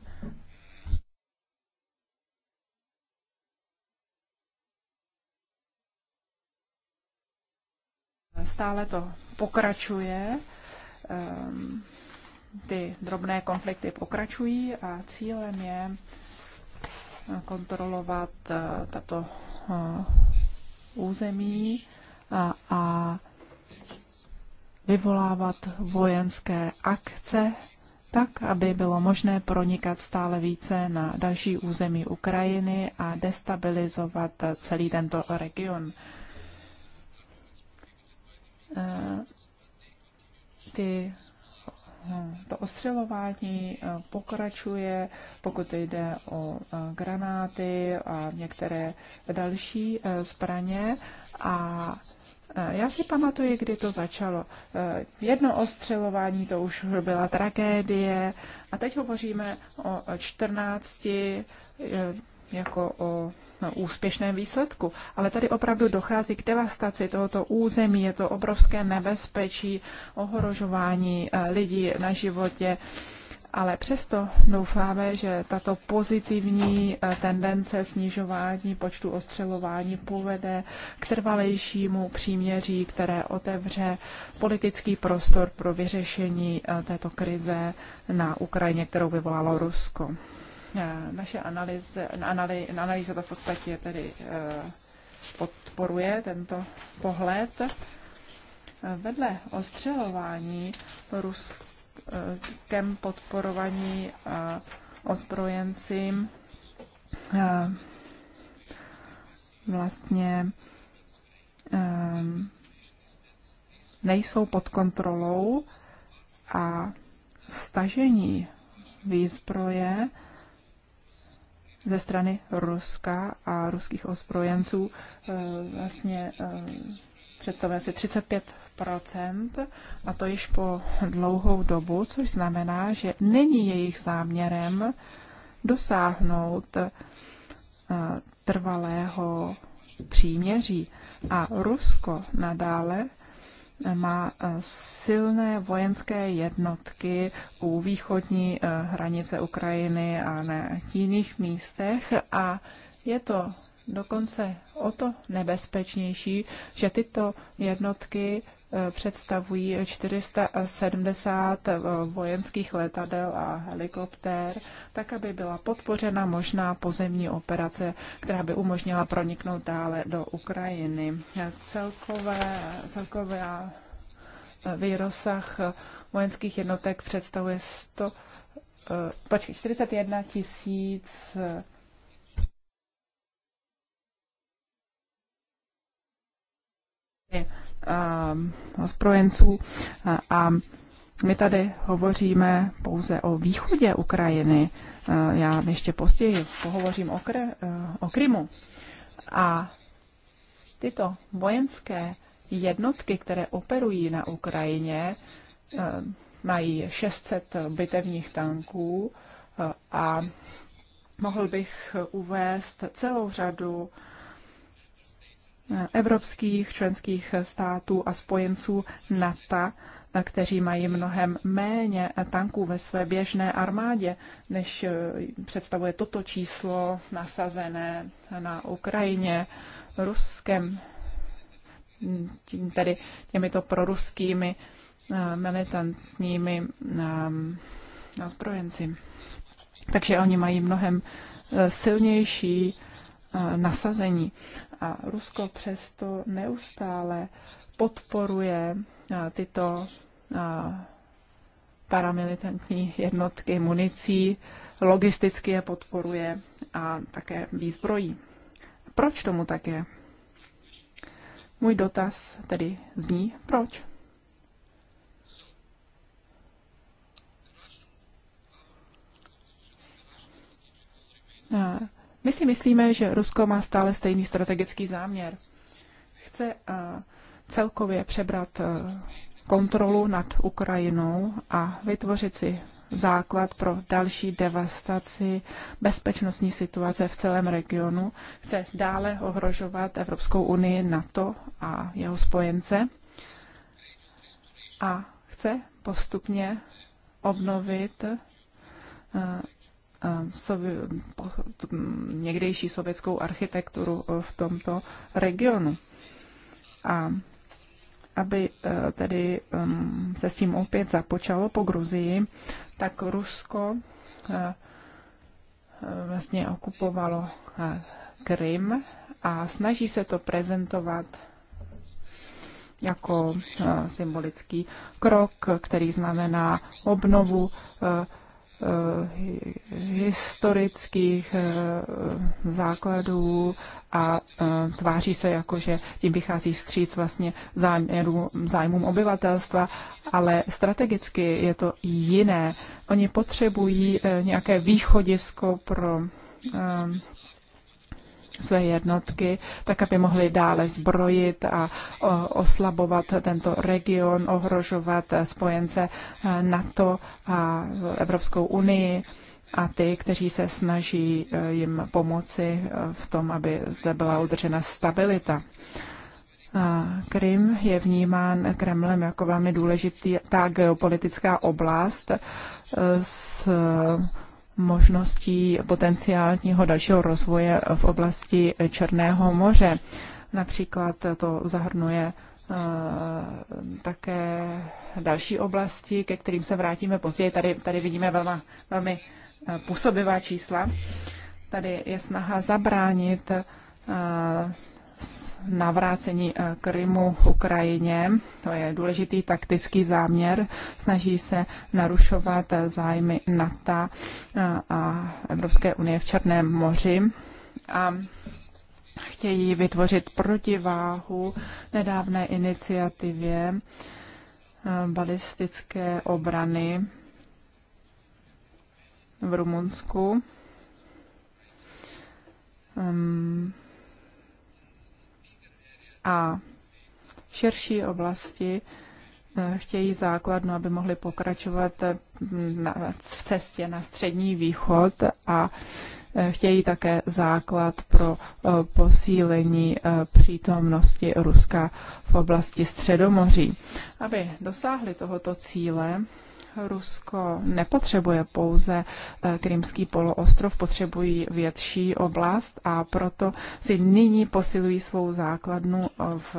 stále to pokračuje. Ehm, ty drobné konflikty pokračují a cílem je eh, kontrolovat eh, tato eh, území a, a vyvolávat vojenské akce tak, aby bylo možné pronikat stále více na další území Ukrajiny a destabilizovat celý tento region. Eh, ty hm, to ostřelování eh, pokračuje, pokud jde o eh, granáty a některé další zbraně. A já si pamatuji, kdy to začalo. Jedno ostřelování, to už byla tragédie. A teď hovoříme o 14 jako o no, úspěšném výsledku. Ale tady opravdu dochází k devastaci tohoto území, je to obrovské nebezpečí, ohrožování eh, lidí na životě. Ale přesto doufáme, že tato pozitivní eh, tendence snižování počtu ostřelování povede k trvalejšímu příměří, které otevře politický prostor pro vyřešení eh, této krize na Ukrajině, kterou vyvolalo Rusko. Eh, naše analýza, analý, analýza to v podstatě tedy eh, podporuje tento pohled. Eh, vedle ostřelování Ruskem podporovaní ozbrojenci vlastně nejsou pod kontrolou a stažení výzbroje ze strany Ruska a ruských ozbrojenců eh, vlastně eh, představuje asi 35 a to již po dlouhou dobu, což znamená, že není jejich záměrem dosáhnout eh, trvalého příměří. A Rusko nadále má eh, silné vojenské jednotky u východní eh, hranice Ukrajiny a na jiných místech a je to dokonce o to nebezpečnější, že tyto jednotky představují 470 eh, vojenských letadel a helikoptér, tak aby byla podpořena možná pozemní operace, která by umožnila proniknout dále do Ukrajiny. Celkové, celkové eh, výrozsah eh, vojenských jednotek představuje 100, počkej, 41 tisíc Yeah. Uh, a my tady hovoříme pouze o východě Ukrajiny. Eh, já ještě později pohovořím o, kr- eh, o Krymu. A tyto vojenské jednotky, které operují na Ukrajině, mají 600 bitevních tanků a mohl bych uvést celou řadu evropských členských států a spojenců NATO, kteří mají mnohem méně tanků ve své běžné armádě, než eh, představuje toto číslo nasazené na Ukrajině Ruskem, tedy těmito proruskými eh, militantními eh, zbrojenci. Takže oni mají mnohem silnější Eh, nasazení. A Rusko přesto neustále podporuje eh, tyto eh, paramilitantní jednotky municí, logisticky je podporuje a také výzbrojí. Proč tomu tak je? Můj dotaz tedy zní, proč? A my si myslíme, že Rusko má stále stejný strategický záměr. Chce eh, celkově přebrat eh, kontrolu nad Ukrajinou a vytvořit si základ pro další devastaci bezpečnostní situace v celém regionu. Chce dále ohrožovat Evropskou unii, NATO a jeho spojence a chce postupně obnovit eh, Eh, někdejší sovětskou architekturu eh, v tomto regionu. A aby eh, tedy mm, se s tím opět započalo po Gruzii, tak Rusko vlastně okupovalo Krym a snaží se to prezentovat jako symbolický krok, který znamená obnovu Eh, historických eh, základů a eh, tváří se jako, že tím vychází vstříc vlastně záměru, zájmům obyvatelstva, ale strategicky je to jiné. Oni potřebují nějaké východisko pro své jednotky, tak aby mohli dále zbrojit a oslabovat tento region, ohrožovat spojence eh, NATO a Evropskou unii a ty, kteří se snaží eh, jim pomoci eh, v tom, aby zde byla udržena stabilita. Krym je vnímán Kremlem jako velmi důležitá geopolitická oblast s možností potenciálního dalšího rozvoje v oblasti Černého moře. Například to zahrnuje eh, také další oblasti, ke kterým se vrátíme později. Tady, tady vidíme velma, velmi eh, působivá čísla. Tady je snaha zabránit eh, navrácení eh, Krymu Ukrajině. To je důležitý taktický záměr. Snaží se narušovat eh, zájmy NATO eh, a Evropské unie v Černém moři. A chtějí vytvořit protiváhu nedávné iniciativě balistické obrany v Rumunsku. Um, a širší oblasti eh, chtějí základnu, aby mohli pokračovat eh, v cestě na střední východ a eh, chtějí také základ pro posílení přítomnosti Ruska v oblasti Středomoří. Aby dosáhli tohoto cíle, Rusko nepotřebuje pouze eh, Krymský poloostrov, potřebují větší oblast a proto si nyní posilují svou základnu eh, v,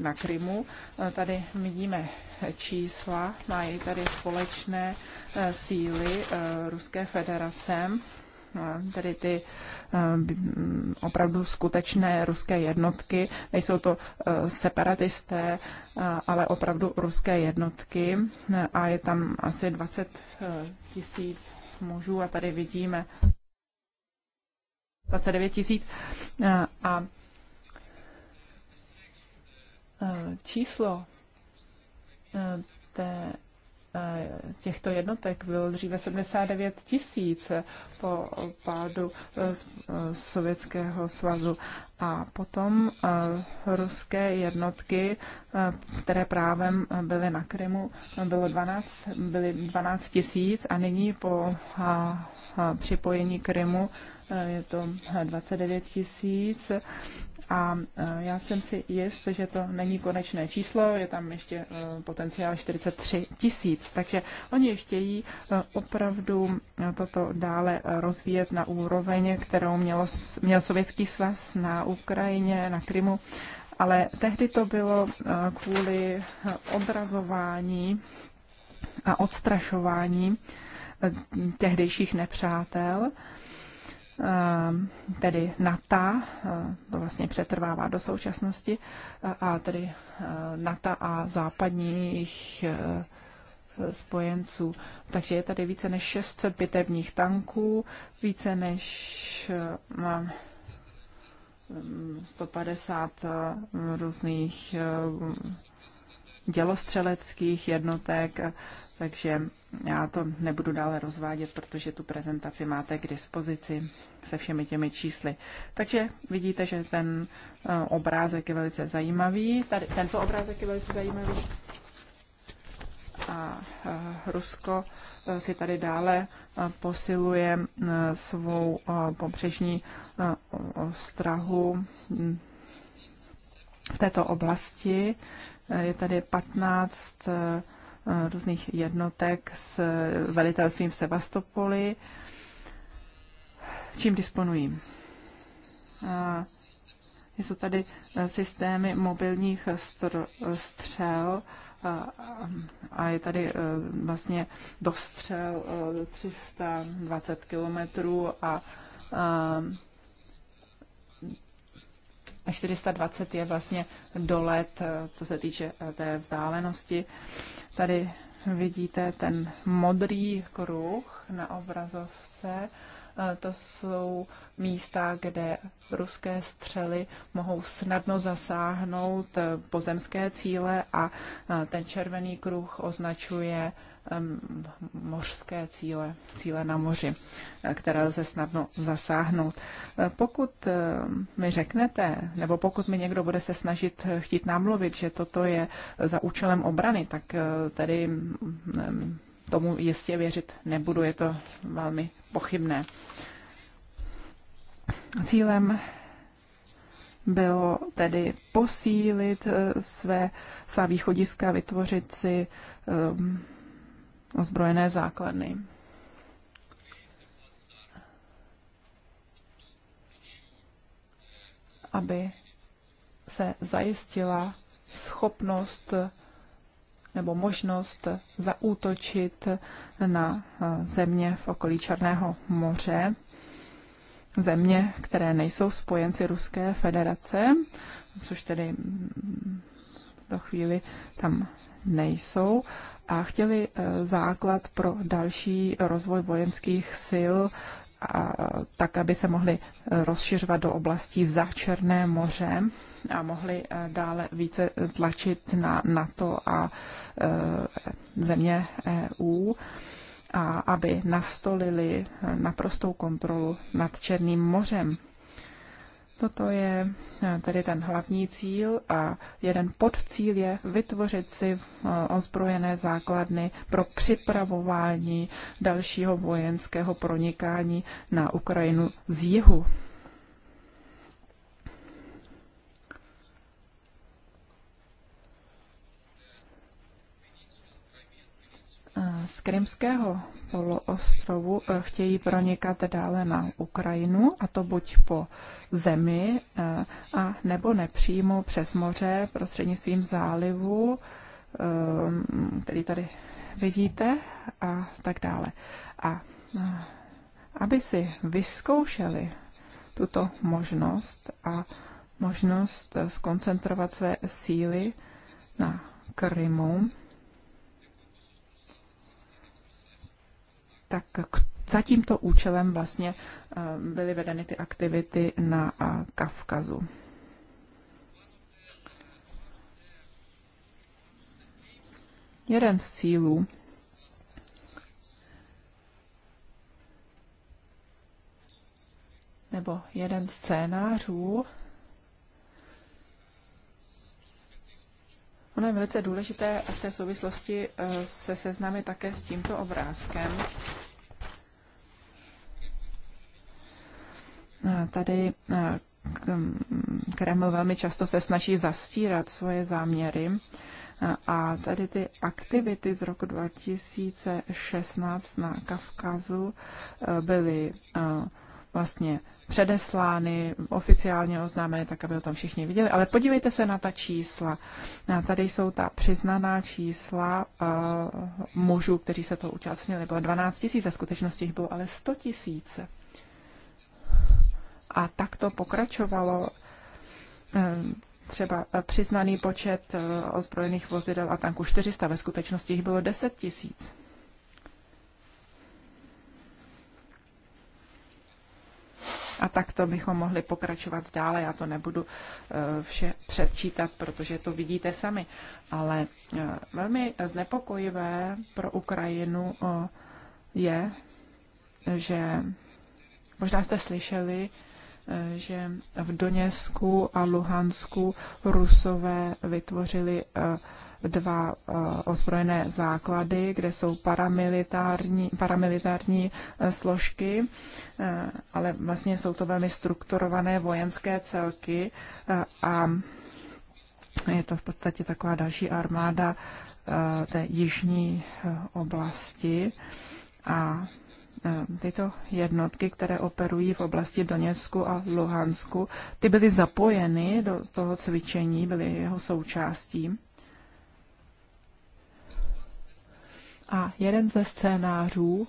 na Krymu. Eh, tady vidíme čísla, mají tady společné síly Ruské federace Eh, tedy ty eh, mm, opravdu skutečné ruské jednotky. Nejsou to eh, separatisté, ale opravdu ruské jednotky a je tam asi 20 tisíc mužů a tady vidíme 29 tisíc a číslo té Eh, těchto jednotek bylo dříve 79 tisíc po pádu eh, eh, Sovětského svazu. A potom ruské jednotky, které právem byly na Krymu, bylo 12, byly 12 tisíc a nyní po připojení Krymu je to 29 tisíc a eh, já jsem si jist, že to není konečné číslo, je tam ještě eh, potenciál 43 tisíc, takže oni chtějí eh, opravdu toto dále rozvíjet na úroveň, kterou mělo, měl Sovětský svaz na Ukrajině, na Krymu, ale tehdy to bylo kvůli odrazování a odstrašování tehdejších nepřátel, Eh, tedy NATA, eh, to vlastně přetrvává do současnosti, eh, a tedy NATA a západních spojenců. Takže je tady více než 600 bitevních tanků, více než 150 různých dělostřeleckých jednotek, takže já to nebudu dále rozvádět, protože tu prezentaci máte k dispozici se všemi těmi čísly. Takže vidíte, že ten eh, obrázek je velice zajímavý. Tady, tento obrázek je velice zajímavý. A eh, Rusko eh, si tady dále posiluje svou pobřežní strahu hm, v této oblasti. Je tady 15 Eh, různých jednotek s velitelstvím v Sevastopoli, čím disponují. Jsou tady eh, systémy mobilních střel a je tady eh, vlastně dostřel 320 kilometrů a a 420 je vlastně dolet, eh, co se týče eh, té vzdálenosti. Tady vidíte ten modrý kruh na obrazovce Eh, to jsou místa, kde ruské střely mohou snadno zasáhnout eh, pozemské cíle a eh, ten červený kruh označuje mořské cíle, cíle na moři, které lze snadno zasáhnout. Pokud mi řeknete, nebo pokud mi někdo bude se snažit chtít namluvit, že toto je za účelem obrany, tak tedy mm, mm, tomu jistě věřit nebudu, je to velmi pochybné. Cílem bylo tedy posílit eh, své, svá východiska, vytvořit si um, ozbrojené základny. Aby se zajistila schopnost nebo možnost zaútočit na eh, země v okolí Černého moře, země, které nejsou spojenci Ruské federace, což tedy do mm, chvíli tam nejsou a chtěli eh, základ pro další rozvoj vojenských sil a tak, aby se mohly rozšiřovat do oblastí za Černé moře a mohly e, dále více tlačit na NATO a e, země EU a aby nastolili e, naprostou kontrolu nad Černým mořem. Toto je eh, tedy ten hlavní cíl a jeden podcíl je vytvořit si eh, ozbrojené základny pro připravování dalšího vojenského pronikání na Ukrajinu z jihu. z Krymského poloostrovu eh, chtějí pronikat dále na Ukrajinu, a to buď po zemi, eh, a nebo nepřímo přes moře prostřednictvím zálivu, eh, který tady vidíte, a tak dále. A aby si vyzkoušeli tuto možnost a možnost skoncentrovat své síly na Krymu, tak k, za tímto účelem vlastně eh, byly vedeny ty aktivity na eh, Kavkazu. Jeden z cílů nebo jeden z scénářů Ono je velice důležité v té souvislosti eh, se seznámit také s tímto obrázkem. Eh, tady eh, mm, Kreml velmi často se snaží zastírat svoje záměry. A tady ty aktivity z roku 2016 na Kavkazu byly vlastně předeslány, oficiálně oznámeny, tak aby o tom všichni viděli. Ale podívejte se na ta čísla. A tady jsou ta přiznaná čísla uh, mužů, kteří se to účastnili. Bylo 12 tisíc, ve skutečnosti jich bylo ale 100 tisíc. A tak to pokračovalo. Eh, třeba eh, přiznaný počet ozbrojených vozidel a tanků 400, ve skutečnosti jich bylo 10 tisíc. A takto bychom mohli pokračovat dále. Já to nebudu eh, vše předčítat, protože to vidíte sami. Ale eh, velmi znepokojivé pro Ukrajinu eh, je, že možná jste slyšeli, že v Doněsku a Luhansku Rusové vytvořili dva eh, ozbrojené základy, kde jsou paramilitární, paramilitární eh, složky, eh, ale vlastně jsou to velmi strukturované vojenské celky a je to v podstatě taková další armáda té jižní oblasti a tyto jednotky, které operují v oblasti Doněcku a Luhansku, ty byly zapojeny do toho cvičení, byly jeho součástí. A jeden ze scénářů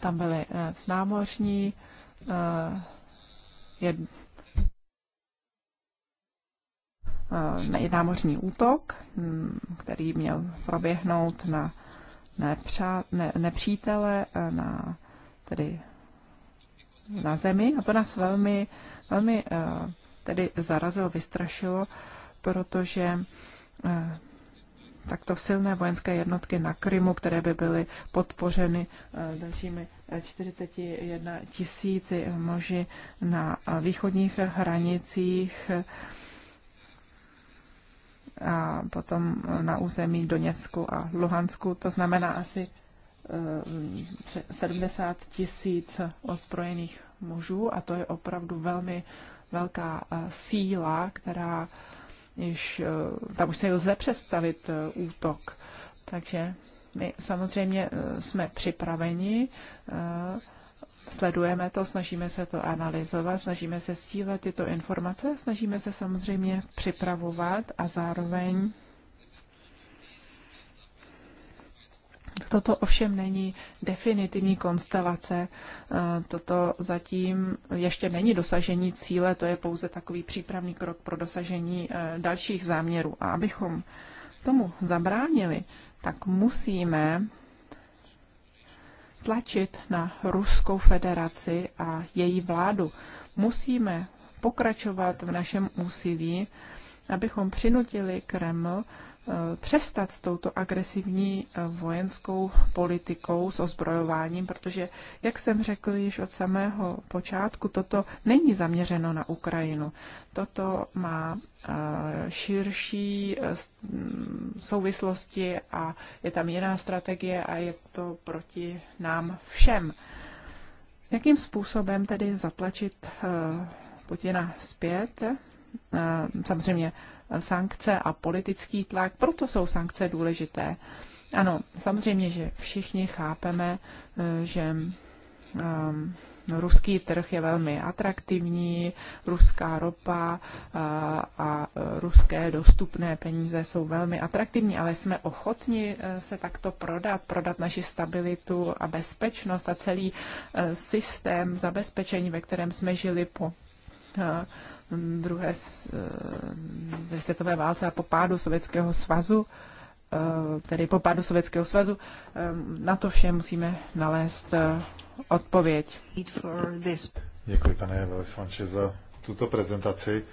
tam byly e, námořní, e, jed, e, námořní útok, který měl proběhnout na nepřá, ne, nepřítele, na tedy na zemi a to nás velmi, velmi uh, tedy zarazil, vystrašilo, protože eh, takto silné vojenské jednotky na Krymu, které by byly podpořeny eh, dalšími 41 eh, tisíci muži na východních hranicích a potom na území Doněcku a Luhansku. To znamená asi 70 tisíc ozbrojených mužů a to je opravdu velmi velká eh, síla, která již, eh, tam už se lze představit eh, útok. Takže my samozřejmě jsme připraveni, sledujeme to, snažíme se to analyzovat, snažíme se stílet tyto informace, snažíme se samozřejmě připravovat a zároveň Toto ovšem není definitivní konstelace. Eh, toto zatím ještě není dosažení cíle, to je pouze takový přípravný krok pro dosažení eh, dalších záměrů. A abychom tomu zabránili, tak musíme tlačit na Ruskou federaci a její vládu. Musíme pokračovat v našem úsilí, abychom přinutili Kreml, Eh, přestat s touto agresivní eh, vojenskou politikou, s ozbrojováním, protože, jak jsem řekl již od samého počátku, toto není zaměřeno na Ukrajinu. Toto má eh, širší mm, souvislosti a je tam jiná strategie a je to proti nám všem. Jakým způsobem tedy zatlačit Putina zpět? Samozřejmě sankce a politický tlak, proto jsou sankce důležité. Ano, samozřejmě, že všichni chápeme, eh, že um, ruský trh je velmi atraktivní, ruská ropa a, eh, a ruské dostupné peníze jsou velmi atraktivní, ale jsme ochotni eh, se takto prodat, prodat naši stabilitu a bezpečnost a celý systém zabezpečení, ve kterém jsme žili po druhé eh, světové válce a po pádu Sovětského svazu, eh, tedy po pádu Sovětského svazu, eh, na to vše musíme nalézt odpověď. Děkuji, pane velvyslanče, za tuto prezentaci.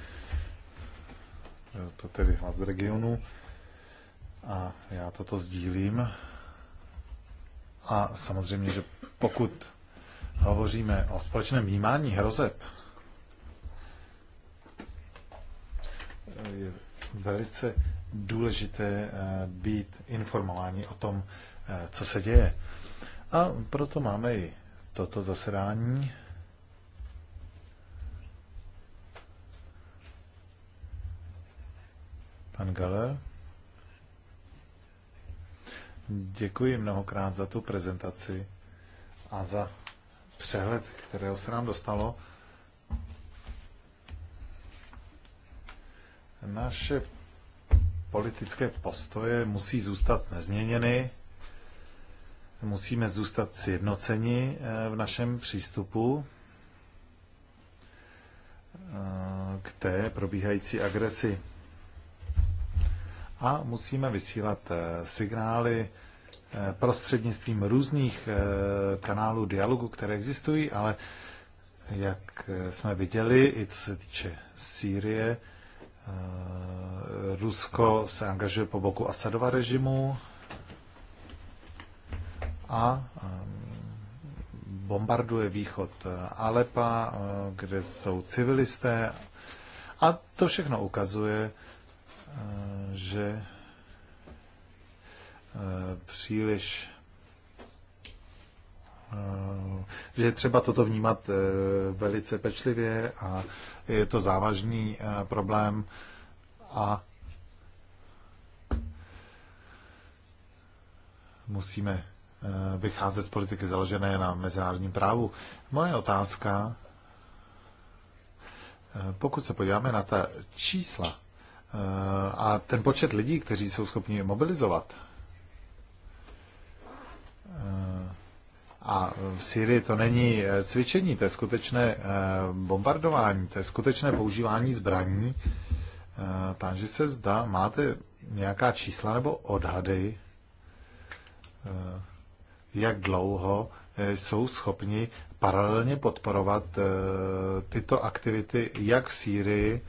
To tedy hlas regionu a já toto sdílím. A samozřejmě, že pokud hovoříme o společném vnímání hrozeb, je velice důležité eh, být informováni o tom, eh, co se děje. A proto máme i toto zasedání. Pan Galer. Děkuji mnohokrát za tu prezentaci a za přehled, kterého se nám dostalo. Naše politické postoje musí zůstat nezměněny, musíme zůstat sjednoceni eh, v našem přístupu eh, k té probíhající agresi. A musíme vysílat eh, signály prostřednictvím různých kanálů dialogu, které existují, ale jak jsme viděli, i co se týče Sýrie, Eh, Rusko se angažuje po boku Asadova režimu a eh, bombarduje východ eh, Alepa, kde jsou civilisté. A to všechno ukazuje, že příliš že je třeba toto vnímat eh, velice pečlivě a je to závažný eh, problém a musíme eh, vycházet z politiky založené na mezinárodním právu. Moje otázka, pokud se podíváme na ta čísla a ten počet lidí, kteří jsou schopni mobilizovat, a v Syrii to není eh, cvičení, to je skutečné eh, bombardování, to je skutečné používání zbraní. Eh, Takže se zdá, máte nějaká čísla nebo odhady, jak dlouho jsou schopni paralelně podporovat tyto aktivity jak v Syrii,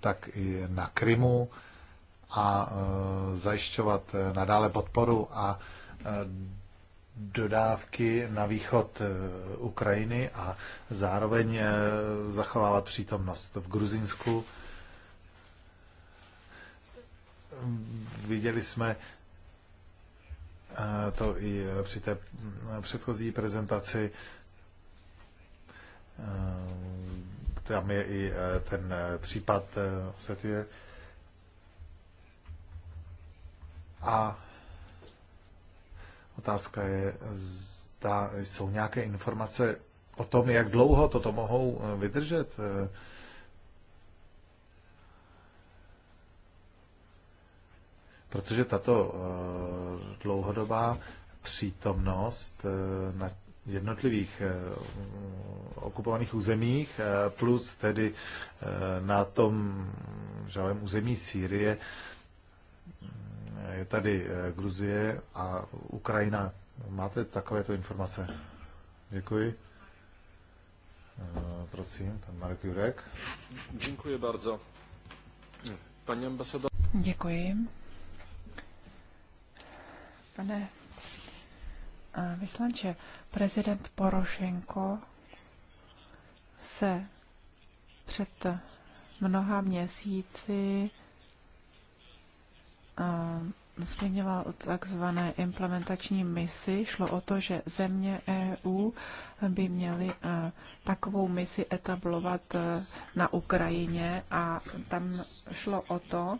tak i na Krymu a zajišťovat nadále podporu a dodávky na východ e, Ukrajiny a zároveň e, zachovávat přítomnost v Gruzinsku. Viděli jsme e, to i při té předchozí prezentaci. Tam je i ten případ Osetie. A Otázka je, zda jsou nějaké informace o tom, jak dlouho toto mohou eh, vydržet. Eh. Protože tato eh, dlouhodobá přítomnost na jednotlivých okupovaných územích plus tedy na tom žalém území Sýrie je tady eh, Gruzie a Ukrajina. Máte takovéto informace? Děkuji. Eh, prosím, pan Marek Jurek. Děkuji bardzo. Paní ambasador. Děkuji. Pane eh, vyslanče, prezident Porošenko se před mnoha měsíci zmiňoval o takzvané implementační misi. Šlo o to, že země EU by měly takovou misi etablovat na Ukrajině a tam šlo o to,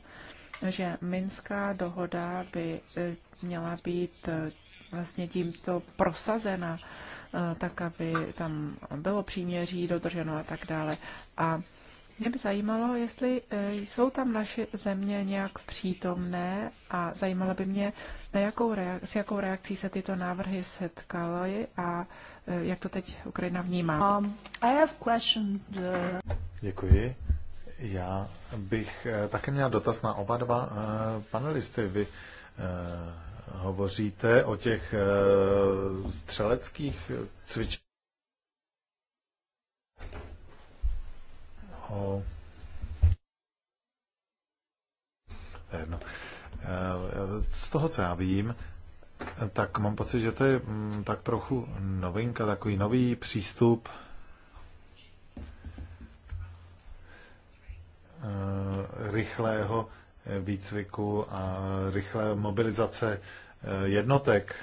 že Minská dohoda by e, měla být e, vlastně tímto prosazena, e, tak aby tam bylo příměří dodrženo a tak dále. A mě by zajímalo, jestli e, jsou tam naše země nějak přítomné a zajímalo by mě, na jakou reak- s jakou reakcí se tyto návrhy setkaly a e, jak to teď Ukrajina vnímá. Um, I have questioned, uh, Děkuji. Já bych e, také měla dotaz na oba dva panelisty. Vy hovoříte o těch střeleckých cvičeních o eh, Z toho, co já vím, tak mám pocit, že to je mm, tak trochu novinka, takový nový přístup eh, rychlého výcviku a rychlé mobilizace eh, jednotek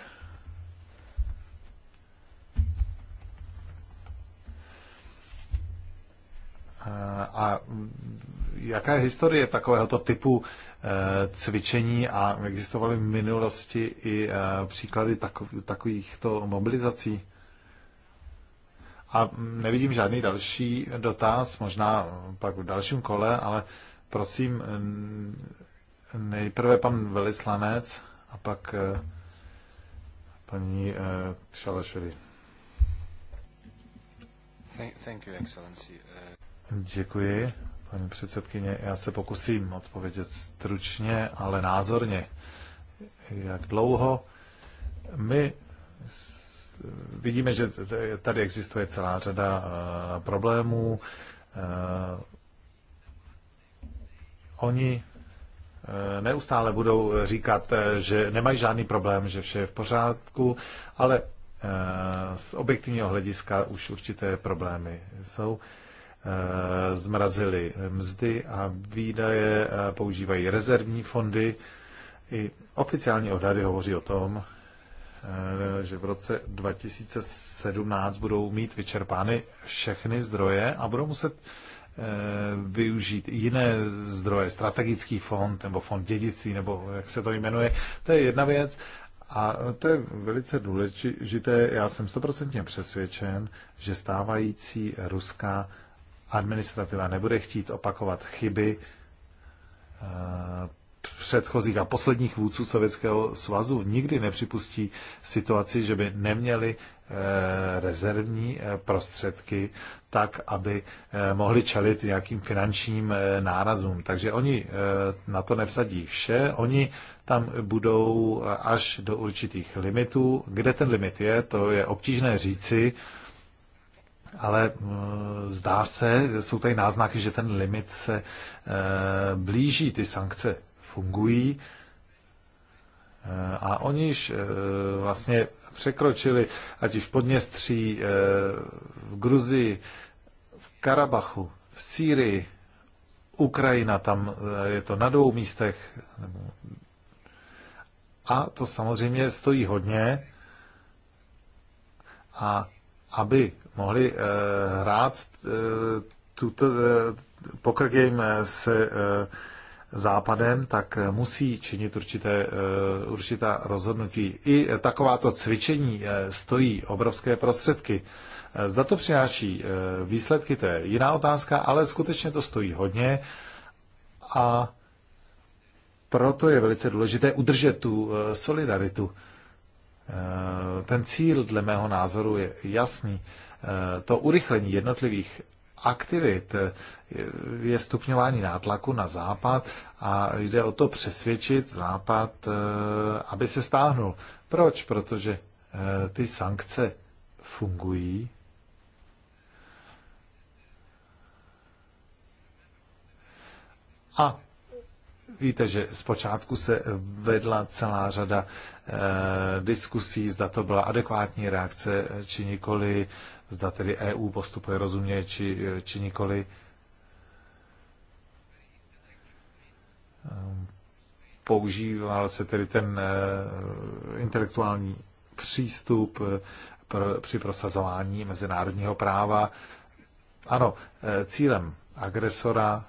Eh, a mm, jaká je historie takovéhoto typu eh, cvičení a existovaly v minulosti i eh, příklady takovýchto mobilizací? A mm, nevidím žádný další dotaz, možná pak v dalším kole, ale prosím, nejprve pan velislanec a pak paní Šalašovi. Thank, thank you, excellency. Děkuji, paní předsedkyně. Já se pokusím odpovědět stručně, ale názorně. Jak dlouho? My vidíme, že tady existuje celá řada eh, problémů. Eh, oni eh, neustále budou říkat, že nemají žádný problém, že vše je v pořádku, ale z objektivního hlediska už určité problémy jsou. Eh, zmrazili mzdy a výdaje, eh, používají rezervní fondy. I oficiální odhady hovoří o tom, eh, že v roce 2017 budou mít vyčerpány všechny zdroje a budou muset využít jiné zdroje, strategický fond nebo fond dědictví, nebo jak se to jmenuje. To je jedna věc. A to je velice důležité. Já jsem stoprocentně přesvědčen, že stávající ruská administrativa nebude chtít opakovat chyby eh, předchozích a posledních vůdců Sovětského svazu. Nikdy nepřipustí situaci, že by neměli eh, rezervní eh, prostředky tak, aby mohli čelit nějakým finančním nárazům. Takže oni na to nevsadí vše, oni tam budou až do určitých limitů. Kde ten limit je, to je obtížné říci, ale eh, zdá se, jsou tady náznaky, že ten limit se eh, blíží, ty sankce fungují eh, a oni již vlastně překročili, ať už v Podněstří, v Gruzii, v Karabachu, v Sýrii, Ukrajina, tam je to na dvou místech. A to samozřejmě stojí hodně. A aby mohli eh, hrát eh, tuto, eh, pokrk s se západem, tak musí činit určité, určitá rozhodnutí. I takováto cvičení stojí obrovské prostředky. Zda to přináší výsledky, to je jiná otázka, ale skutečně to stojí hodně a proto je velice důležité udržet tu solidaritu. Ten cíl, dle mého názoru, je jasný. Eh, to urychlení jednotlivých aktivit eh, je stupňování nátlaku na Západ a jde o to přesvědčit Západ, eh, aby se stáhnul. Proč? Protože ty sankce fungují. A víte, že zpočátku se vedla celá řada diskusí, zda to byla adekvátní reakce či nikoli zda tedy EU postupuje rozumně či, či nikoli. Ehm, používal se tedy ten e, intelektuální přístup e, při prosazování mezinárodního práva. Ano, e, cílem agresora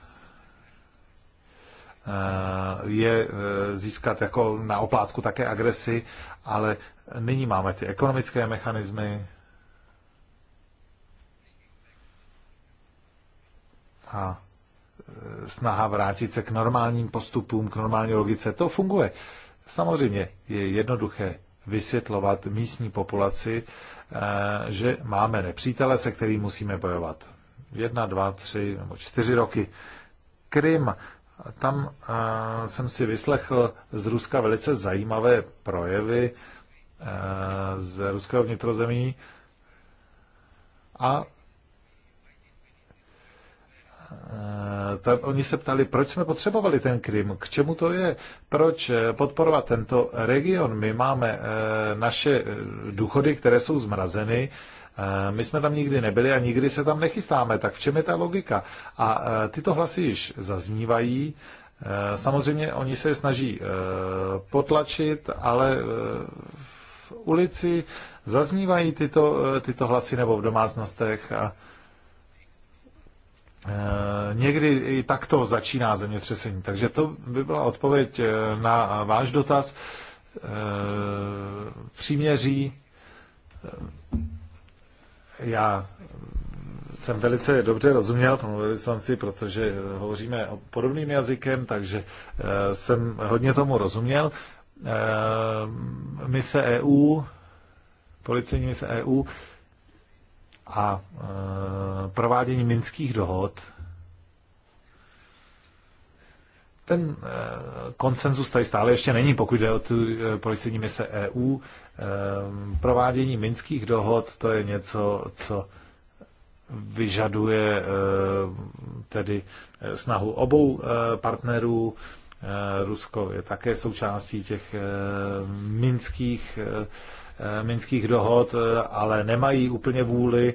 je získat jako na oplátku také agresi, ale nyní máme ty ekonomické mechanismy, a e, snaha vrátit se k normálním postupům, k normální logice, to funguje. Samozřejmě je jednoduché vysvětlovat místní populaci, e, že máme nepřítele, se kterým musíme bojovat. Jedna, dva, tři nebo čtyři roky. Krym, tam e, jsem si vyslechl z Ruska velice zajímavé projevy z ruského vnitrozemí a Eh, tam oni se ptali, proč jsme potřebovali ten Krym, k čemu to je, proč eh, podporovat tento region. My máme eh, naše důchody, které jsou zmrazeny, my jsme tam nikdy nebyli a nikdy se tam nechystáme, tak v čem je ta logika? A tyto hlasy již zaznívají, samozřejmě oni se snaží potlačit, ale v ulici zaznívají tyto, tyto hlasy nebo v domácnostech a Eh, někdy i takto začíná zemětřesení. Takže to by byla odpověď eh, na váš dotaz. Eh, příměří. Já jsem velice dobře rozuměl panu velvyslanci, protože hovoříme o podobným jazykem, takže jsem hodně tomu rozuměl. Mise EU, policejní mise EU, a e, provádění minských dohod, ten e, konsenzus tady stále ještě není, pokud jde o tu e, policejní mise EU. Provádění minských dohod, to je něco, co vyžaduje tedy snahu obou partnerů. Rusko je také součástí těch minských Eh, minských dohod, eh, ale nemají úplně vůli.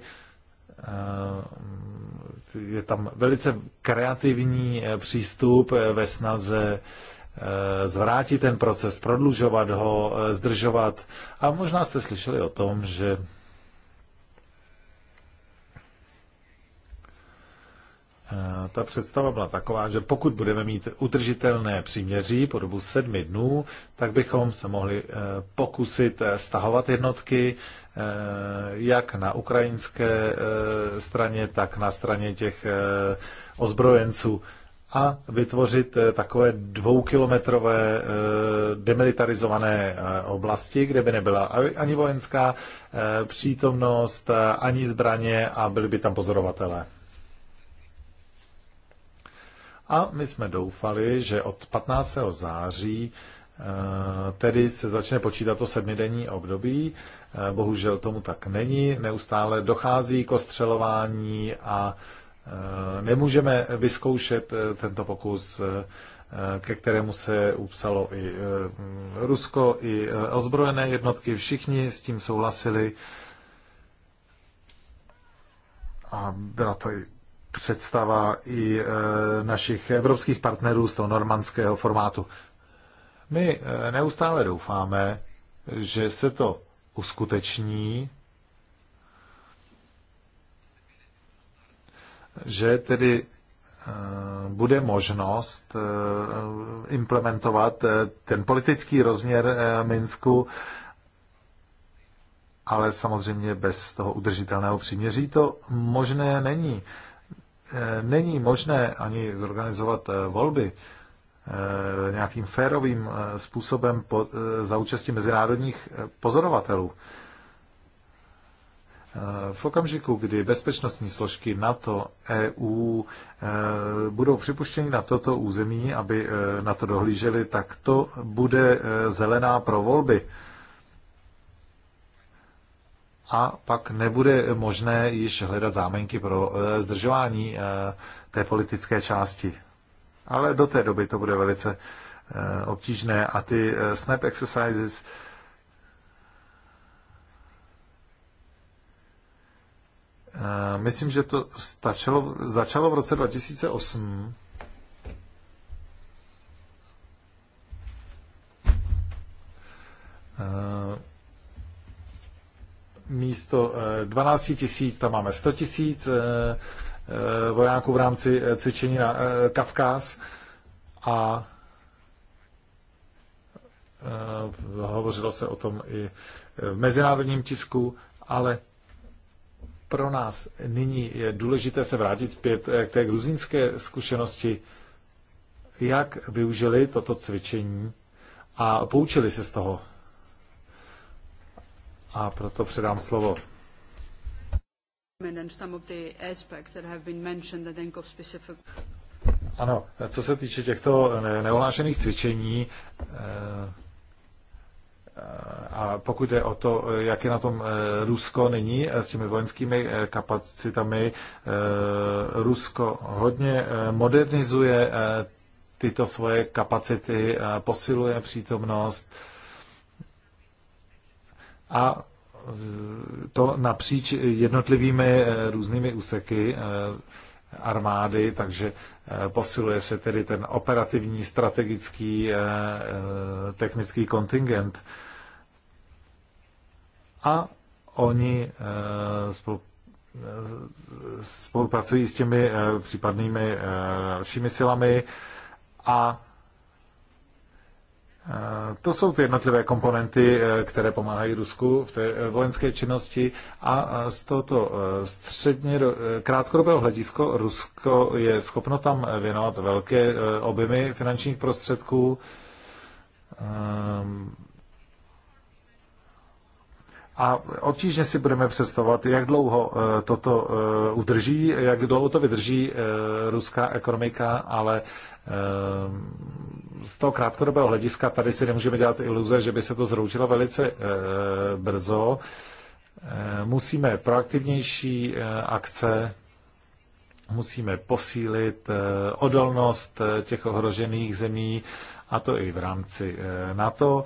Eh, je tam velice kreativní přístup ve snaze zvrátit ten proces, prodlužovat ho, zdržovat. A možná jste slyšeli o tom, že Eh, ta představa byla taková, že pokud budeme mít udržitelné příměří po dobu sedmi dnů, tak bychom se mohli eh, pokusit eh, stahovat jednotky jak na ukrajinské straně, tak na straně těch ozbrojenců a vytvořit takové dvoukilometrové demilitarizované oblasti, kde by nebyla ani vojenská přítomnost, ani zbraně a byly by tam pozorovatelé. A my jsme doufali, že od 15. září eh, tedy se začne počítat to sedmidenní období. Eh, bohužel tomu tak není. Neustále dochází k ostřelování a eh, nemůžeme vyzkoušet tento pokus, ke kterému se upsalo i Rusko, i ozbrojené jednotky. Všichni s tím souhlasili. A byla to i představa i e, našich evropských partnerů z toho normandského formátu. My e, neustále doufáme, že se to uskuteční, že tedy e, bude možnost implementovat ten politický rozměr Minsku, ale samozřejmě bez toho udržitelného příměří to možné není. Eh, není možné ani zorganizovat eh, volby eh, nějakým férovým způsobem za účasti mezinárodních pozorovatelů. V okamžiku, kdy bezpečnostní složky NATO, EU budou připuštěni na toto území, aby na to dohlíželi, tak to bude zelená pro volby a pak nebude možné již hledat zámenky pro eh, zdržování eh, té politické části. Ale do té doby to bude velice eh, obtížné a ty snap exercises Myslím, že to stačilo, začalo v roce 2008. Uh, místo 12 eh, tisíc, tam máme 100 tisíc eh, eh, vojáků v rámci cvičení na Kavkáz a hovořilo se o tom i v mezinárodním tisku, ale pro nás nyní je důležité se vrátit zpět k té gruzínské zkušenosti, jak využili toto cvičení a poučili se z toho a proto předám slovo. Ano, co se týče těchto neolášených cvičení, eh, eh, a pokud je o to, jak je na tom eh, Rusko nyní s těmi vojenskými kapacitami, Rusko hodně modernizuje tyto svoje kapacity, posiluje přítomnost a to napříč jednotlivými eh, různými úseky eh, armády, takže eh, posiluje se tedy ten operativní, strategický, technický kontingent. A oni spolupracují s těmi případnými dalšími silami a Eh, to jsou ty jednotlivé komponenty, eh, které pomáhají Rusku v té eh, vojenské činnosti a z tohoto středně krátkodobého hledisko Rusko je schopno tam věnovat velké objemy finančních prostředků. Ehm, a obtížně si budeme představovat, jak dlouho toto udrží, jak dlouho to vydrží ruská ekonomika, ale z toho krátkodobého hlediska tady si nemůžeme dělat iluze, že by se to zroučilo velice eh, brzo. Eh, musíme proaktivnější eh, akce, musíme posílit odolnost těch ohrožených zemí, a to i v rámci NATO.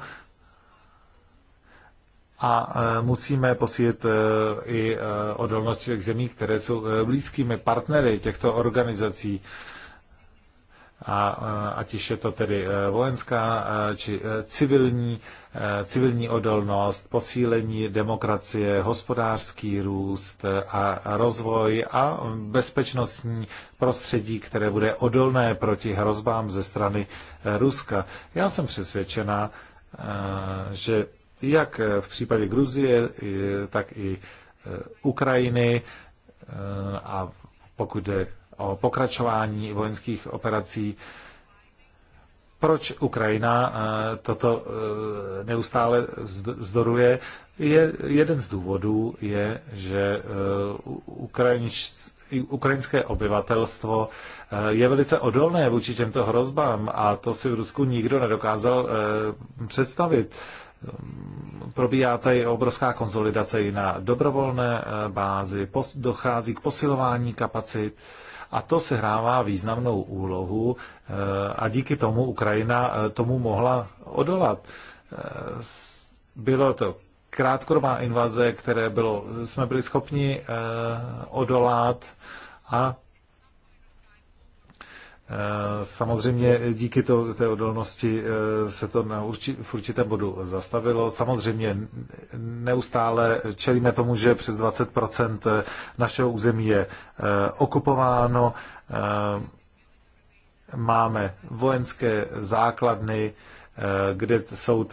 A musíme posílit i odolnost těch zemí, které jsou blízkými partnery těchto organizací a eh, ať už je to tedy eh, vojenská eh, či civilní, civilní odolnost, posílení demokracie, hospodářský růst a rozvoj a bezpečnostní prostředí, které bude odolné proti hrozbám ze strany Ruska. Já jsem přesvědčena, že jak v případě Gruzie, tak i Ukrajiny a pokud jde o pokračování vojenských operací. Proč Ukrajina e, toto e, neustále zdoruje? Je, jeden z důvodů je, že e, Ukrajinč, ukrajinské obyvatelstvo je velice odolné vůči těmto hrozbám a to si v Rusku nikdo nedokázal představit. Probíhá tady obrovská konsolidace i na dobrovolné bázi, dochází k posilování kapacit a to sehrává významnou úlohu eh, a díky tomu Ukrajina eh, tomu mohla odolat. Eh, bylo to krátkodobá invaze, které bylo, jsme byli schopni odolat a Eh, samozřejmě díky to, té odolnosti eh, se to na urči, v určitém bodu zastavilo. Samozřejmě neustále čelíme tomu, že přes 20 eh, našeho území je okupováno. Máme vojenské základny, kde jsou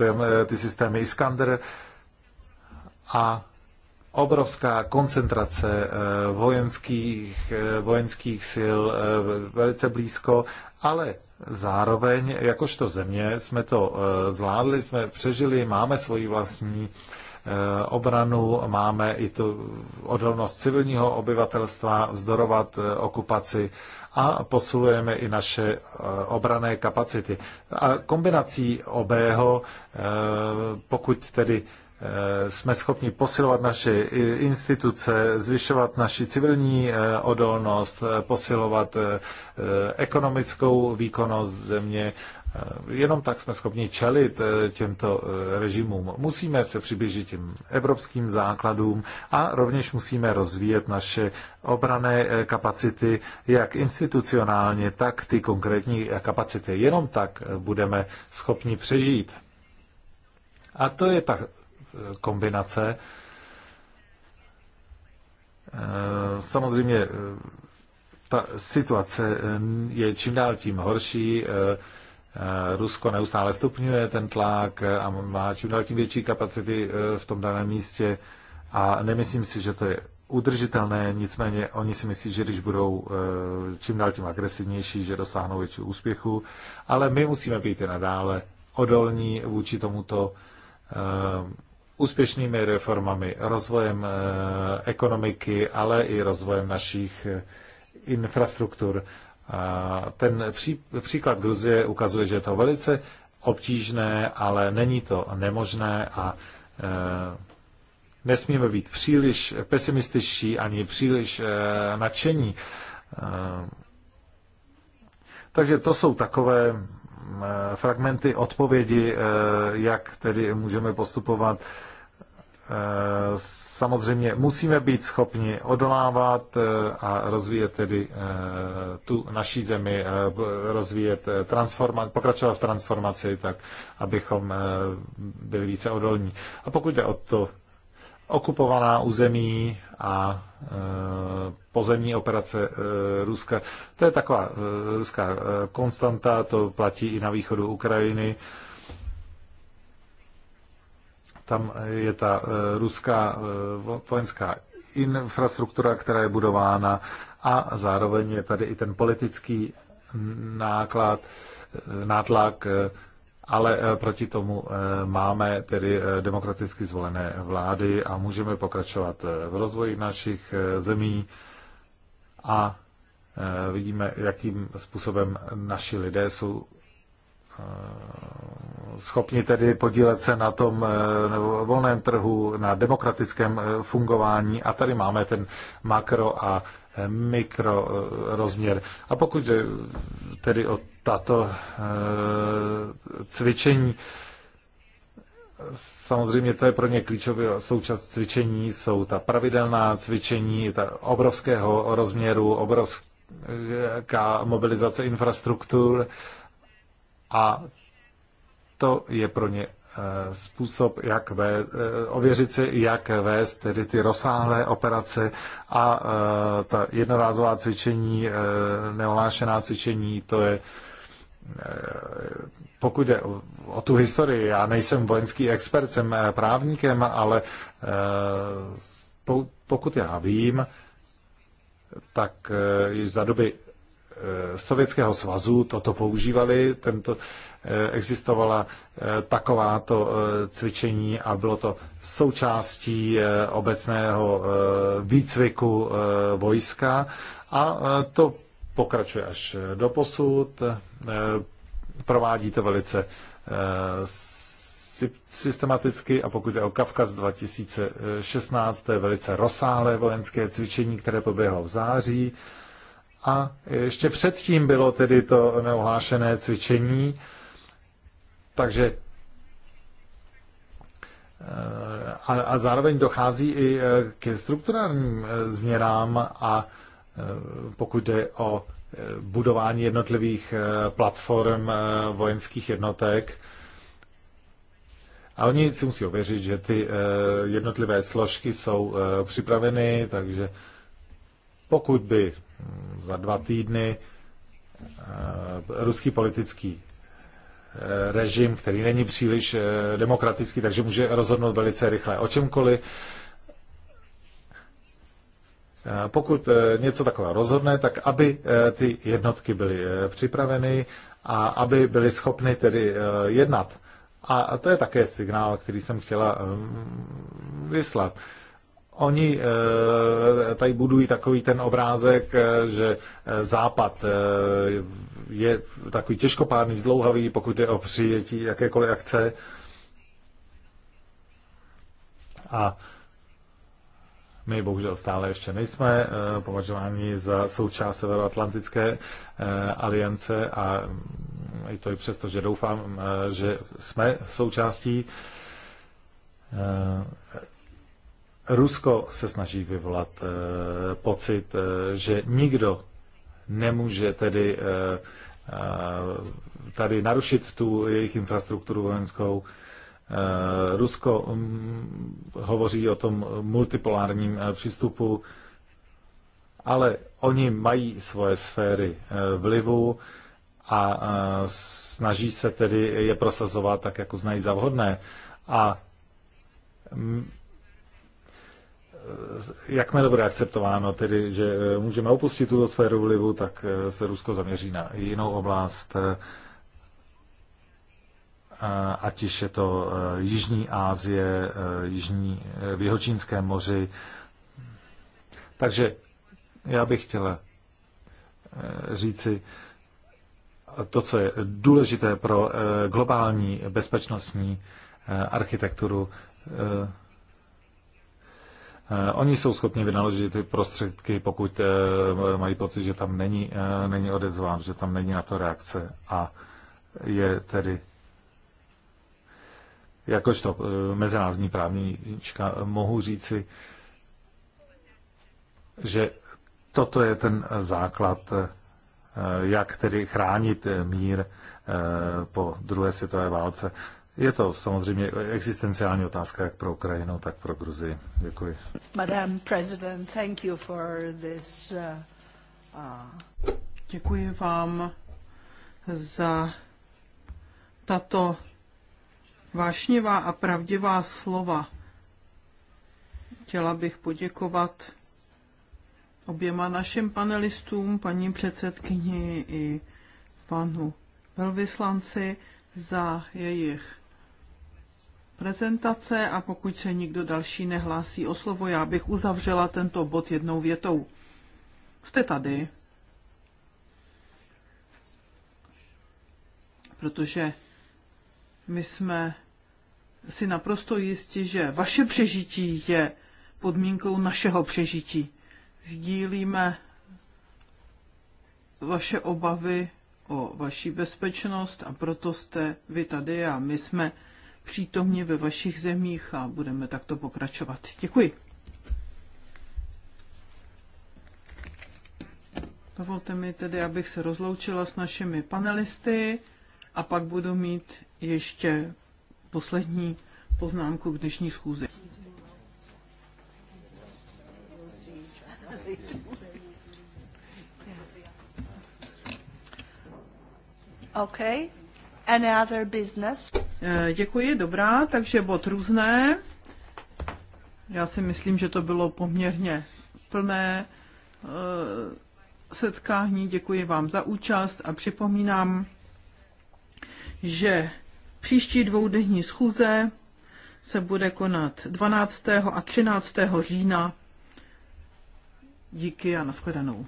ty systémy Iskander a obrovská koncentrace eh, vojenských, eh, vojenských sil eh, velice blízko, ale zároveň, jakožto země, jsme to zvládli, jsme přežili, máme svoji vlastní obranu, máme i tu odolnost civilního obyvatelstva vzdorovat okupaci a posilujeme i naše obrané kapacity. A kombinací obého, pokud tedy Eh, jsme schopni posilovat naše instituce, zvyšovat naši civilní eh, odolnost, eh, posilovat ekonomickou výkonnost země. Jenom tak jsme schopni čelit těmto režimům. Musíme se přiblížit těm evropským základům a rovněž musíme rozvíjet naše obrané kapacity, jak institucionálně, tak ty konkrétní kapacity. Jenom tak budeme schopni přežít. A to je ta kombinace. E, samozřejmě e, ta situace e, je čím dál tím horší. Rusko neustále stupňuje ten tlak a má čím dál tím větší kapacity v tom daném místě a nemyslím si, že to je udržitelné, nicméně oni si myslí, že když budou čím dál tím agresivnější, že dosáhnou většího úspěchu, ale my musíme být i nadále odolní vůči tomuto úspěšnými reformami, rozvojem eh, ekonomiky, ale i rozvojem našich eh, infrastruktur. A ten pří, příklad Gruzie ukazuje, že je to velice obtížné, ale není to nemožné a e, nesmíme být příliš pesimističtí ani příliš e, nadšení. E, takže to jsou takové fragmenty odpovědi, jak tedy můžeme postupovat. Eh, samozřejmě musíme být schopni odolávat eh, a rozvíjet tedy eh, tu naší zemi, rozvíjet, transforma, pokračovat v transformaci, tak abychom byli více odolní. A pokud jde o to okupovaná území a pozemní operace Ruska, to je taková ruská konstanta, to platí i na východu Ukrajiny. Tam eh, je ta eh, ruská eh, vojenská infrastruktura, která je budována a zároveň je tady i ten politický náklad, nátlak, ale proti tomu máme tedy demokraticky zvolené vlády a můžeme pokračovat v rozvoji našich zemí a vidíme, jakým způsobem naši lidé jsou schopni tedy podílet se na tom eh, volném trhu, na demokratickém eh, fungování a tady máme ten makro a eh, mikro rozměr. A pokud tedy o tato cvičení, samozřejmě to je pro ně klíčové součást cvičení, jsou ta pravidelná cvičení ta obrovského rozměru, obrovská mobilizace infrastruktur, a to je pro ně eh, způsob, jak vé, eh, ověřit si, jak vést tedy ty rozsáhlé operace a eh, ta jednorázová cvičení, neolášená cvičení, to je pokud jde o, o tu historii, já nejsem vojenský expert, jsem právníkem, ale pokud já vím, tak za doby Sovětského svazu toto používali, tento, Eh, existovala eh, takováto eh, cvičení a bylo to součástí obecného výcviku vojska a to pokračuje až do posud. Provádí to velice systematicky a pokud je o Kavkaz 2016, to je velice rozsáhlé vojenské cvičení, které proběhlo v září. A ještě předtím bylo tedy to neohlášené cvičení takže eh, a, a zároveň dochází i eh, ke strukturálním eh, změnám a pokud jde o budování jednotlivých platform vojenských jednotek. A oni si musí ověřit, že ty jednotlivé složky jsou připraveny, takže pokud by hm, za dva týdny ruský politický Eh, režim, který není příliš eh, demokratický, takže může rozhodnout velice rychle o čemkoliv. Pokud eh, něco takového rozhodne, tak aby ty jednotky byly připraveny a aby byly schopny tedy jednat. A to je také signál, který jsem chtěla mm, vyslat. Oni eh, tady budují takový ten obrázek, eh, že eh, Západ je takový těžkopádný, zdlouhavý, pokud je o přijetí jakékoliv akce. A my bohužel stále ještě nejsme považováni za součást Severoatlantické aliance a mm, i to i přesto, že doufám, že jsme součástí Rusko se snaží vyvolat eh, pocit, eh, že nikdo nemůže tedy eh, tady narušit tu jejich infrastrukturu vojenskou. Rusko mm, hovoří o tom multipolárním přístupu, ale oni mají svoje sféry vlivu a snaží se tedy je prosazovat tak, jak uznají za vhodné. A mm, jakmile bude akceptováno, tedy, že eh, můžeme opustit tuto sféru vlivu, tak eh, se Rusko zaměří na jinou oblast, eh, ať již je to Jižní Asie, Jižní, v Jihočínské moři. Takže já bych chtěl říci, to, co je důležité pro globální bezpečnostní architekturu, Eh, oni jsou schopni vynaložit ty prostředky, pokud eh, mají pocit, že tam není, eh, není odezva, že tam není na to reakce a je tedy jakožto mezinárodní právníčka mohu říci, že toto je ten základ, jak tedy chránit mír po druhé světové válce. Je to samozřejmě existenciální otázka jak pro Ukrajinu, tak pro Gruzii. Děkuji. Madame President, thank you for this, uh, uh... Děkuji vám za tato vášnivá a pravdivá slova. Chtěla bych poděkovat oběma našim panelistům, paní předsedkyni i panu velvyslanci za jejich prezentace a pokud se nikdo další nehlásí o slovo, já bych uzavřela tento bod jednou větou. Jste tady, protože my jsme si naprosto jisti, že vaše přežití je podmínkou našeho přežití. Sdílíme vaše obavy o vaši bezpečnost a proto jste vy tady a my jsme přítomně ve vašich zemích a budeme takto pokračovat. Děkuji. Dovolte mi tedy, abych se rozloučila s našimi panelisty a pak budu mít ještě poslední poznámku k dnešní schůzi. Okay. Any other business? Eh, děkuji, dobrá, takže bod různé. Já si myslím, že to bylo poměrně plné eh, setkání. Děkuji vám za účast a připomínám, že příští dvoudenní schůze se bude konat 12. a 13. října. Díky a nashledanou.